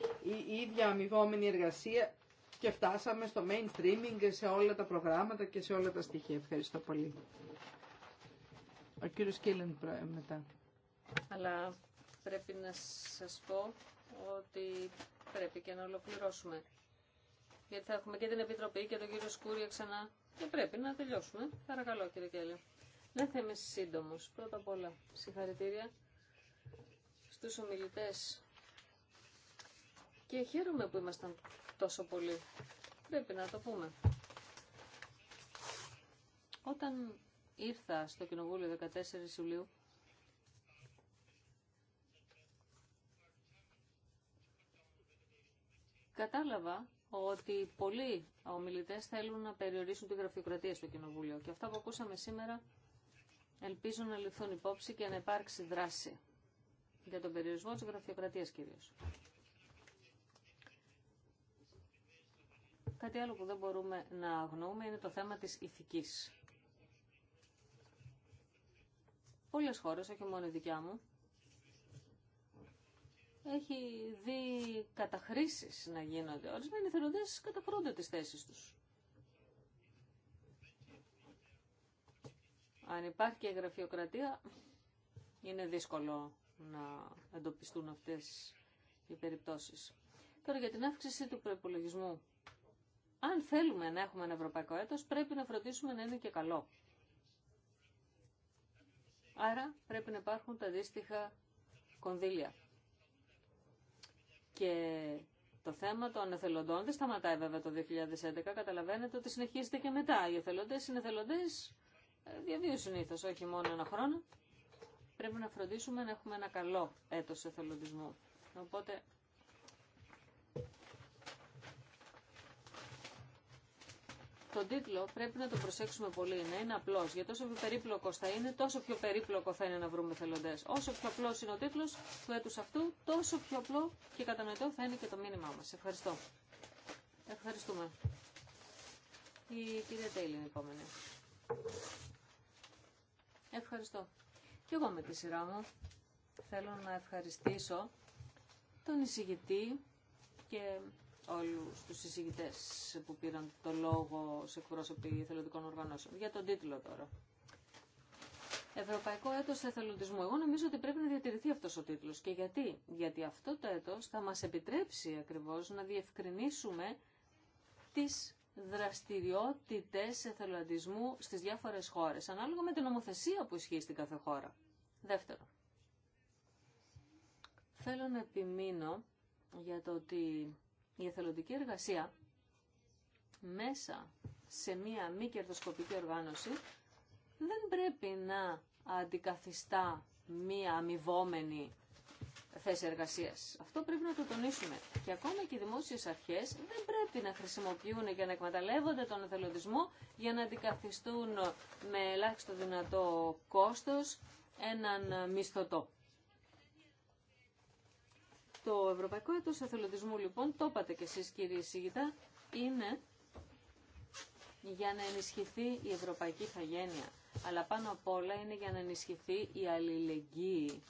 [SPEAKER 2] ίδια αμοιβόμενη εργασία και φτάσαμε στο mainstreaming σε όλα τα προγράμματα και σε όλα τα στοιχεία. Ευχαριστώ πολύ. Ο κύριος Κίλεν ε, μετά.
[SPEAKER 3] Αλλά πρέπει να σας πω ότι πρέπει και να ολοκληρώσουμε. Γιατί θα έχουμε και την Επιτροπή και τον κύριο Σκούρια ξανά. Και πρέπει να τελειώσουμε. Παρακαλώ κύριε Κέλλη. Δεν θα είμαι σύντομο. Πρώτα απ' όλα, συγχαρητήρια στους ομιλητές. Και χαίρομαι που ήμασταν τόσο πολύ. Πρέπει να το πούμε. Όταν ήρθα στο Κοινοβούλιο 14 Ιουλίου, κατάλαβα ότι πολλοί ομιλητές θέλουν να περιορίσουν τη γραφειοκρατία στο Κοινοβούλιο. Και αυτά που ακούσαμε σήμερα ελπίζω να ληφθούν υπόψη και να υπάρξει δράση για τον περιορισμό της γραφειοκρατίας κυρίως. Κάτι άλλο που δεν μπορούμε να αγνοούμε είναι το θέμα της ηθικής. Πολλές χώρες, όχι μόνο η δικιά μου, έχει δει καταχρήσεις να γίνονται. Ορισμένοι θελοντές καταχρώνται τις θέσεις τους. Αν υπάρχει και γραφειοκρατία, είναι δύσκολο να εντοπιστούν αυτές οι περιπτώσεις. Τώρα για την αύξηση του προπολογισμού. Αν θέλουμε να έχουμε ένα ευρωπαϊκό έτος, πρέπει να φροντίσουμε να είναι και καλό. Άρα πρέπει να υπάρχουν τα αντίστοιχα κονδύλια. Και το θέμα των εθελοντών δεν σταματάει βέβαια το 2011. Καταλαβαίνετε ότι συνεχίζεται και μετά. Οι εθελοντές είναι εθελοντές Διαβίωση συνήθω, όχι μόνο ένα χρόνο. Πρέπει να φροντίσουμε να έχουμε ένα καλό έτος εθελοντισμού. Οπότε τον τίτλο πρέπει να το προσέξουμε πολύ, να είναι απλό. Για τόσο πιο περίπλοκο θα είναι, τόσο πιο περίπλοκο θα είναι να βρούμε θελοντές. Όσο πιο απλό είναι ο τίτλο του έτου αυτού, τόσο πιο απλό και κατανοητό θα είναι και το μήνυμά μα. Ευχαριστώ. Ευχαριστούμε. Η κυρία Τέιλιν, επόμενη. Ευχαριστώ. Και εγώ με τη σειρά μου θέλω να ευχαριστήσω τον εισηγητή και όλους τους εισηγητές που πήραν το λόγο σε εκπρόσωποι εθελοντικών οργανώσεων. Για τον τίτλο τώρα. Ευρωπαϊκό έτος εθελοντισμού. Εγώ νομίζω ότι πρέπει να διατηρηθεί αυτός ο τίτλος. Και γιατί. Γιατί αυτό το έτος θα μας επιτρέψει ακριβώς να διευκρινίσουμε τις δραστηριότητες εθελοντισμού στις διάφορες χώρες, ανάλογα με την νομοθεσία που ισχύει στην κάθε χώρα. Δεύτερο, θέλω να επιμείνω για το ότι η εθελοντική εργασία μέσα σε μία μη κερδοσκοπική οργάνωση δεν πρέπει να αντικαθιστά μία αμοιβόμενη θέση εργασίας. Αυτό πρέπει να το τονίσουμε. Και ακόμα και οι δημόσιες αρχές δεν πρέπει να χρησιμοποιούν και να εκμεταλλεύονται τον εθελοντισμό για να αντικαθιστούν με ελάχιστο δυνατό κόστος έναν μισθωτό. Το Ευρωπαϊκό Έτος Εθελοντισμού, λοιπόν, το είπατε και εσείς κύριε Σίγητα, είναι για να ενισχυθεί η ευρωπαϊκή ηθαγένεια. Αλλά πάνω απ' όλα είναι για να ενισχυθεί η αλληλεγγύη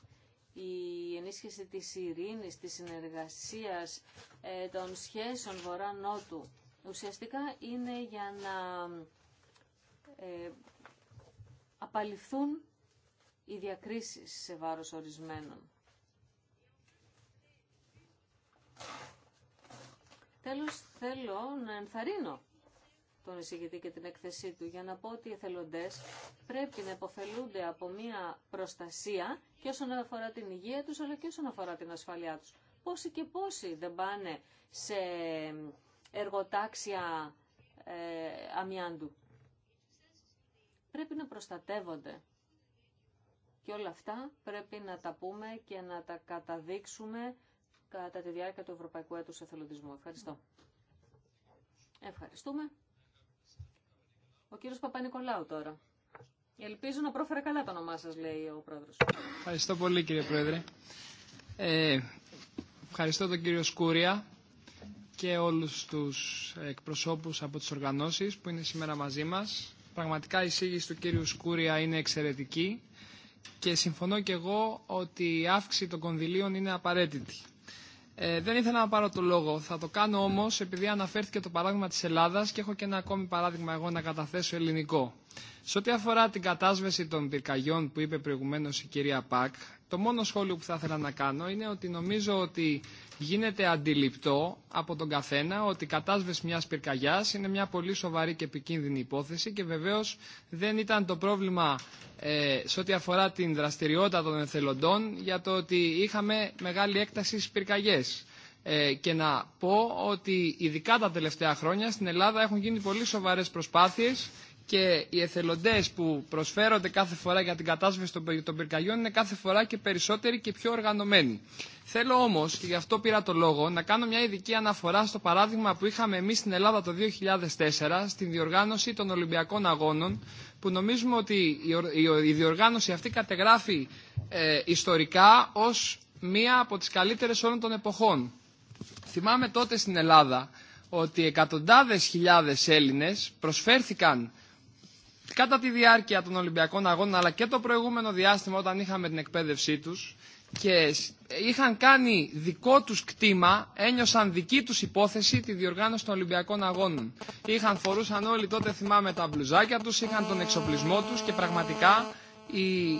[SPEAKER 3] η ενίσχυση της ειρήνης, της συνεργασίας, ε, των σχέσεων Βορρά-Νότου. Ουσιαστικά είναι για να ε, απαλληφθούν οι διακρίσεις σε βάρος ορισμένων. Τέλος, θέλω να ενθαρρύνω τον εισηγητή και την έκθεσή του για να πω ότι οι εθελοντές πρέπει να υποφελούνται από μια προστασία και όσον αφορά την υγεία τους αλλά και όσον αφορά την ασφαλειά τους. Πόσοι και πόσοι δεν πάνε σε εργοτάξια ε, αμοιάντου. Πρέπει να προστατεύονται. Και όλα αυτά πρέπει να τα πούμε και να τα καταδείξουμε κατά τη διάρκεια του Ευρωπαϊκού Έτους Εθελοντισμού. Ευχαριστώ. Ευχαριστούμε. Ο κύριος Παπα-Νικολάου τώρα. Ελπίζω να πρόφερε καλά το όνομά σας, λέει ο πρόεδρος.
[SPEAKER 5] Ευχαριστώ πολύ κύριε πρόεδρε. Ε, ευχαριστώ τον κύριο Σκούρια και όλους τους εκπροσώπους από τις οργανώσεις που είναι σήμερα μαζί μας. Πραγματικά η εισήγηση του κύριου Σκούρια είναι εξαιρετική και συμφωνώ και εγώ ότι η αύξηση των κονδυλίων είναι απαραίτητη. Ε, δεν ήθελα να πάρω το λόγο. Θα το κάνω όμω επειδή αναφέρθηκε το παράδειγμα τη Ελλάδα και έχω και ένα ακόμη παράδειγμα εγώ να καταθέσω ελληνικό. Σε ό,τι αφορά την κατάσβεση των πυρκαγιών που είπε προηγουμένω η κυρία Πακ, το μόνο σχόλιο που θα ήθελα να κάνω είναι ότι νομίζω ότι γίνεται αντιληπτό από τον καθένα ότι η κατάσβεση μιας πυρκαγιάς είναι μια πολύ σοβαρή και επικίνδυνη υπόθεση και βεβαίως δεν ήταν το πρόβλημα ε, σε ό,τι αφορά την δραστηριότητα των εθελοντών για το ότι είχαμε μεγάλη έκταση στις πυρκαγιές. Ε, και να πω ότι ειδικά τα τελευταία χρόνια στην Ελλάδα έχουν γίνει πολύ σοβαρές προσπάθειες και οι εθελοντές που προσφέρονται κάθε φορά για την κατάσβεση των πυρκαγιών είναι κάθε φορά και περισσότεροι και πιο οργανωμένοι. Θέλω όμως, και γι' αυτό πήρα το λόγο, να κάνω μια ειδική αναφορά στο παράδειγμα που είχαμε εμείς στην Ελλάδα το 2004 στην διοργάνωση των Ολυμπιακών Αγώνων που νομίζουμε ότι η διοργάνωση αυτή κατεγράφει ε, ιστορικά ως μία από τις καλύτερες όλων των εποχών. Θυμάμαι τότε στην Ελλάδα ότι εκατοντάδες χιλιάδες Έλληνες προσφέρθηκαν κατά τη διάρκεια των Ολυμπιακών Αγώνων αλλά και το προηγούμενο διάστημα όταν είχαμε την εκπαίδευσή τους και είχαν κάνει δικό τους κτήμα, ένιωσαν δική τους υπόθεση τη διοργάνωση των Ολυμπιακών Αγώνων. Είχαν φορούσαν όλοι τότε θυμάμαι τα μπλουζάκια τους, είχαν τον εξοπλισμό τους και πραγματικά η,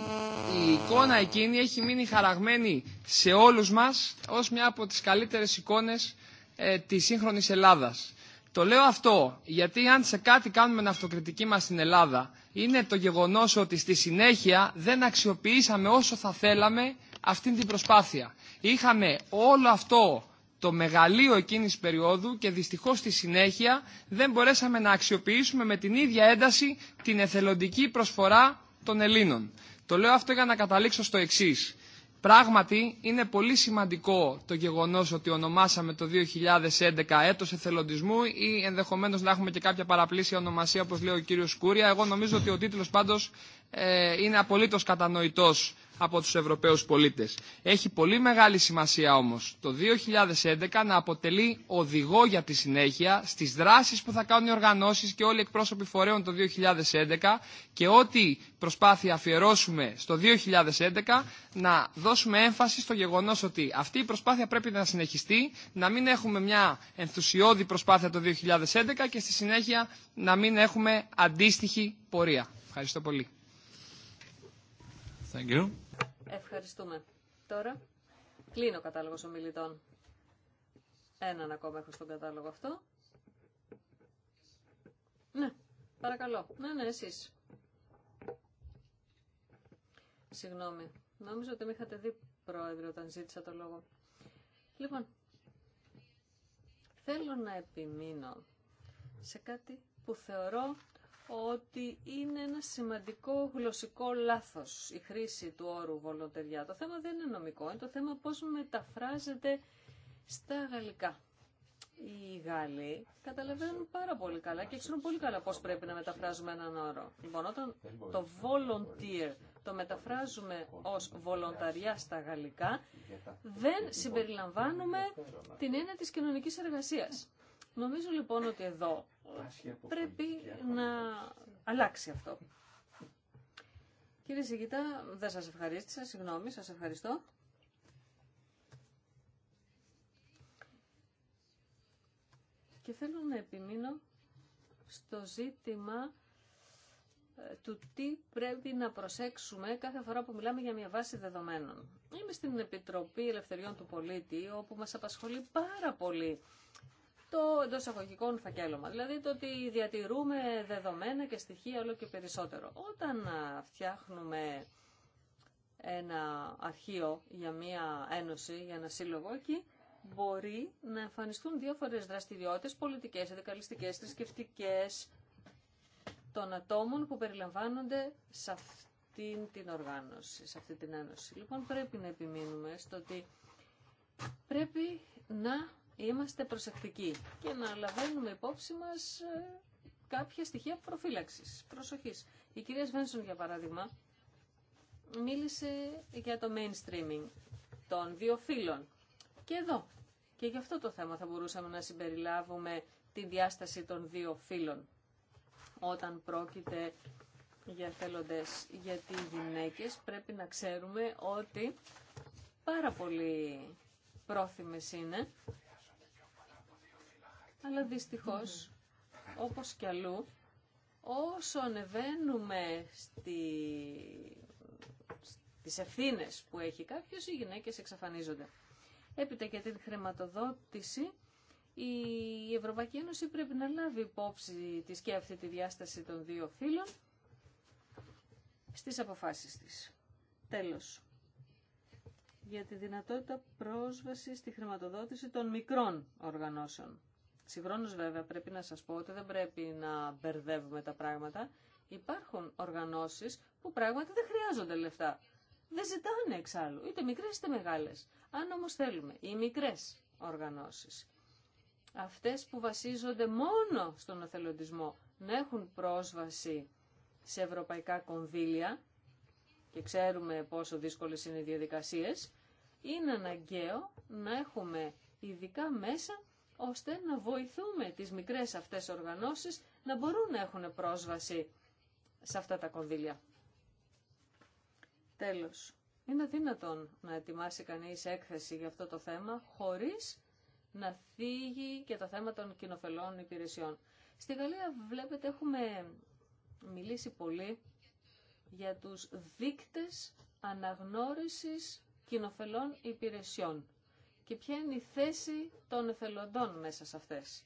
[SPEAKER 5] εικόνα εκείνη έχει μείνει χαραγμένη σε όλους μας ως μια από τις καλύτερες εικόνες ε, της σύγχρονης Ελλάδας. Το λέω αυτό γιατί αν σε κάτι κάνουμε αυτοκριτική μας στην Ελλάδα είναι το γεγονός ότι στη συνέχεια δεν αξιοποιήσαμε όσο θα θέλαμε αυτή την προσπάθεια. Είχαμε όλο αυτό το μεγαλείο εκείνης περίοδου και δυστυχώς στη συνέχεια δεν μπορέσαμε να αξιοποιήσουμε με την ίδια ένταση την εθελοντική προσφορά των Ελλήνων. Το λέω αυτό για να καταλήξω στο εξής. Πράγματι, είναι πολύ σημαντικό το γεγονός ότι ονομάσαμε το 2011 έτος εθελοντισμού ή ενδεχομένως να έχουμε και κάποια παραπλήσια ονομασία όπως λέει ο κύριος Σκούρια. Εγώ νομίζω ότι ο τίτλος πάντως ε, είναι απολύτως κατανοητός από τους Ευρωπαίους πολίτες. Έχει πολύ μεγάλη σημασία όμως το 2011 να αποτελεί οδηγό για τη συνέχεια στις δράσεις που θα κάνουν οι οργανώσεις και όλοι οι εκπρόσωποι φορέων το 2011 και ό,τι προσπάθεια αφιερώσουμε στο 2011 να δώσουμε έμφαση στο γεγονός ότι αυτή η προσπάθεια πρέπει να συνεχιστεί, να μην έχουμε μια ενθουσιώδη προσπάθεια το 2011 και στη συνέχεια να μην έχουμε αντίστοιχη πορεία. Ευχαριστώ πολύ. Thank you.
[SPEAKER 3] Ευχαριστούμε. Τώρα κλείνω ο κατάλογος ομιλητών. Έναν ακόμα έχω στον κατάλογο αυτό. Ναι, παρακαλώ. Ναι, ναι, εσείς. Συγγνώμη. Νόμιζα ότι με είχατε δει πρόεδρε όταν ζήτησα το λόγο. Λοιπόν, θέλω να επιμείνω σε κάτι που θεωρώ ότι είναι ένα σημαντικό γλωσσικό λάθος η χρήση του όρου βολοντεριά. Το θέμα δεν είναι νομικό, είναι το θέμα πώς μεταφράζεται στα γαλλικά. Οι Γάλλοι καταλαβαίνουν πάρα πολύ καλά και ξέρουν πολύ καλά πώς πρέπει να μεταφράζουμε έναν όρο. Λοιπόν, όταν το volunteer το μεταφράζουμε ως βολονταριά στα γαλλικά, δεν συμπεριλαμβάνουμε την έννοια της κοινωνικής εργασίας. Νομίζω λοιπόν ότι εδώ πρέπει να αλλάξει αυτό. Κύριε Σιγητά, δεν σας ευχαρίστησα, συγγνώμη, σας ευχαριστώ. Και θέλω να επιμείνω στο ζήτημα ε, του τι πρέπει να προσέξουμε κάθε φορά που μιλάμε για μια βάση δεδομένων. Είμαι στην Επιτροπή Ελευθεριών του Πολίτη, όπου μας απασχολεί πάρα πολύ το εντό αγωγικών φακέλωμα. Δηλαδή το ότι διατηρούμε δεδομένα και στοιχεία όλο και περισσότερο. Όταν φτιάχνουμε ένα αρχείο για μία ένωση, για ένα σύλλογο εκεί, μπορεί να εμφανιστούν διάφορες δραστηριότητες πολιτικές, εδεκαλιστικές, θρησκευτικέ των ατόμων που περιλαμβάνονται σε αυτήν την οργάνωση, σε αυτή την ένωση. Λοιπόν, πρέπει να επιμείνουμε στο ότι πρέπει να είμαστε προσεκτικοί και να λαμβάνουμε υπόψη μας ε, κάποια στοιχεία προφύλαξης, προσοχής. Η κυρία Σβένσον, για παράδειγμα, μίλησε για το mainstreaming των δύο φύλων. Και εδώ. Και γι' αυτό το θέμα θα μπορούσαμε να συμπεριλάβουμε τη διάσταση των δύο φύλων όταν πρόκειται για θελοντές. Γιατί οι γυναίκες πρέπει να ξέρουμε ότι πάρα πολύ πρόθυμες είναι αλλά δυστυχώς, όπως κι αλλού, όσο ανεβαίνουμε στη... στις ευθύνε που έχει κάποιος, οι γυναίκες εξαφανίζονται. Έπειτα για την χρηματοδότηση, η Ευρωπαϊκή Ένωση πρέπει να λάβει υπόψη της και αυτή τη διάσταση των δύο φύλων στις αποφάσεις της. Τέλος. Για τη δυνατότητα πρόσβασης στη χρηματοδότηση των μικρών οργανώσεων. Συγχρόνω βέβαια πρέπει να σα πω ότι δεν πρέπει να μπερδεύουμε τα πράγματα. Υπάρχουν οργανώσει που πράγματι δεν χρειάζονται λεφτά. Δεν ζητάνε εξάλλου, είτε μικρέ είτε μεγάλε. Αν όμω θέλουμε οι μικρέ οργανώσει. Αυτέ που βασίζονται μόνο στον εθελοντισμό, να έχουν πρόσβαση σε ευρωπαϊκά κονδύλια, και ξέρουμε πόσο δύσκολες είναι οι διαδικασίες, είναι αναγκαίο να έχουμε ειδικά μέσα ώστε να βοηθούμε τις μικρές αυτές οργανώσεις να μπορούν να έχουν πρόσβαση σε αυτά τα κονδύλια. Τέλος, είναι δυνατόν να ετοιμάσει κανείς έκθεση για αυτό το θέμα χωρίς να θίγει και το θέμα των κοινοφελών υπηρεσιών. Στη Γαλλία βλέπετε έχουμε μιλήσει πολύ για τους δίκτες αναγνώρισης κοινοφελών υπηρεσιών και ποια είναι η θέση των εθελοντών μέσα σε αυτές.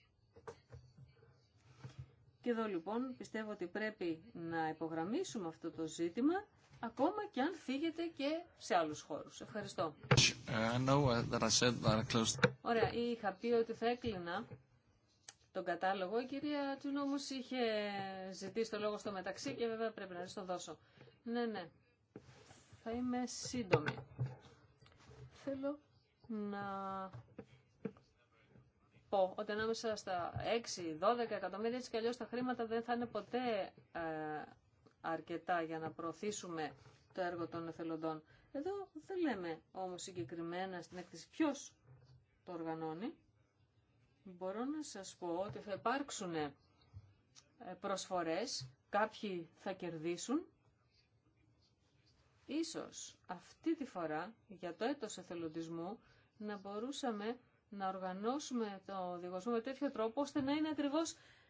[SPEAKER 3] Και εδώ λοιπόν πιστεύω ότι πρέπει να υπογραμμίσουμε αυτό το ζήτημα ακόμα και αν φύγετε και σε άλλους χώρους. Ευχαριστώ. Ωραία, είχα πει ότι θα έκλεινα τον κατάλογο. Η κυρία του όμω είχε ζητήσει το λόγο στο μεταξύ και βέβαια πρέπει να το δώσω. Ναι, ναι. Θα είμαι σύντομη. Θέλω να πω ότι ανάμεσα στα 6, 12 εκατομμύρια έτσι κι αλλιώς τα χρήματα δεν θα είναι ποτέ ε, αρκετά για να προωθήσουμε το έργο των εθελοντών. Εδώ δεν λέμε όμως συγκεκριμένα στην έκθεση ποιος το οργανώνει. Μπορώ να σας πω ότι θα υπάρξουν ε, προσφορές, κάποιοι θα κερδίσουν. Ίσως αυτή τη φορά για το έτος εθελοντισμού να μπορούσαμε να οργανώσουμε το διαγωνισμό με τέτοιο τρόπο ώστε να είναι ακριβώ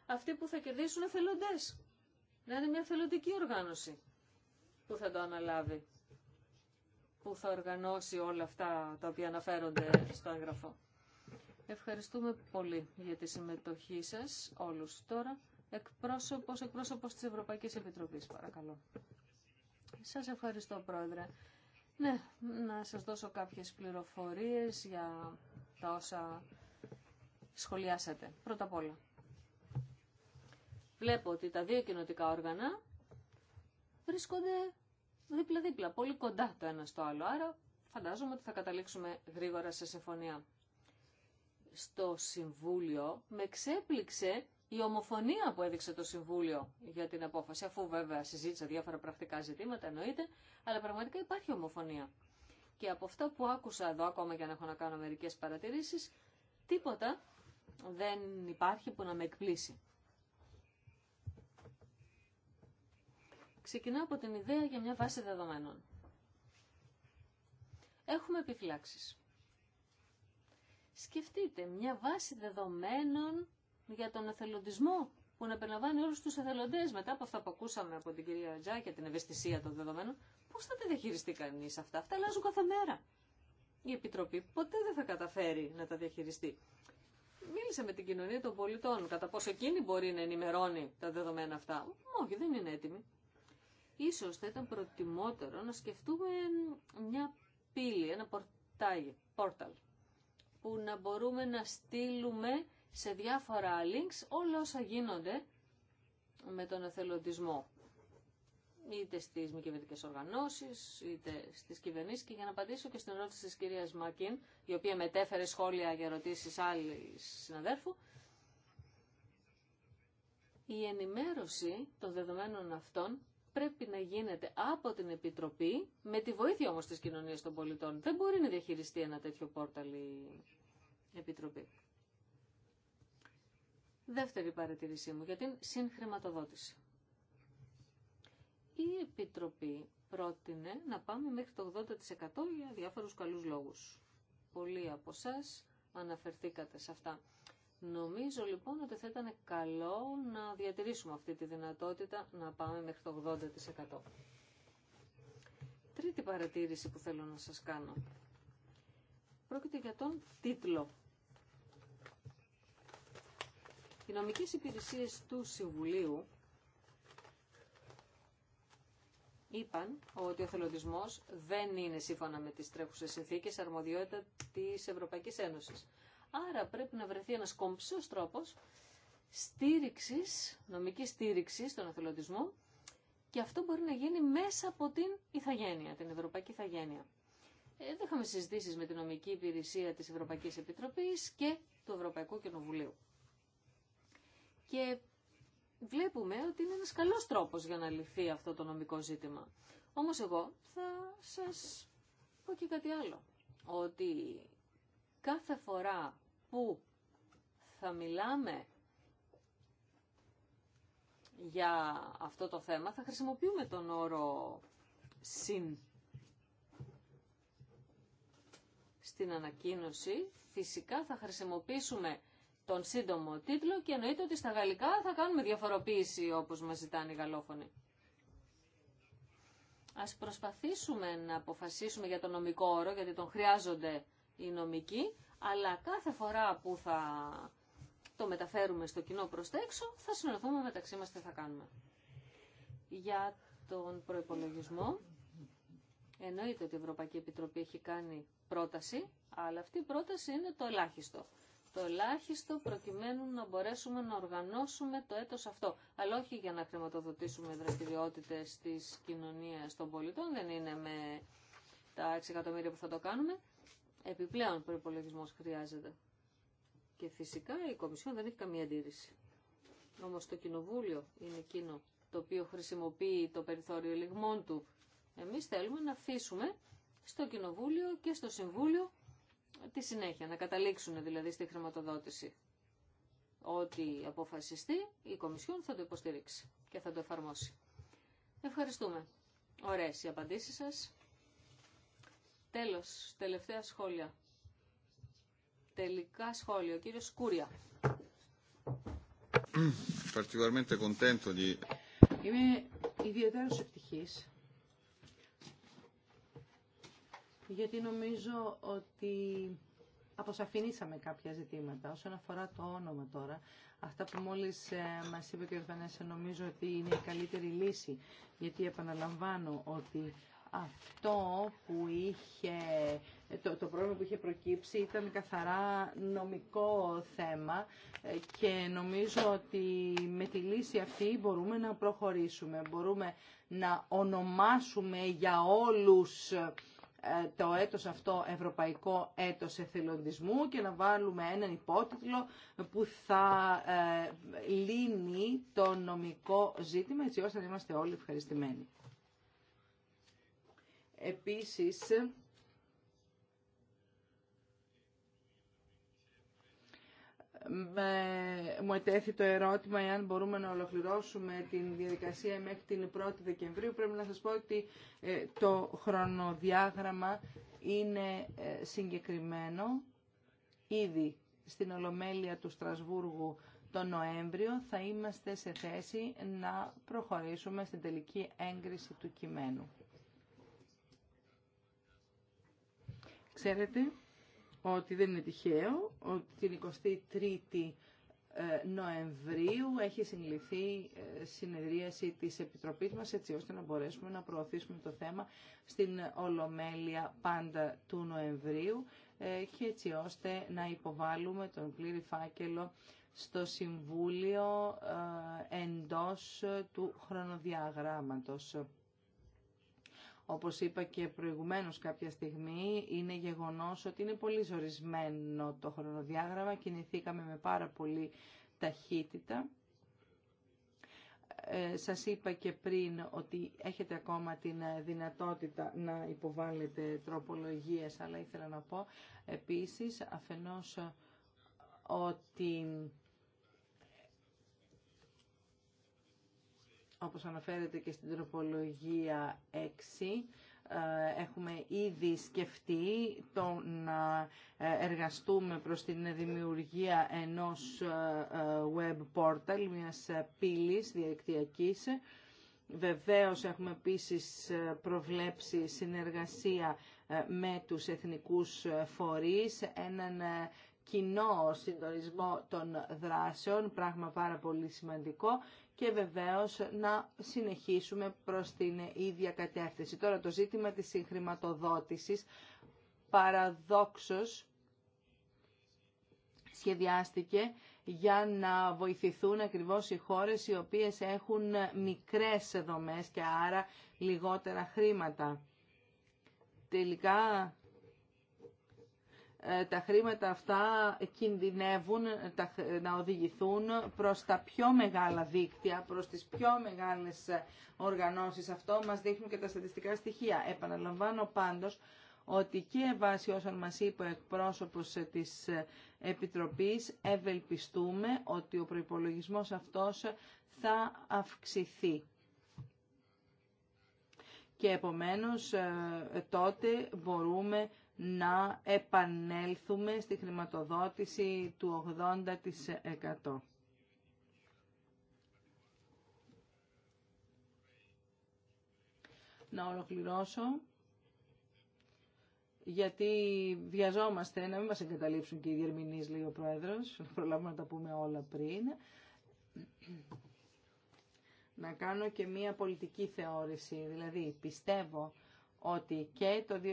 [SPEAKER 3] αυτοί που θα κερδίσουν εθελοντέ. Να είναι μια θελοντική οργάνωση που θα το αναλάβει, που θα οργανώσει όλα αυτά τα οποία αναφέρονται στο έγγραφο. Ευχαριστούμε πολύ για τη συμμετοχή σας όλους τώρα. Εκπρόσωπος, εκπρόσωπος της Ευρωπαϊκής Επιτροπής, παρακαλώ. Σας ευχαριστώ, Πρόεδρε. Ναι, να σας δώσω κάποιες πληροφορίες για τα όσα σχολιάσατε. Πρώτα απ' όλα. Βλέπω ότι τα δύο κοινοτικά όργανα βρίσκονται δίπλα-δίπλα, πολύ κοντά το ένα στο άλλο. Άρα φαντάζομαι ότι θα καταλήξουμε γρήγορα σε συμφωνία. Στο Συμβούλιο με ξέπληξε η ομοφωνία που έδειξε το Συμβούλιο για την απόφαση, αφού βέβαια συζήτησα διάφορα πρακτικά ζητήματα, εννοείται, αλλά πραγματικά υπάρχει ομοφωνία. Και από αυτά που άκουσα εδώ, ακόμα και να έχω να κάνω μερικές παρατηρήσεις, τίποτα δεν υπάρχει που να με εκπλήσει. Ξεκινάω από την ιδέα για μια βάση δεδομένων. Έχουμε επιφυλάξεις. Σκεφτείτε μια βάση δεδομένων για τον εθελοντισμό που να περιλαμβάνει όλου του εθελοντέ μετά από αυτά που ακούσαμε από την κυρία Τζάκια, την ευαισθησία των δεδομένων. Πώ θα τα διαχειριστεί κανεί αυτά. Αυτά αλλάζουν κάθε μέρα. Η Επιτροπή ποτέ δεν θα καταφέρει να τα διαχειριστεί. Μίλησε με την κοινωνία των πολιτών, κατά πόσο εκείνη μπορεί να ενημερώνει τα δεδομένα αυτά. Όχι, δεν είναι έτοιμη. Ίσως θα ήταν προτιμότερο να σκεφτούμε μια πύλη, ένα πορτάλι, πόρταλ, που να μπορούμε να στείλουμε σε διάφορα links όλα όσα γίνονται με τον εθελοντισμό είτε στις μη κυβερνητικέ οργανώσεις, είτε στις κυβερνήσεις και για να απαντήσω και στην ερώτηση της κυρίας Μακίν, η οποία μετέφερε σχόλια για ερωτήσεις άλλη συναδέρφου, η ενημέρωση των δεδομένων αυτών πρέπει να γίνεται από την Επιτροπή, με τη βοήθεια όμως της κοινωνίας των πολιτών. Δεν μπορεί να διαχειριστεί ένα τέτοιο πόρταλ η Επιτροπή. Δεύτερη παρατηρήσή μου για την συγχρηματοδότηση. Η Επιτροπή πρότεινε να πάμε μέχρι το 80% για διάφορους καλούς λόγους. Πολλοί από εσά αναφερθήκατε σε αυτά. Νομίζω λοιπόν ότι θα ήταν καλό να διατηρήσουμε αυτή τη δυνατότητα να πάμε μέχρι το 80%. Τρίτη παρατήρηση που θέλω να σας κάνω. Πρόκειται για τον τίτλο οι νομικές υπηρεσίες του Συμβουλίου είπαν ότι ο θελοντισμός δεν είναι σύμφωνα με τις τρέχουσες συνθήκες αρμοδιότητα της Ευρωπαϊκής Ένωσης. Άρα πρέπει να βρεθεί ένας κομψός τρόπος στήριξης, νομικής στήριξης στον εθελοντισμό και αυτό μπορεί να γίνει μέσα από την ηθαγένεια, την Ευρωπαϊκή Ιθαγένεια. Ε, δεν είχαμε συζητήσεις με την νομική υπηρεσία της Ευρωπαϊκής Επιτροπής και του Ευρωπαϊκού Κοινοβουλίου. Και βλέπουμε ότι είναι ένας καλός τρόπος για να λυθεί αυτό το νομικό ζήτημα. Όμως εγώ θα σας πω και κάτι άλλο. Ότι κάθε φορά που θα μιλάμε για αυτό το θέμα θα χρησιμοποιούμε τον όρο συν. Στην ανακοίνωση φυσικά θα χρησιμοποιήσουμε τον σύντομο τίτλο και εννοείται ότι στα γαλλικά θα κάνουμε διαφοροποίηση όπως μας ζητάνε οι γαλλόφωνοι. Ας προσπαθήσουμε να αποφασίσουμε για τον νομικό όρο, γιατί τον χρειάζονται οι νομικοί, αλλά κάθε φορά που θα το μεταφέρουμε στο κοινό προς τα έξω, θα συνοηθούμε μεταξύ μας τι θα κάνουμε. Για τον προπολογισμό. εννοείται ότι η Ευρωπαϊκή Επιτροπή έχει κάνει πρόταση, αλλά αυτή η πρόταση είναι το ελάχιστο το ελάχιστο προκειμένου να μπορέσουμε να οργανώσουμε το έτος αυτό. Αλλά όχι για να χρηματοδοτήσουμε δραστηριότητες της κοινωνίας των πολιτών, δεν είναι με τα 6 εκατομμύρια που θα το κάνουμε. Επιπλέον προπολογισμό χρειάζεται. Και φυσικά η Κομισιόν δεν έχει καμία αντίρρηση. Όμως το Κοινοβούλιο είναι εκείνο το οποίο χρησιμοποιεί το περιθώριο λιγμών του. Εμείς θέλουμε να αφήσουμε στο Κοινοβούλιο και στο Συμβούλιο τη συνέχεια, να καταλήξουν δηλαδή στη χρηματοδότηση. Ό,τι αποφασιστεί, η Κομισιόν θα το υποστηρίξει και θα το εφαρμόσει. Ευχαριστούμε. Ωραίες οι απαντήσεις σας. Τέλος, τελευταία σχόλια. Τελικά σχόλια. Ο κύριος Σκούρια.
[SPEAKER 2] Είμαι ιδιαίτερος ευτυχής γιατί νομίζω ότι αποσαφηνίσαμε κάποια ζητήματα. Όσον αφορά το όνομα τώρα, αυτά που μόλις ε, μας είπε και ο Βανέσσα νομίζω ότι είναι η καλύτερη λύση, γιατί επαναλαμβάνω ότι αυτό που είχε, το, το πρόβλημα που είχε προκύψει ήταν καθαρά νομικό θέμα ε, και νομίζω ότι με τη λύση αυτή μπορούμε να προχωρήσουμε, μπορούμε να ονομάσουμε για όλους ε, το έτος αυτό Ευρωπαϊκό Έτος Εθελοντισμού και να βάλουμε έναν υπότιτλο που θα ε, λύνει το νομικό ζήτημα έτσι ώστε να είμαστε όλοι ευχαριστημένοι. Επίσης, μου ετέθη το ερώτημα εάν μπορούμε να ολοκληρώσουμε την διαδικασία μέχρι την 1η Δεκεμβρίου. Πρέπει να σας πω ότι ε, το χρονοδιάγραμμα είναι ε, συγκεκριμένο. Ήδη στην Ολομέλεια του Στρασβούργου το Νοέμβριο θα είμαστε σε θέση να προχωρήσουμε στην τελική έγκριση του κειμένου. Ξέρετε ότι δεν είναι τυχαίο ότι την 23η ε, Νοεμβρίου έχει συγκληθεί ε, συνεδρίαση της Επιτροπής μας έτσι ώστε να μπορέσουμε να προωθήσουμε το θέμα στην Ολομέλεια πάντα του Νοεμβρίου ε, και έτσι ώστε να υποβάλουμε τον πλήρη φάκελο στο Συμβούλιο εντός του χρονοδιαγράμματος. Όπως είπα και προηγουμένως κάποια στιγμή, είναι γεγονός ότι είναι πολύ ζορισμένο το χρονοδιάγραμμα. Κινηθήκαμε με πάρα πολύ ταχύτητα. Ε, σας είπα και πριν ότι έχετε ακόμα την ε, δυνατότητα να υποβάλλετε τροπολογίες, αλλά ήθελα να πω επίσης αφενός ε, ότι όπως αναφέρεται και στην τροπολογία 6, ε, έχουμε ήδη σκεφτεί το να ε, εργαστούμε προς την δημιουργία ενός ε, web portal, μιας πύλης διαδικτυακής. Βεβαίως έχουμε επίσης προβλέψει συνεργασία με τους εθνικούς φορείς, έναν κοινό συντονισμό των δράσεων, πράγμα πάρα πολύ σημαντικό και βεβαίως να συνεχίσουμε προς την ίδια κατεύθυνση. Τώρα το ζήτημα της συγχρηματοδότησης παραδόξως σχεδιάστηκε για να βοηθηθούν ακριβώς οι χώρες οι οποίες έχουν μικρές δομές και άρα λιγότερα χρήματα. Τελικά ε, τα χρήματα αυτά κινδυνεύουν ε, ε, να οδηγηθούν προς τα πιο μεγάλα δίκτυα, προς τις πιο μεγάλες οργανώσεις. Αυτό μας δείχνουν και τα στατιστικά στοιχεία. Επαναλαμβάνω πάντως ότι και βάσει όσων μας είπε ο εκπρόσωπος της Επιτροπής ευελπιστούμε ότι ο προϋπολογισμός αυτός θα αυξηθεί. Και επομένως τότε μπορούμε να επανέλθουμε στη χρηματοδότηση του 80%. Να ολοκληρώσω, γιατί βιαζόμαστε να μην μας εγκαταλείψουν και οι διερμηνείς, λέει ο Πρόεδρος, προλάβουμε να τα πούμε όλα πριν. Να κάνω και μία πολιτική θεώρηση, δηλαδή πιστεύω ότι και το 2010,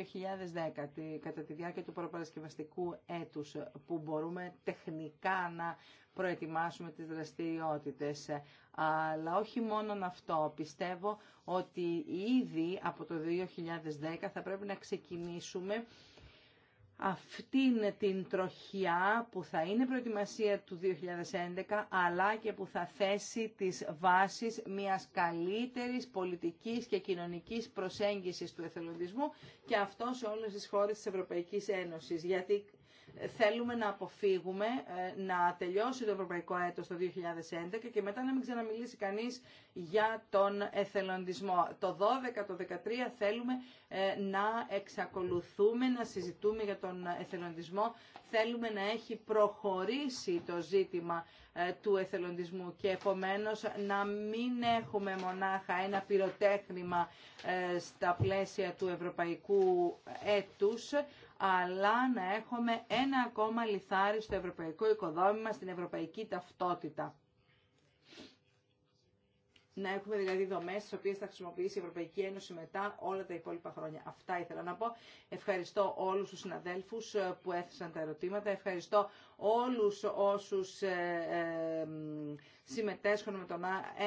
[SPEAKER 2] κατά τη διάρκεια του προπαρασκευαστικού έτους, που μπορούμε τεχνικά να προετοιμάσουμε τις δραστηριότητες, αλλά όχι μόνον αυτό. Πιστεύω ότι ήδη από το 2010 θα πρέπει να ξεκινήσουμε αυτήν την τροχιά που θα είναι προετοιμασία του 2011 αλλά και που θα θέσει τις βάσεις μιας καλύτερης πολιτικής και κοινωνικής προσέγγισης του εθελοντισμού και αυτό σε όλες τις χώρες της Ευρωπαϊκής Ένωσης. Γιατί Θέλουμε να αποφύγουμε ε, να τελειώσει το ευρωπαϊκό έτος το 2011 και μετά να μην ξαναμιλήσει κανείς για τον εθελοντισμό. Το 12, το 13 θέλουμε ε, να εξακολουθούμε να συζητούμε για τον εθελοντισμό. Θέλουμε να έχει προχωρήσει το ζήτημα ε, του εθελοντισμού και επομένως να μην έχουμε μονάχα ένα πυροτέχνημα στα πλαίσια του ευρωπαϊκού έτους αλλά να έχουμε ένα ακόμα λιθάρι στο ευρωπαϊκό οικοδόμημα, στην ευρωπαϊκή ταυτότητα. Να έχουμε δηλαδή δομέ τι οποίε θα χρησιμοποιήσει η Ευρωπαϊκή Ένωση μετά όλα τα υπόλοιπα χρόνια. Αυτά ήθελα να πω. Ευχαριστώ όλου του συναδέλφου ε, που έθεσαν τα ερωτήματα. Ευχαριστώ όλου όσου ε, ε, συμμετέσχουν με τον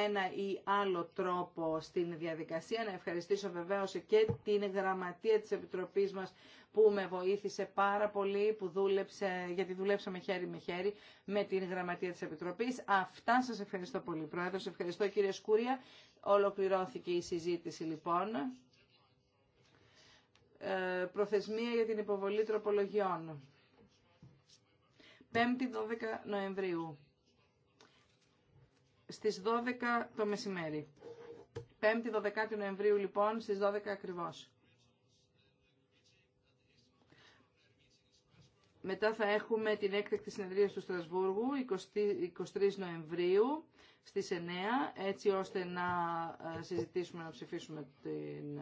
[SPEAKER 2] ένα ή άλλο τρόπο στην διαδικασία. Να ευχαριστήσω βεβαίω και την γραμματεία τη Επιτροπή μα που με βοήθησε πάρα πολύ, που δούλεψε, γιατί δουλέψαμε χέρι με χέρι με την Γραμματεία της Επιτροπής. Αυτά σας ευχαριστώ πολύ, Πρόεδρο. Σας ευχαριστώ, κύριε Σκούρια. Ολοκληρώθηκε η συζήτηση, λοιπόν. Ε, προθεσμία για την υποβολή τροπολογιών. 5η 12 Νοεμβρίου. Στις 12 το μεσημέρι. 5η 12 Νοεμβρίου λοιπόν στις 12 ακριβώς. Μετά θα έχουμε την έκτακτη συνεδρία του Στρασβούργου 23 Νοεμβρίου στις 9, έτσι ώστε να ε, συζητήσουμε, να ψηφίσουμε την...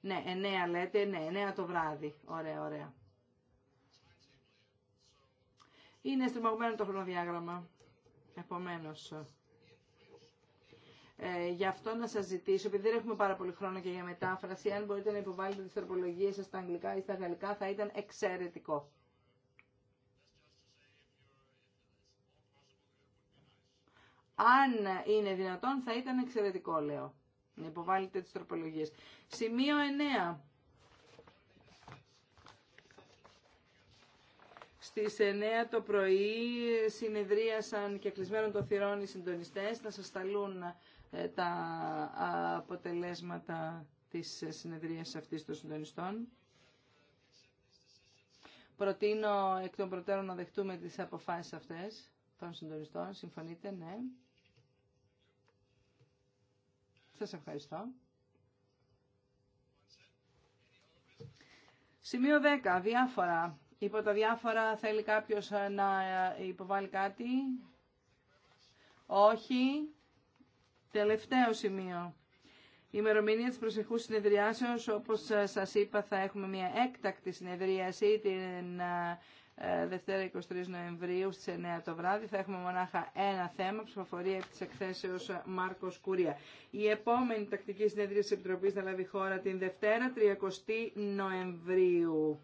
[SPEAKER 2] Ναι, 9 λέτε, ναι, 9 το βράδυ. Ωραία, ωραία. Είναι στριμωγμένο το χρονοδιάγραμμα. Επομένως, ε, γι' αυτό να σας ζητήσω, επειδή δεν έχουμε πάρα πολύ χρόνο και για μετάφραση, αν μπορείτε να υποβάλλετε τις τροπολογίες σας στα αγγλικά ή στα γαλλικά, θα ήταν εξαιρετικό. Αν είναι δυνατόν θα ήταν εξαιρετικό, λέω. Να υποβάλλετε τις τροπολογίες. Σημείο 9. Στις 9 το πρωί συνεδρίασαν και κλεισμένων των θυρών οι συντονιστές να σας σταλούν ε, τα αποτελέσματα της συνεδρίας αυτής των συντονιστών. Προτείνω εκ των προτέρων να δεχτούμε τις αποφάσεις αυτές των συντονιστών. Συμφωνείτε, ναι. Σας ευχαριστώ. Σημείο 10. Διάφορα. Υπό τα διάφορα θέλει κάποιος ε, να ε, υποβάλει κάτι. Όχι. Τελευταίο σημείο. Η ημερομηνία της προσεχού συνεδριάσεως, όπως ε, σας είπα, θα έχουμε μια έκτακτη συνεδρίαση την ε, Δευτέρα 23 Νοεμβρίου στις 9 το βράδυ. Θα έχουμε μονάχα ένα θέμα, ψηφοφορία επί της εκθέσεως ε, Μάρκος Κουρία. Η επόμενη τακτική συνέδρια της Επιτροπής θα λάβει χώρα την Δευτέρα 30 Νοεμβρίου.